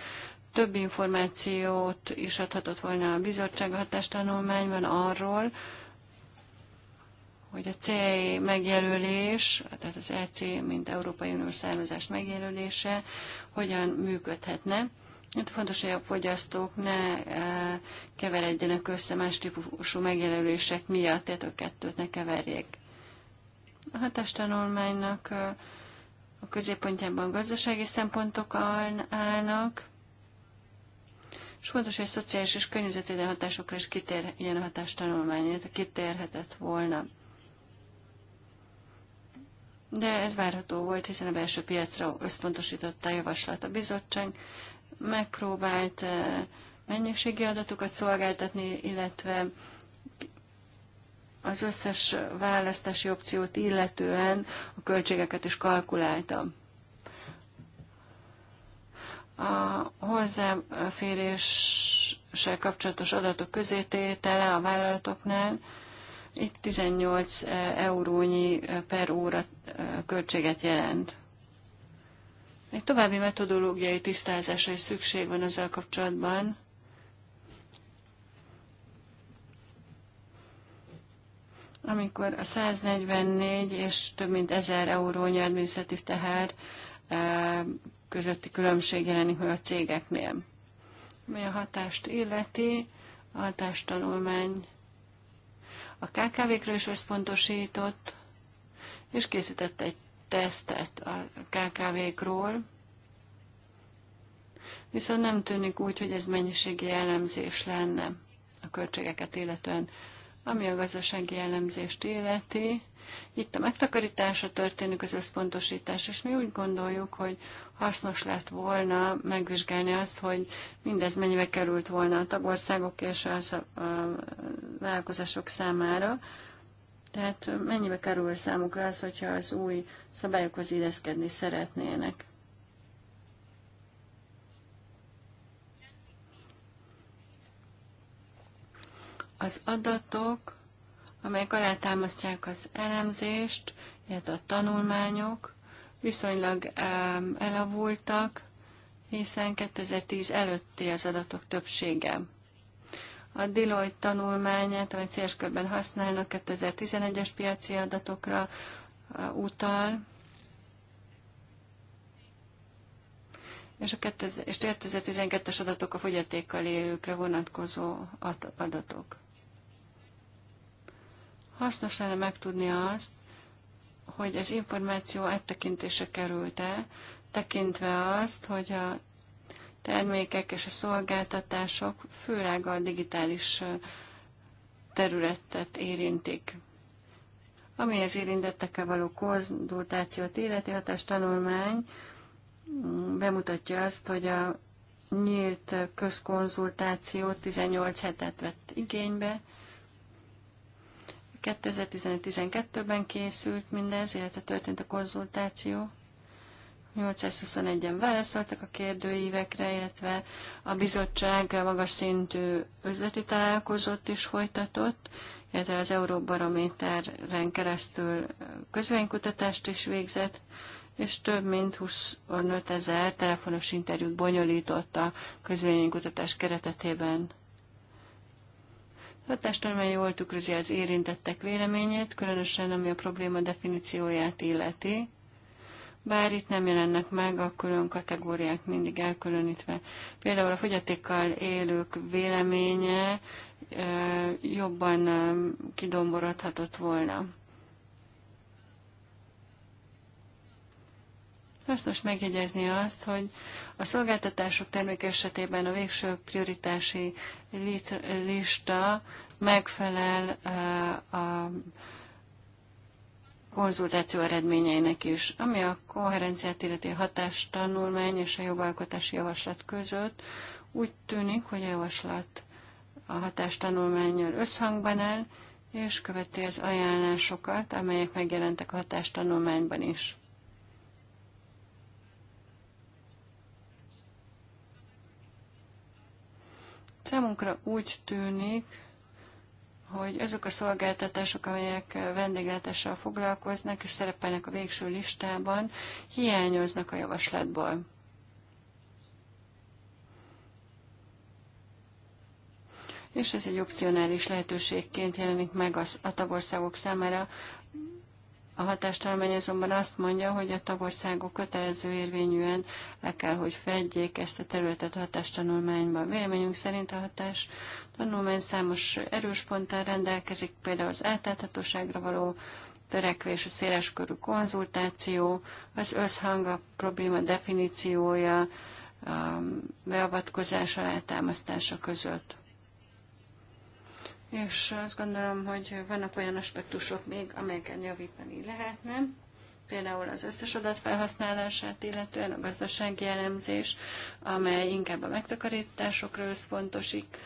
Több információt is adhatott volna a bizottság hatástanulmányban arról, hogy a CE megjelölés, tehát az EC, mint Európai Uniós származás megjelölése, hogyan működhetne. Hát fontos, hogy a fogyasztók ne e, keveredjenek össze más típusú megjelölések miatt, tehát a kettőt ne keverjék a tanulmánynak a középpontjában gazdasági szempontok állnak, és fontos, hogy a szociális és környezeti hatásokra is kitérjen a hatástanulmány, illetve kitérhetett volna. De ez várható volt, hiszen a belső piacra összpontosította a javaslat a bizottság, megpróbált mennyiségi adatokat szolgáltatni, illetve az összes választási opciót illetően a költségeket is kalkuláltam. A hozzáféréssel kapcsolatos adatok közététele a vállalatoknál itt 18 eh, eurónyi eh, per óra eh, költséget jelent. Egy további metodológiai tisztázásra is szükség van ezzel kapcsolatban, amikor a 144 és több mint 1000 eurónyi adminisztratív teher e, közötti különbség jelenik meg a cégeknél. Mi a hatást illeti, a hatástanulmány a KKV-kről is összpontosított, és készített egy tesztet a KKV-król, viszont nem tűnik úgy, hogy ez mennyiségi jellemzés lenne a költségeket illetően. Ami a gazdasági jellemzést illeti, itt a megtakarításra történik az összpontosítás, és mi úgy gondoljuk, hogy hasznos lett volna megvizsgálni azt, hogy mindez mennyibe került volna a tagországok és a vállalkozások számára. Tehát mennyibe kerül számukra az, hogyha az új szabályokhoz illeszkedni szeretnének. Az adatok, amelyek alátámasztják az elemzést, illetve a tanulmányok viszonylag elavultak, hiszen 2010 előtti az adatok többsége. A Deloitte tanulmányát, amit széles körben használnak 2011-es piaci adatokra e, utal, és, a 2012-es adatok a fogyatékkal élőkre vonatkozó adatok. Hasznos lenne megtudni azt, hogy az információ áttekintése került-e, tekintve azt, hogy a termékek és a szolgáltatások főleg a digitális területet érintik. Ami az érintettekkel való konzultációt életi hatás tanulmány mm, bemutatja azt, hogy a nyílt közkonzultáció 18 hetet vett igénybe, 2011-12-ben készült mindez, illetve történt a konzultáció. 821-en válaszoltak a kérdőívekre, illetve a bizottság magas szintű üzleti találkozót is folytatott, illetve az Euróbarométeren keresztül közvénykutatást is végzett, és több mint 25 ezer telefonos interjút bonyolított a közvénykutatás keretetében. Hatástanulmány jól tükrözi az érintettek véleményét, különösen ami a probléma definícióját illeti, bár itt nem jelennek meg a külön kategóriák mindig elkülönítve. Például a fogyatékkal élők véleménye jobban kidomborodhatott volna. Hasznos megjegyezni azt, hogy a szolgáltatások termék esetében a végső prioritási lista megfelel eh, a konzultáció eredményeinek is, ami a koherenciát illeti hatástanulmány és a jogalkotási javaslat között. Úgy tűnik, hogy a javaslat a hatástanulmányjal összhangban áll, és követi az ajánlásokat, amelyek megjelentek a hatástanulmányban is. Számunkra úgy tűnik, hogy azok a szolgáltatások, amelyek vendéglátással foglalkoznak és szerepelnek a végső listában, hiányoznak a javaslatból. És ez egy opcionális lehetőségként jelenik meg az, a tagországok számára a hatástalmány azonban azt mondja, hogy a tagországok kötelező érvényűen le kell, hogy fedjék ezt a területet hatástanulmányban. Véleményünk szerint a hatás tanulmány számos erős ponttal rendelkezik, például az átláthatóságra való törekvés, a széleskörű konzultáció, az összhang a probléma definíciója, a beavatkozás alátámasztása között és azt gondolom, hogy vannak olyan aspektusok még, amelyeken javítani lehetne, például az összes adat felhasználását, illetően a gazdasági elemzés, amely inkább a megtakarításokra összpontosik,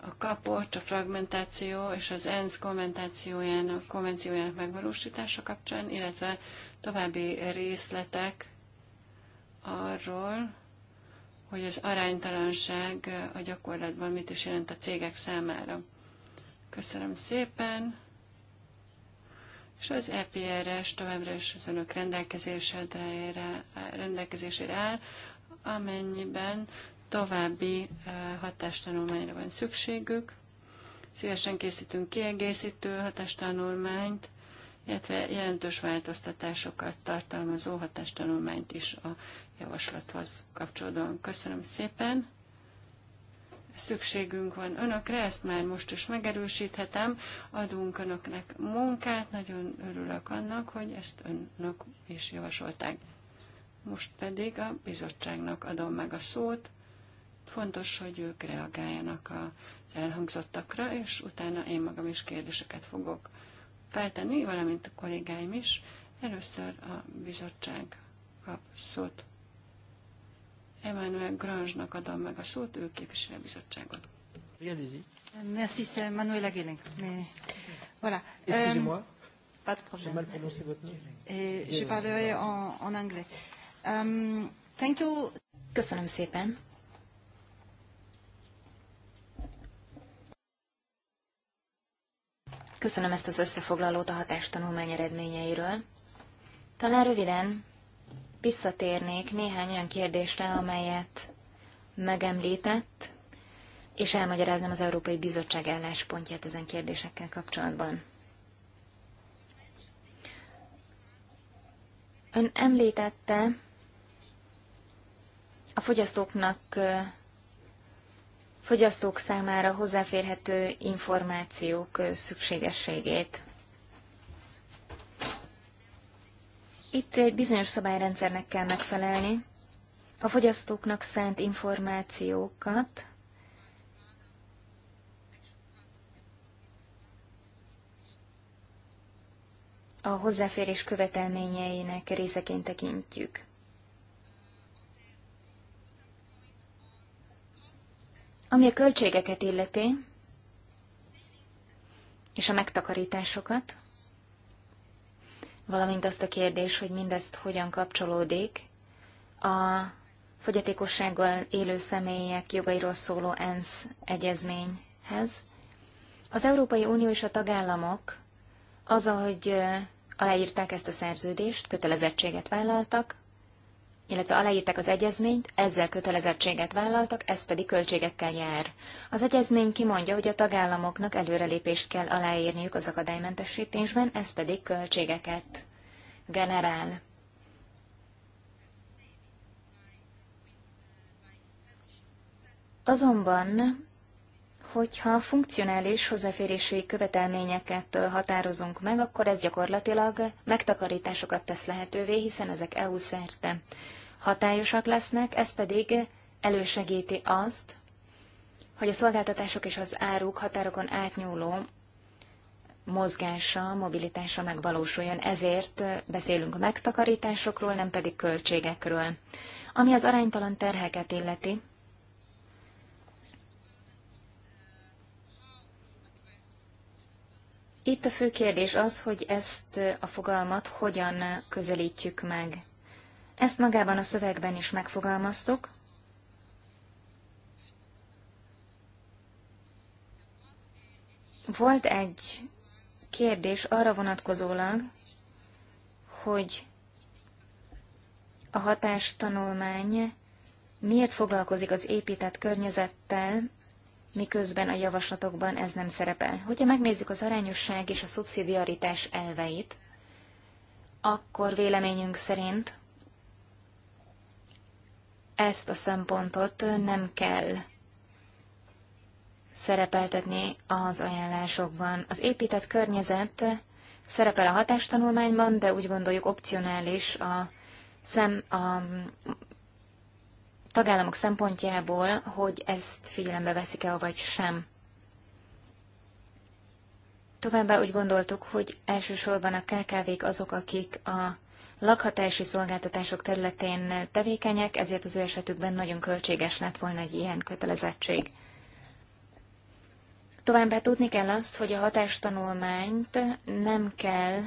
a kapocs, a fragmentáció és az ENSZ konventációjának, konvenciójának megvalósítása kapcsán, illetve további részletek arról, hogy az aránytalanság a gyakorlatban mit is jelent a cégek számára. Köszönöm szépen. És az EPRS továbbra is az önök rendelkezésére, rendelkezésére áll, amennyiben további eh, hatástanulmányra van szükségük. Szívesen készítünk kiegészítő hatástanulmányt, illetve jelentős változtatásokat tartalmazó hatástanulmányt is a javaslathoz kapcsolódóan. Köszönöm szépen! szükségünk van önökre, ezt már most is megerősíthetem, adunk önöknek munkát, nagyon örülök annak, hogy ezt önök is javasolták. Most pedig a bizottságnak adom meg a szót, fontos, hogy ők reagáljanak a elhangzottakra, és utána én magam is kérdéseket fogok feltenni, valamint a kollégáim is. Először a bizottság kap szót. Emmanuel Grange-nak adom meg a szót, ő képviseli a bizottságot. Merci, c'est Manuela Gelling. Mais voilà. Excusez-moi. Um, Pas de problème. J'ai mal prononcé votre nom. Et je parlerai en, en anglais. Um, thank you. Köszönöm szépen. Köszönöm ezt az összefoglalót a hatástanulmány eredményeiről. Talán röviden visszatérnék néhány olyan kérdésre, amelyet megemlített, és elmagyaráznám az Európai Bizottság álláspontját ezen kérdésekkel kapcsolatban. Ön említette a fogyasztóknak, fogyasztók számára hozzáférhető információk szükségességét. Itt egy bizonyos szabályrendszernek kell megfelelni. A fogyasztóknak szánt információkat a hozzáférés követelményeinek részeként tekintjük. Ami a költségeket illeti, és a megtakarításokat, valamint azt a kérdés, hogy mindezt hogyan kapcsolódik a fogyatékossággal élő személyek jogairól szóló ENSZ egyezményhez. Az Európai Unió és a tagállamok az, ahogy aláírták ezt a szerződést, kötelezettséget vállaltak, illetve aláírták az egyezményt, ezzel kötelezettséget vállaltak, ez pedig költségekkel jár. Az egyezmény kimondja, hogy a tagállamoknak előrelépést kell aláírniuk az akadálymentesítésben, ez pedig költségeket generál. Azonban hogyha funkcionális hozzáférési követelményeket határozunk meg, akkor ez gyakorlatilag megtakarításokat tesz lehetővé, hiszen ezek EU szerte hatályosak lesznek, ez pedig elősegíti azt, hogy a szolgáltatások és az áruk határokon átnyúló mozgása, mobilitása megvalósuljon. Ezért beszélünk megtakarításokról, nem pedig költségekről. Ami az aránytalan terheket illeti, Itt a fő kérdés az, hogy ezt a fogalmat hogyan közelítjük meg. Ezt magában a szövegben is megfogalmaztuk. Volt egy kérdés arra vonatkozólag, hogy a hatástanulmány miért foglalkozik az épített környezettel, miközben a javaslatokban ez nem szerepel. Hogyha megnézzük az arányosság és a szubszidiaritás elveit, akkor véleményünk szerint ezt a szempontot nem kell szerepeltetni az ajánlásokban. Az épített környezet szerepel a hatástanulmányban, de úgy gondoljuk opcionális a, szem, a tagállamok szempontjából, hogy ezt figyelembe veszik-e, vagy sem. Továbbá úgy gondoltuk, hogy elsősorban a KKV-k azok, akik a lakhatási szolgáltatások területén tevékenyek, ezért az ő esetükben nagyon költséges lett volna egy ilyen kötelezettség. Továbbá tudni kell azt, hogy a hatástanulmányt nem kell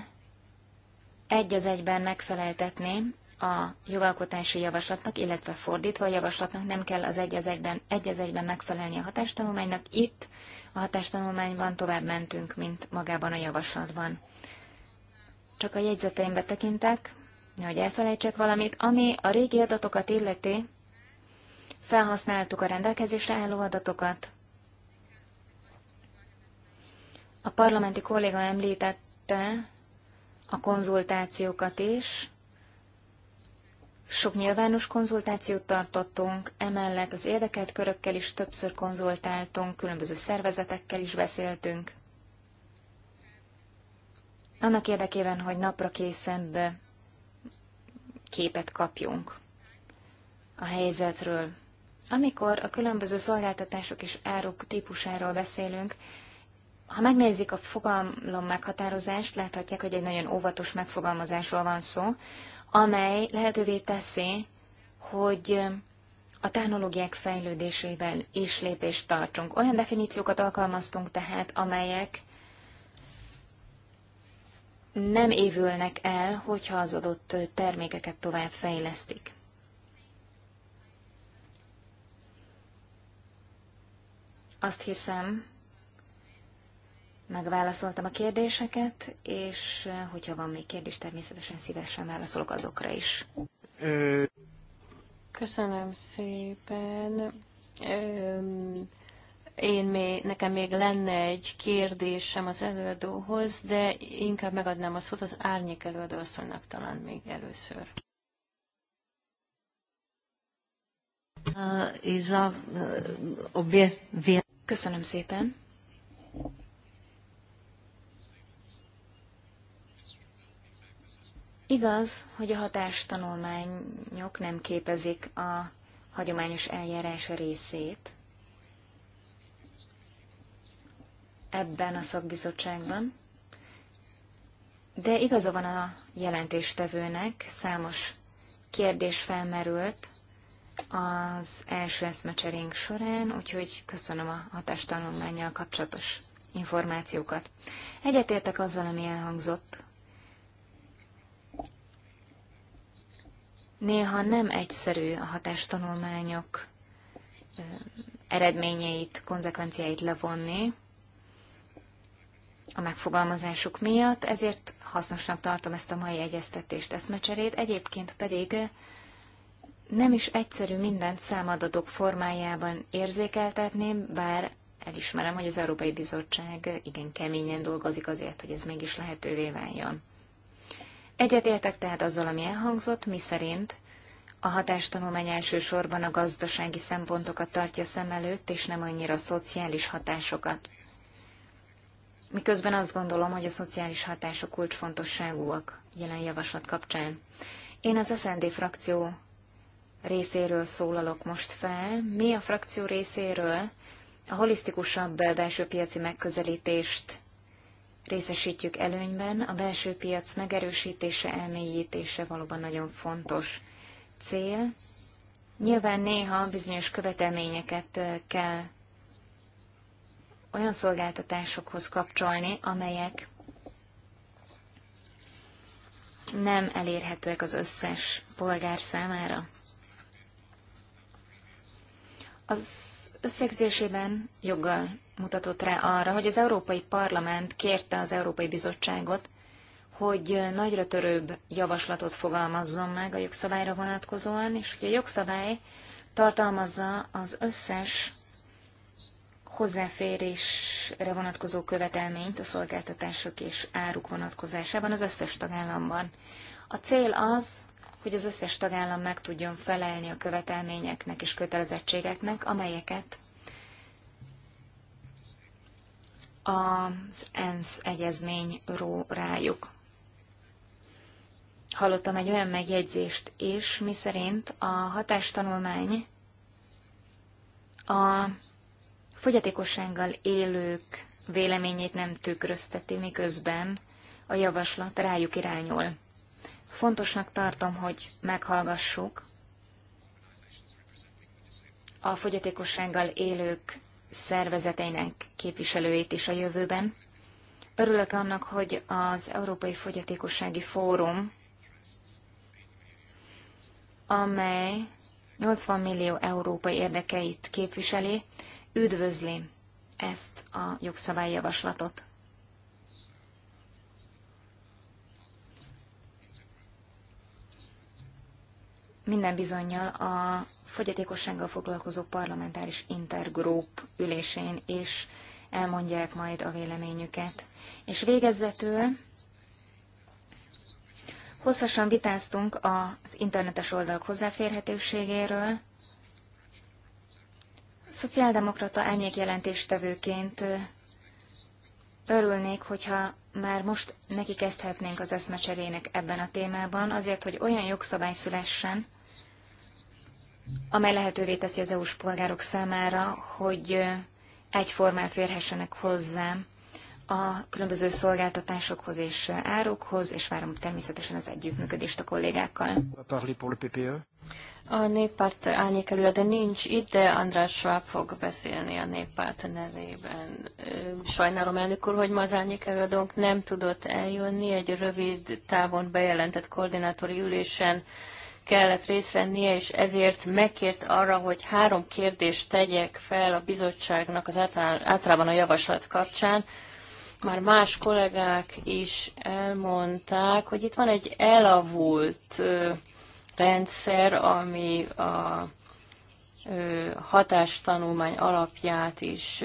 egy az egyben megfeleltetni a jogalkotási javaslatnak, illetve fordítva a javaslatnak nem kell az egy az egyben, egy az egyben megfelelni a hatástanulmánynak. Itt a hatástanulmányban tovább mentünk, mint magában a javaslatban. Csak a jegyzeteimbe tekintek, hogy elfelejtsek valamit, ami a régi adatokat illeti, felhasználtuk a rendelkezésre álló adatokat. A parlamenti kolléga említette a konzultációkat is, sok nyilvános konzultációt tartottunk, emellett az érdekelt körökkel is többször konzultáltunk, különböző szervezetekkel is beszéltünk. Annak érdekében, hogy napra készebb képet kapjunk a helyzetről. Amikor a különböző szolgáltatások és áruk típusáról beszélünk, ha megnézik a fogalom meghatározást, láthatják, hogy egy nagyon óvatos megfogalmazásról van szó, amely lehetővé teszi, hogy a technológiák fejlődésében is lépést tartsunk. Olyan definíciókat alkalmaztunk tehát, amelyek nem évülnek el, hogyha az adott termékeket tovább fejlesztik. Azt hiszem, megválaszoltam a kérdéseket, és eh, hogyha van még kérdés, természetesen szívesen válaszolok azokra is. Köszönöm szépen. Én még, nekem még lenne egy kérdésem az előadóhoz, de inkább megadnám a szót az árnyék előadóasszonynak talán még először. Köszönöm szépen. Igaz, hogy a hatástanulmányok nem képezik a hagyományos eljárás részét ebben a szakbizottságban, de igaza van a jelentéstevőnek, számos kérdés felmerült az első eszmecserénk során, úgyhogy köszönöm a hatástanulmányjal kapcsolatos információkat. Egyetértek azzal, ami elhangzott Néha nem egyszerű a hatástanulmányok eredményeit, konzekvenciáit levonni a megfogalmazásuk miatt, ezért hasznosnak tartom ezt a mai egyeztetést, eszmecserét. Egyébként pedig nem is egyszerű mindent számadatok formájában érzékeltetni, bár elismerem, hogy az Európai Bizottság igen keményen dolgozik azért, hogy ez mégis lehetővé váljon. Egyetértek tehát azzal, ami elhangzott, mi szerint a hatástanulmány elsősorban a gazdasági szempontokat tartja szem előtt, és nem annyira a szociális hatásokat. Miközben azt gondolom, hogy a szociális hatások kulcsfontosságúak jelen javaslat kapcsán. Én az SND frakció részéről szólalok most fel. Mi a frakció részéről a holisztikusabb belső piaci megközelítést részesítjük előnyben, a belső piac megerősítése, elmélyítése valóban nagyon fontos cél. Nyilván néha bizonyos követelményeket kell olyan szolgáltatásokhoz kapcsolni, amelyek nem elérhetőek az összes polgár számára. Az összegzésében joggal mutatott rá arra, hogy az Európai Parlament kérte az Európai Bizottságot, hogy nagyra törőbb javaslatot fogalmazzon meg a jogszabályra vonatkozóan, és hogy a jogszabály tartalmazza az összes hozzáférésre vonatkozó követelményt a szolgáltatások és áruk vonatkozásában az összes tagállamban. A cél az, hogy az összes tagállam meg tudjon felelni a követelményeknek és kötelezettségeknek, amelyeket az ENSZ egyezményről rájuk. Hallottam egy olyan megjegyzést is, miszerint a hatástanulmány a fogyatékossággal élők véleményét nem tükrözteti, miközben a javaslat rájuk irányul. Fontosnak tartom, hogy meghallgassuk a fogyatékossággal élők szervezeteinek képviselőit is a jövőben. Örülök annak, hogy az Európai Fogyatékossági Fórum, amely 80 millió európai érdekeit képviseli, üdvözli ezt a jogszabályjavaslatot. Minden bizonyal a fogyatékossággal foglalkozó parlamentáris intergroup ülésén is elmondják majd a véleményüket. És végezetül hosszasan vitáztunk az internetes oldalak hozzáférhetőségéről. Szociáldemokrata elnyék jelentéstevőként örülnék, hogyha már most neki kezdhetnénk az eszmecserének ebben a témában, azért, hogy olyan jogszabály szülessen, amely lehetővé teszi az EU-s polgárok számára, hogy egyformán férhessenek hozzá a különböző szolgáltatásokhoz és árukhoz, és várom természetesen az együttműködést a kollégákkal. A néppárt árnyék de nincs itt, de András Schwab fog beszélni a néppárt nevében. Sajnálom, elnök úr, hogy ma az árnyék nem tudott eljönni egy rövid távon bejelentett koordinátori ülésen kellett részt vennie, és ezért megkért arra, hogy három kérdést tegyek fel a bizottságnak az általában a javaslat kapcsán. Már más kollégák is elmondták, hogy itt van egy elavult rendszer, ami a hatástanulmány alapját is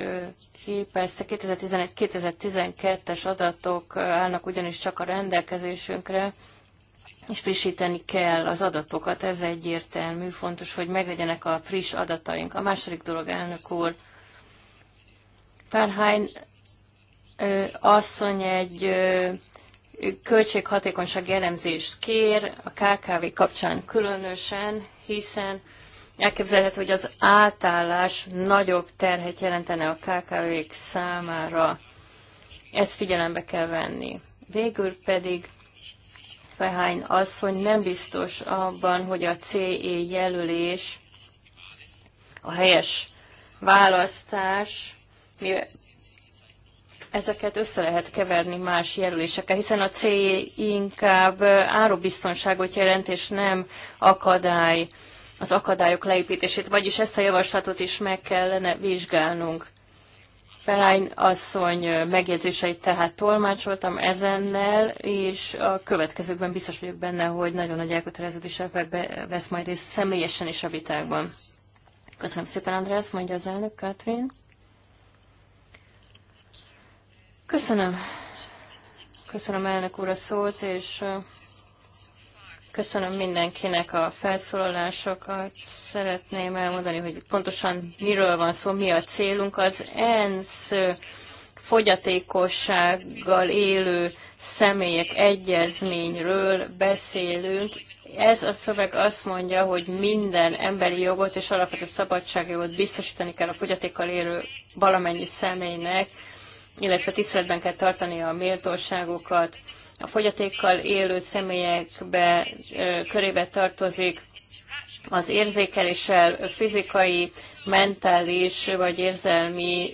képezte. 2011-2012-es adatok állnak ugyanis csak a rendelkezésünkre, és frissíteni kell az adatokat, ez egyértelmű, fontos, hogy meglegyenek a friss adataink. A második dolog, elnök úr, Fernheim asszony egy ö, költséghatékonyság elemzést kér, a KKV kapcsán különösen, hiszen elképzelhető, hogy az átállás nagyobb terhet jelentene a kkv számára. Ezt figyelembe kell venni. Végül pedig Fehány asszony nem biztos abban, hogy a CE jelölés a helyes választás, ezeket össze lehet keverni más jelölésekkel, hiszen a CE inkább árubiztonságot jelent, és nem akadály, az akadályok leépítését, vagyis ezt a javaslatot is meg kellene vizsgálnunk. Felány asszony megjegyzéseit tehát tolmácsoltam ezennel, és a következőkben biztos vagyok benne, hogy nagyon nagy elköteleződéssel vesz majd részt személyesen is a vitákban. Köszönöm szépen, András, mondja az elnök, Katrin. Köszönöm. Köszönöm elnök úr a szót, és Köszönöm mindenkinek a felszólalásokat. Szeretném elmondani, hogy pontosan miről van szó, mi a célunk. Az ENSZ fogyatékossággal élő személyek egyezményről beszélünk. Ez a szöveg azt mondja, hogy minden emberi jogot és alapvető szabadságjogot biztosítani kell a fogyatékkal élő valamennyi személynek, illetve tiszteletben kell tartani a méltóságokat, a fogyatékkal élő személyekbe körébe tartozik az érzékeléssel fizikai, mentális vagy érzelmi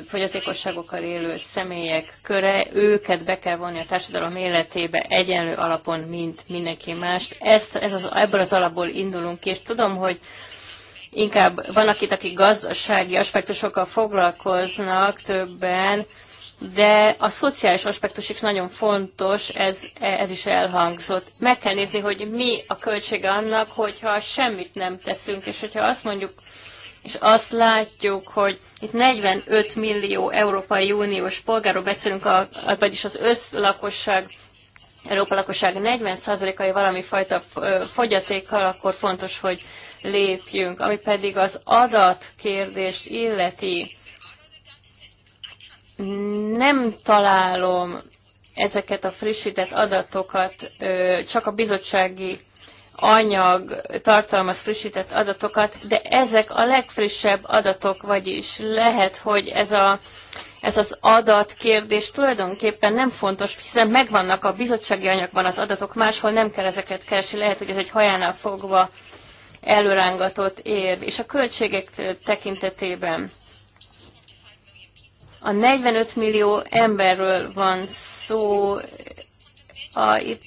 fogyatékosságokkal élő személyek köre, őket be kell vonni a társadalom életébe egyenlő alapon, mint mindenki más. Ezt, ez az, ebből az alapból indulunk ki, és tudom, hogy inkább vannak itt, akik gazdasági aspektusokkal foglalkoznak többen, de a szociális aspektus is nagyon fontos, ez, ez is elhangzott. Meg kell nézni, hogy mi a költsége annak, hogyha semmit nem teszünk, és hogyha azt mondjuk, és azt látjuk, hogy itt 45 millió Európai Uniós polgáról beszélünk, a, vagyis az összlakosság, Európa lakosság 40%-ai valami fajta fogyatékkal, akkor fontos, hogy lépjünk. Ami pedig az adatkérdést illeti, nem találom ezeket a frissített adatokat, csak a bizottsági anyag tartalmaz frissített adatokat, de ezek a legfrissebb adatok, vagyis lehet, hogy ez, a, ez az adatkérdés tulajdonképpen nem fontos, hiszen megvannak a bizottsági anyagban az adatok, máshol nem kell ezeket keresni, lehet, hogy ez egy hajánál fogva előrángatott érv. És a költségek tekintetében a 45 millió emberről van szó, a, itt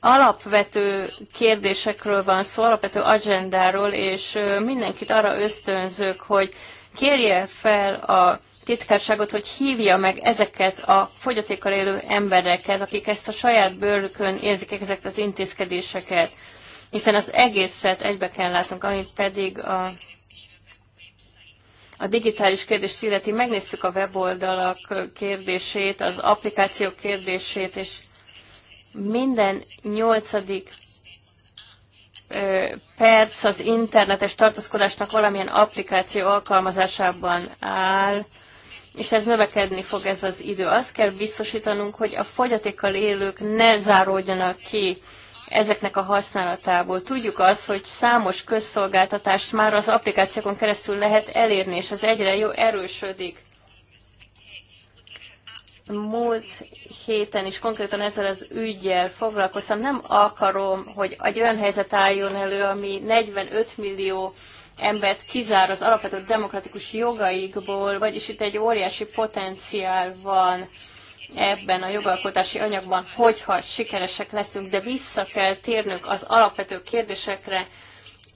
alapvető kérdésekről van szó, alapvető agendáról, és mindenkit arra ösztönzök, hogy kérje fel a titkárságot, hogy hívja meg ezeket a fogyatékkal élő embereket, akik ezt a saját bőrükön érzik ezeket az intézkedéseket, hiszen az egészet egybe kell látnunk, ami pedig a a digitális kérdést illeti, megnéztük a weboldalak kérdését, az applikációk kérdését, és minden nyolcadik perc az internetes tartózkodásnak valamilyen applikáció alkalmazásában áll, és ez növekedni fog ez az idő. Azt kell biztosítanunk, hogy a fogyatékkal élők ne záródjanak ki ezeknek a használatából. Tudjuk azt, hogy számos közszolgáltatást már az applikációkon keresztül lehet elérni, és az egyre jó erősödik. Múlt héten is konkrétan ezzel az ügyjel foglalkoztam. Nem akarom, hogy egy olyan helyzet álljon elő, ami 45 millió embert kizár az alapvető demokratikus jogaikból, vagyis itt egy óriási potenciál van ebben a jogalkotási anyagban, hogyha sikeresek leszünk, de vissza kell térnünk az alapvető kérdésekre,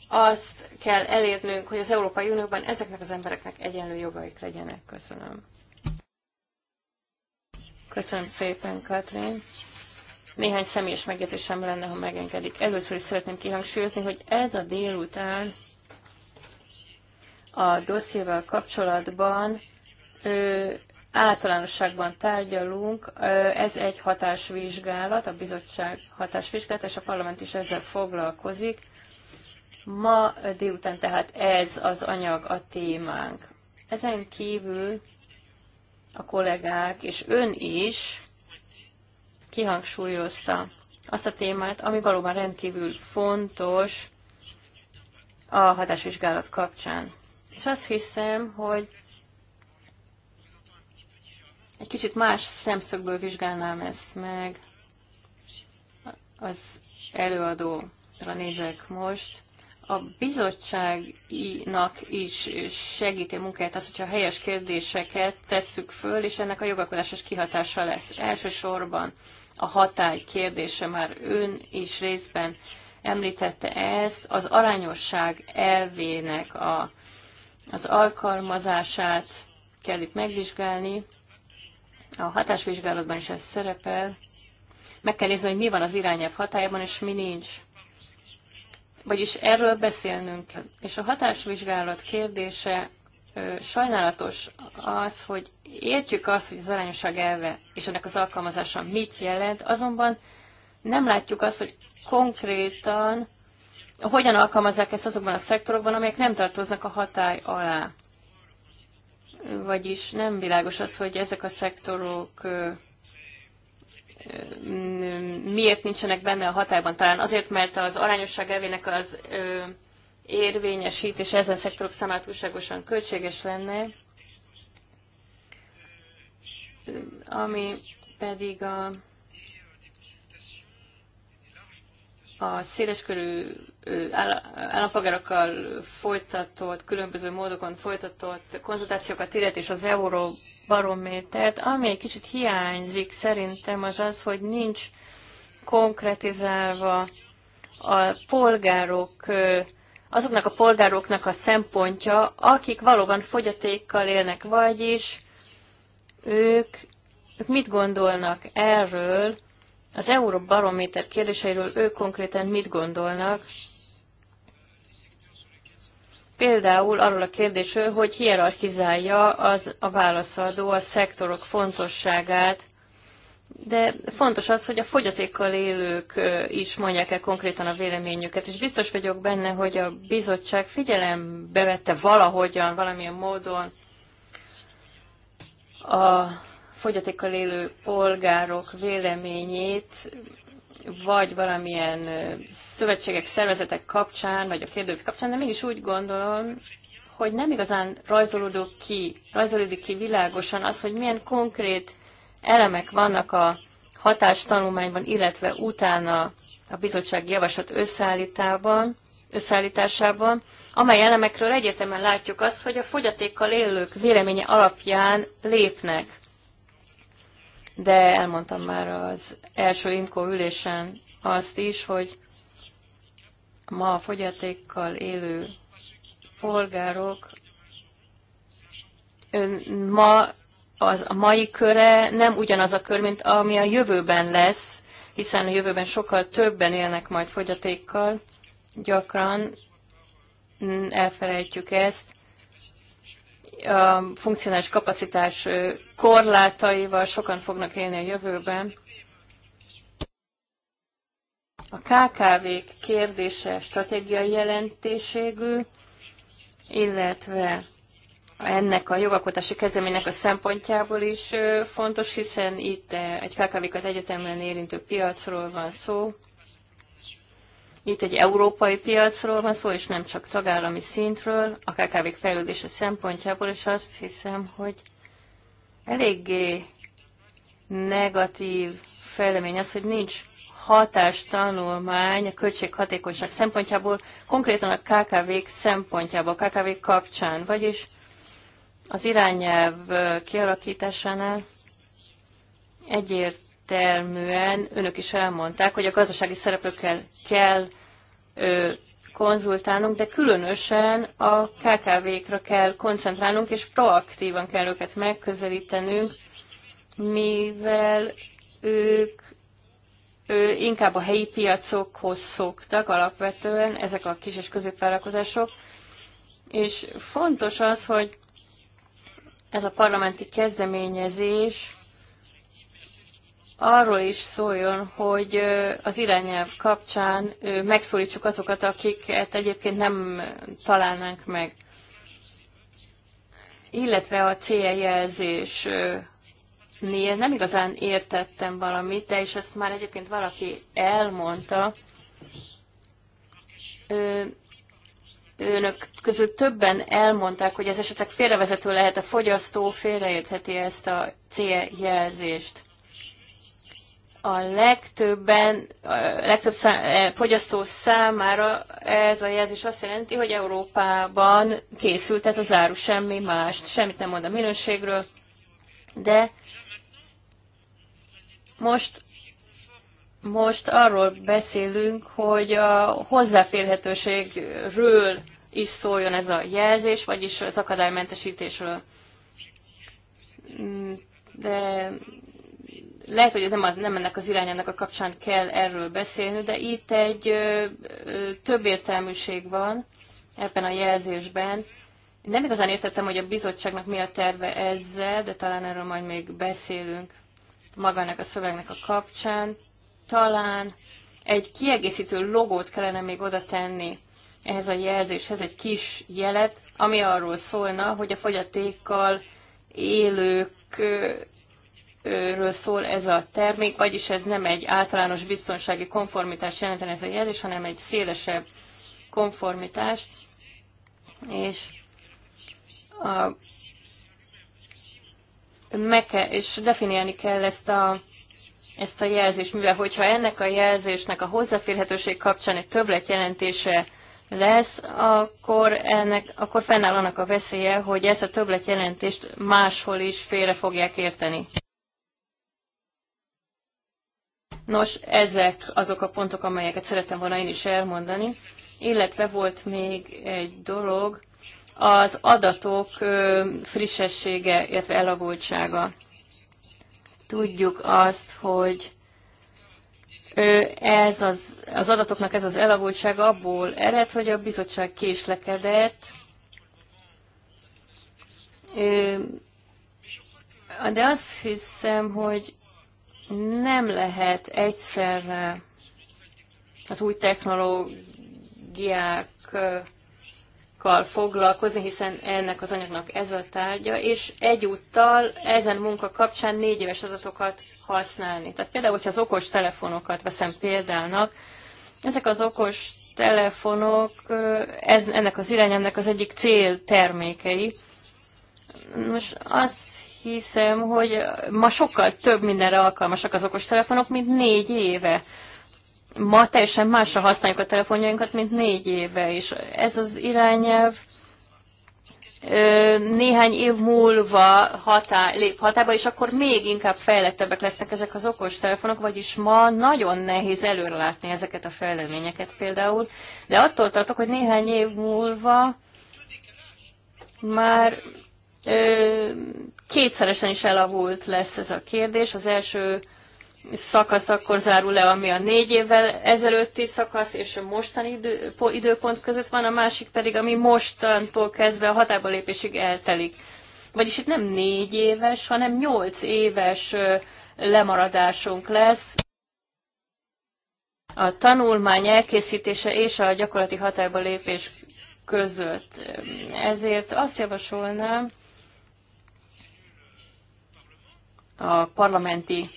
azt kell elérnünk, hogy az Európai Unióban ezeknek az embereknek egyenlő jogaik legyenek. Köszönöm. Köszönöm szépen, Katrin. Néhány személyes megjegyzésem lenne, ha megengedik. Először is szeretném kihangsúlyozni, hogy ez a délután a dossziéval kapcsolatban ö, általánosságban tárgyalunk, ez egy hatásvizsgálat, a bizottság hatásvizsgálat, és a parlament is ezzel foglalkozik. Ma délután tehát ez az anyag a témánk. Ezen kívül a kollégák és ön is kihangsúlyozta azt a témát, ami valóban rendkívül fontos a hatásvizsgálat kapcsán. És azt hiszem, hogy egy kicsit más szemszögből vizsgálnám ezt meg. Az előadóra nézek most. A bizottságnak is segíti a munkáját az, hogyha helyes kérdéseket tesszük föl, és ennek a jogalkotásos kihatása lesz. Elsősorban a hatály kérdése már ön is részben említette ezt, az arányosság elvének a, az alkalmazását kell itt megvizsgálni, a hatásvizsgálatban is ez szerepel. Meg kell nézni, hogy mi van az irányelv hatájában, és mi nincs. Vagyis erről beszélnünk. És a hatásvizsgálat kérdése sajnálatos az, hogy értjük azt, hogy az arányosság elve és ennek az alkalmazása mit jelent, azonban nem látjuk azt, hogy konkrétan hogyan alkalmazzák ezt azokban a szektorokban, amelyek nem tartoznak a hatály alá. Vagyis nem világos az, hogy ezek a szektorok miért nincsenek benne a hatályban. Talán azért, mert az arányosság elvének az érvényesítés ezen szektorok számára túlságosan költséges lenne, ami pedig a, a széleskörű állampolgárokkal folytatott, különböző módokon folytatott konzultációkat illet, és az euróbarométert, ami egy kicsit hiányzik szerintem az az, hogy nincs konkretizálva a polgárok, azoknak a polgároknak a szempontja, akik valóban fogyatékkal élnek, vagyis ők, ők mit gondolnak erről, az Euróbarométer kérdéseiről ők konkrétan mit gondolnak, Például arról a kérdésről, hogy hierarchizálja az, a válaszadó a szektorok fontosságát, de fontos az, hogy a fogyatékkal élők is mondják el konkrétan a véleményüket, és biztos vagyok benne, hogy a bizottság figyelembe vette valahogyan, valamilyen módon a fogyatékkal élő polgárok véleményét, vagy valamilyen szövetségek, szervezetek kapcsán, vagy a kérdők kapcsán, de mégis úgy gondolom, hogy nem igazán rajzolódik ki, rajzolódik ki világosan az, hogy milyen konkrét elemek vannak a hatástanulmányban, illetve utána a bizottság javaslat összeállításában, összeállításában, amely elemekről egyértelműen látjuk azt, hogy a fogyatékkal élők véleménye alapján lépnek. De elmondtam már az első imkó ülésen azt is, hogy ma a fogyatékkal élő polgárok ma az a mai köre nem ugyanaz a kör, mint ami a jövőben lesz, hiszen a jövőben sokkal többen élnek majd fogyatékkal, gyakran mm, elfelejtjük ezt, a funkcionális kapacitás korlátaival sokan fognak élni a jövőben, a kkv kérdése stratégiai jelentőségű, illetve ennek a jogalkotási kezdeménynek a szempontjából is fontos, hiszen itt egy KKV-kat egyetemben érintő piacról van szó. Itt egy európai piacról van szó, és nem csak tagállami szintről, a kkv fejlődése szempontjából, és azt hiszem, hogy eléggé negatív fejlemény az, hogy nincs hatástanulmány a költséghatékonyság szempontjából, konkrétan a KKV-k szempontjából, KKV kapcsán, vagyis az irányelv kialakításánál egyértelműen önök is elmondták, hogy a gazdasági szereplőkkel kell ö, konzultálnunk, de különösen a KKV-kra kell koncentrálnunk, és proaktívan kell őket megközelítenünk, mivel ők inkább a helyi piacokhoz szoktak alapvetően ezek a kis és középvállalkozások, és fontos az, hogy ez a parlamenti kezdeményezés arról is szóljon, hogy az irányelv kapcsán megszólítsuk azokat, akiket egyébként nem találnánk meg. Illetve a céljelzés e nél nem igazán értettem valamit, de és ezt már egyébként valaki elmondta. Ö, önök között többen elmondták, hogy ez esetleg félrevezető lehet, a fogyasztó félreértheti ezt a céljelzést. A legtöbben, a legtöbb szám, e, fogyasztó számára ez a jelzés azt jelenti, hogy Európában készült ez az áru, semmi más, semmit nem mond a minőségről, de most most arról beszélünk, hogy a hozzáférhetőségről is szóljon ez a jelzés, vagyis az akadálymentesítésről. Mm, de lehet, hogy nem, nem ennek az irányának a kapcsán kell erről beszélni, de itt egy értelműség van ebben a jelzésben. Nem igazán értettem, hogy a bizottságnak mi a terve ezzel, de talán erről majd még beszélünk magának a szövegnek a kapcsán. Talán egy kiegészítő logót kellene még oda tenni ehhez a jelzéshez, egy kis jelet, ami arról szólna, hogy a fogyatékkal élőkről szól ez a termék, vagyis ez nem egy általános biztonsági konformitás jelenten ez a jelzés, hanem egy szélesebb konformitás, és a meg kell, és definiálni kell ezt a, ezt a jelzést, mivel hogyha ennek a jelzésnek a hozzáférhetőség kapcsán egy többlet jelentése lesz, akkor, ennek, akkor fennáll annak a veszélye, hogy ezt a többlet jelentést máshol is félre fogják érteni. Nos, ezek azok a pontok, amelyeket szerettem volna én is elmondani, illetve volt még egy dolog, az adatok frissessége, illetve elavultsága. Tudjuk azt, hogy ez az, az adatoknak ez az elavultsága abból ered, hogy a bizottság késlekedett, de azt hiszem, hogy nem lehet egyszerre az új technológiák munkaanyagokkal foglalkozni, hiszen ennek az anyagnak ez a tárgya, és egyúttal ezen munka kapcsán négy éves adatokat használni. Tehát például, hogyha az okos telefonokat veszem példának, ezek az okos telefonok ez, ennek az irányának az egyik cél termékei. Most azt hiszem, hogy ma sokkal több mindenre alkalmasak az telefonok, mint négy éve ma teljesen másra használjuk a telefonjainkat, mint négy éve, is. ez az irányelv néhány év múlva hatá, lép hatába, és akkor még inkább fejlettebbek lesznek ezek az okos telefonok, vagyis ma nagyon nehéz előrelátni ezeket a fejleményeket például, de attól tartok, hogy néhány év múlva már ö, kétszeresen is elavult lesz ez a kérdés. Az első szakasz akkor zárul le, ami a négy évvel ezelőtti szakasz és a mostani idő, időpont között van, a másik pedig, ami mostantól kezdve a hatába lépésig eltelik. Vagyis itt nem négy éves, hanem nyolc éves lemaradásunk lesz. A tanulmány elkészítése és a gyakorlati hatályba lépés között. Ezért azt javasolnám a parlamenti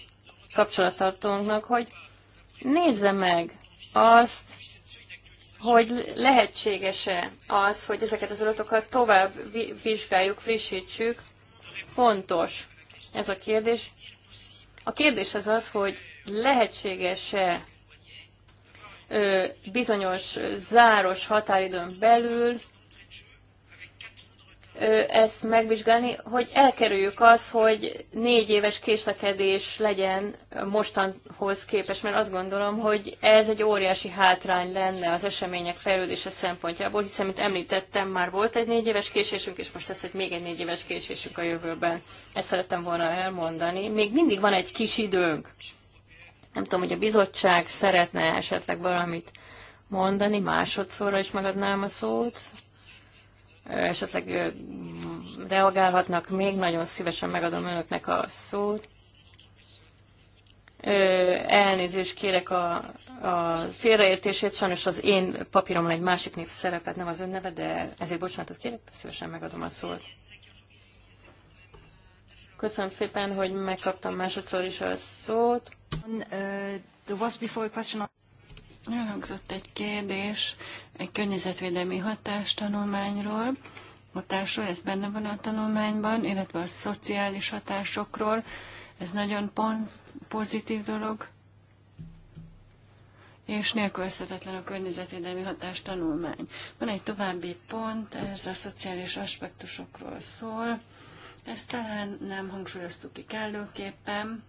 kapcsolattartónknak, hogy nézze meg azt, hogy lehetséges-e az, hogy ezeket az adatokat tovább vizsgáljuk, frissítsük. Fontos ez a kérdés. A kérdés az az, hogy lehetséges-e bizonyos záros határidőn belül ezt megvizsgálni, hogy elkerüljük az, hogy négy éves késlekedés legyen mostanhoz képest, mert azt gondolom, hogy ez egy óriási hátrány lenne az események fejlődése szempontjából, hiszen, mint említettem, már volt egy négy éves késésünk, és most lesz egy még egy négy éves késésünk a jövőben. Ezt szerettem volna elmondani. Még mindig van egy kis időnk. Nem tudom, hogy a bizottság szeretne esetleg valamit mondani, másodszorra is megadnám a szót esetleg reagálhatnak még, nagyon szívesen megadom önöknek a szót. Elnézést kérek a, a félreértését, sajnos az én papíromon egy másik név szerepet, nem az ön neve, de ezért bocsánatot kérek, szívesen megadom a szót. Köszönöm szépen, hogy megkaptam másodszor is a szót. Elhangzott egy kérdés egy környezetvédelmi hatástanulmányról, hatásról, ez benne van a tanulmányban, illetve a szociális hatásokról. Ez nagyon pozitív dolog, és nélkülözhetetlen a környezetvédelmi hatástanulmány. Van egy további pont, ez a szociális aspektusokról szól. Ezt talán nem hangsúlyoztuk ki kellőképpen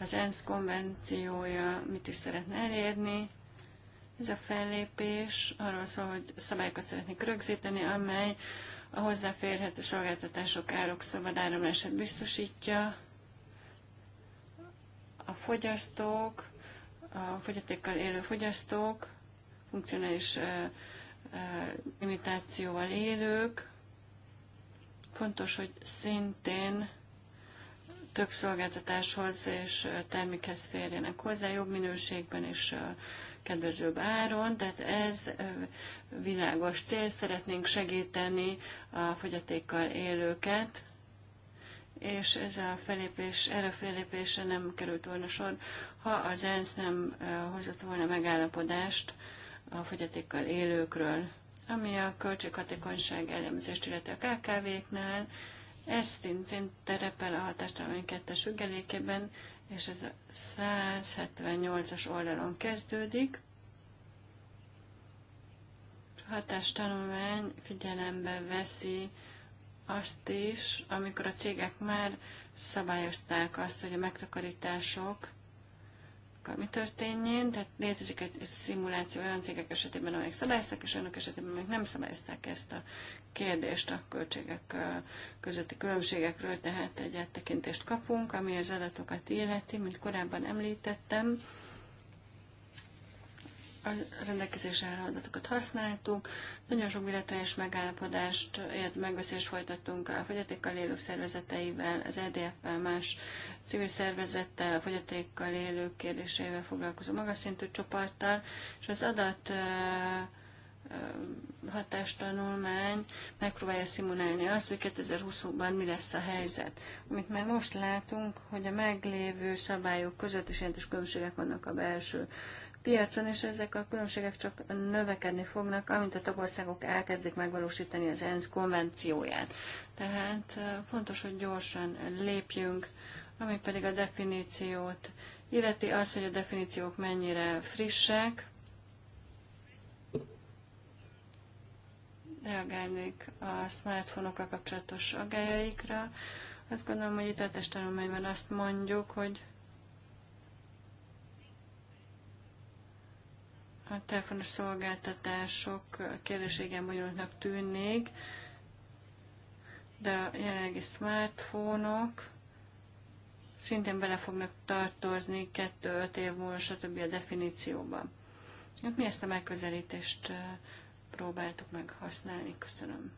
az ENSZ konvenciója mit is szeretne elérni. Ez a fellépés arról szól, hogy szabályokat szeretnék rögzíteni, amely a hozzáférhető szolgáltatások árok szabad áramlását biztosítja. A fogyasztók, a fogyatékkal élő fogyasztók, funkcionális limitációval élők. Fontos, hogy szintén több szolgáltatáshoz és termékhez férjenek hozzá jobb minőségben és kedvezőbb áron, tehát ez világos cél, szeretnénk segíteni a fogyatékkal élőket, és ez a felépés, erre a felépésre nem került volna sor, ha az ENSZ nem hozott volna megállapodást a fogyatékkal élőkről, ami a költséghatékonyság elemzést illeti a KKV-knál, ez szintén terepel a hatástalan kettes függelékében, és ez a 178-as oldalon kezdődik. A hatástanulmány figyelembe veszi azt is, amikor a cégek már szabályozták azt, hogy a megtakarítások mi történjen, tehát létezik egy szimuláció olyan cégek esetében, amelyek szabályozták, és olyanok esetében, amelyek nem szabályozták ezt a kérdést a költségek közötti különbségekről, tehát egy áttekintést kapunk, ami az adatokat illeti, mint korábban említettem a rendelkezésre álló adatokat használtuk, nagyon sok bilaterális megállapodást, illetve megbeszélést folytattunk a fogyatékkal élő szervezeteivel, az EDF-vel, más civil szervezettel, a fogyatékkal élők kérdéseivel foglalkozó magas szintű csoporttal, és az adat hatástanulmány megpróbálja szimulálni azt, hogy 2020-ban mi lesz a helyzet. Amit már most látunk, hogy a meglévő szabályok között is jelentős különbségek vannak a belső piacon, és ezek a különbségek csak növekedni fognak, amint a tagországok elkezdik megvalósítani az ENSZ konvencióját. Tehát fontos, hogy gyorsan lépjünk, ami pedig a definíciót illeti az, hogy a definíciók mennyire frissek, reagálnék a smartphone-okkal kapcsolatos agályaikra. Azt gondolom, hogy itt a tanulmányban azt mondjuk, hogy a telefonos szolgáltatások kérdéségen bonyolultnak tűnnék, de a jelenlegi smartfónok szintén bele fognak tartozni 2-5 év múlva, stb. a definícióban. Hát mi ezt a megközelítést próbáltuk meg használni. Köszönöm.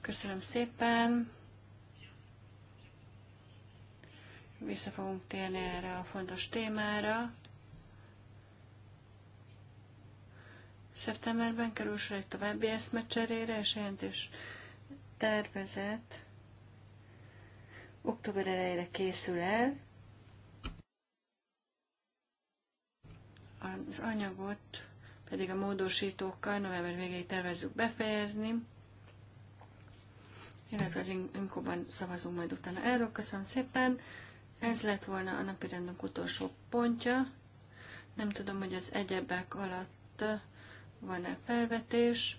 Köszönöm szépen. Vissza fogunk térni erre a fontos témára. Szeptemberben kerül sor egy további eszmecserére, és jelentős tervezet október elejére készül el. Az anyagot pedig a módosítókkal november végéig tervezzük befejezni, illetve az inkóban szavazunk majd utána erről. Köszönöm szépen! Ez lett volna a napirendünk utolsó pontja. Nem tudom, hogy az egyebek alatt van-e felvetés,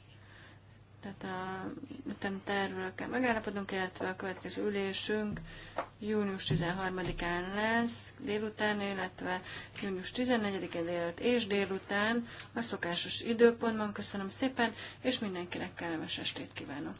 tehát a nem tervről kell megállapodnunk, illetve a következő ülésünk június 13-án lesz délután, illetve június 14-én délután és délután a szokásos időpontban. Köszönöm szépen, és mindenkinek kellemes estét kívánok!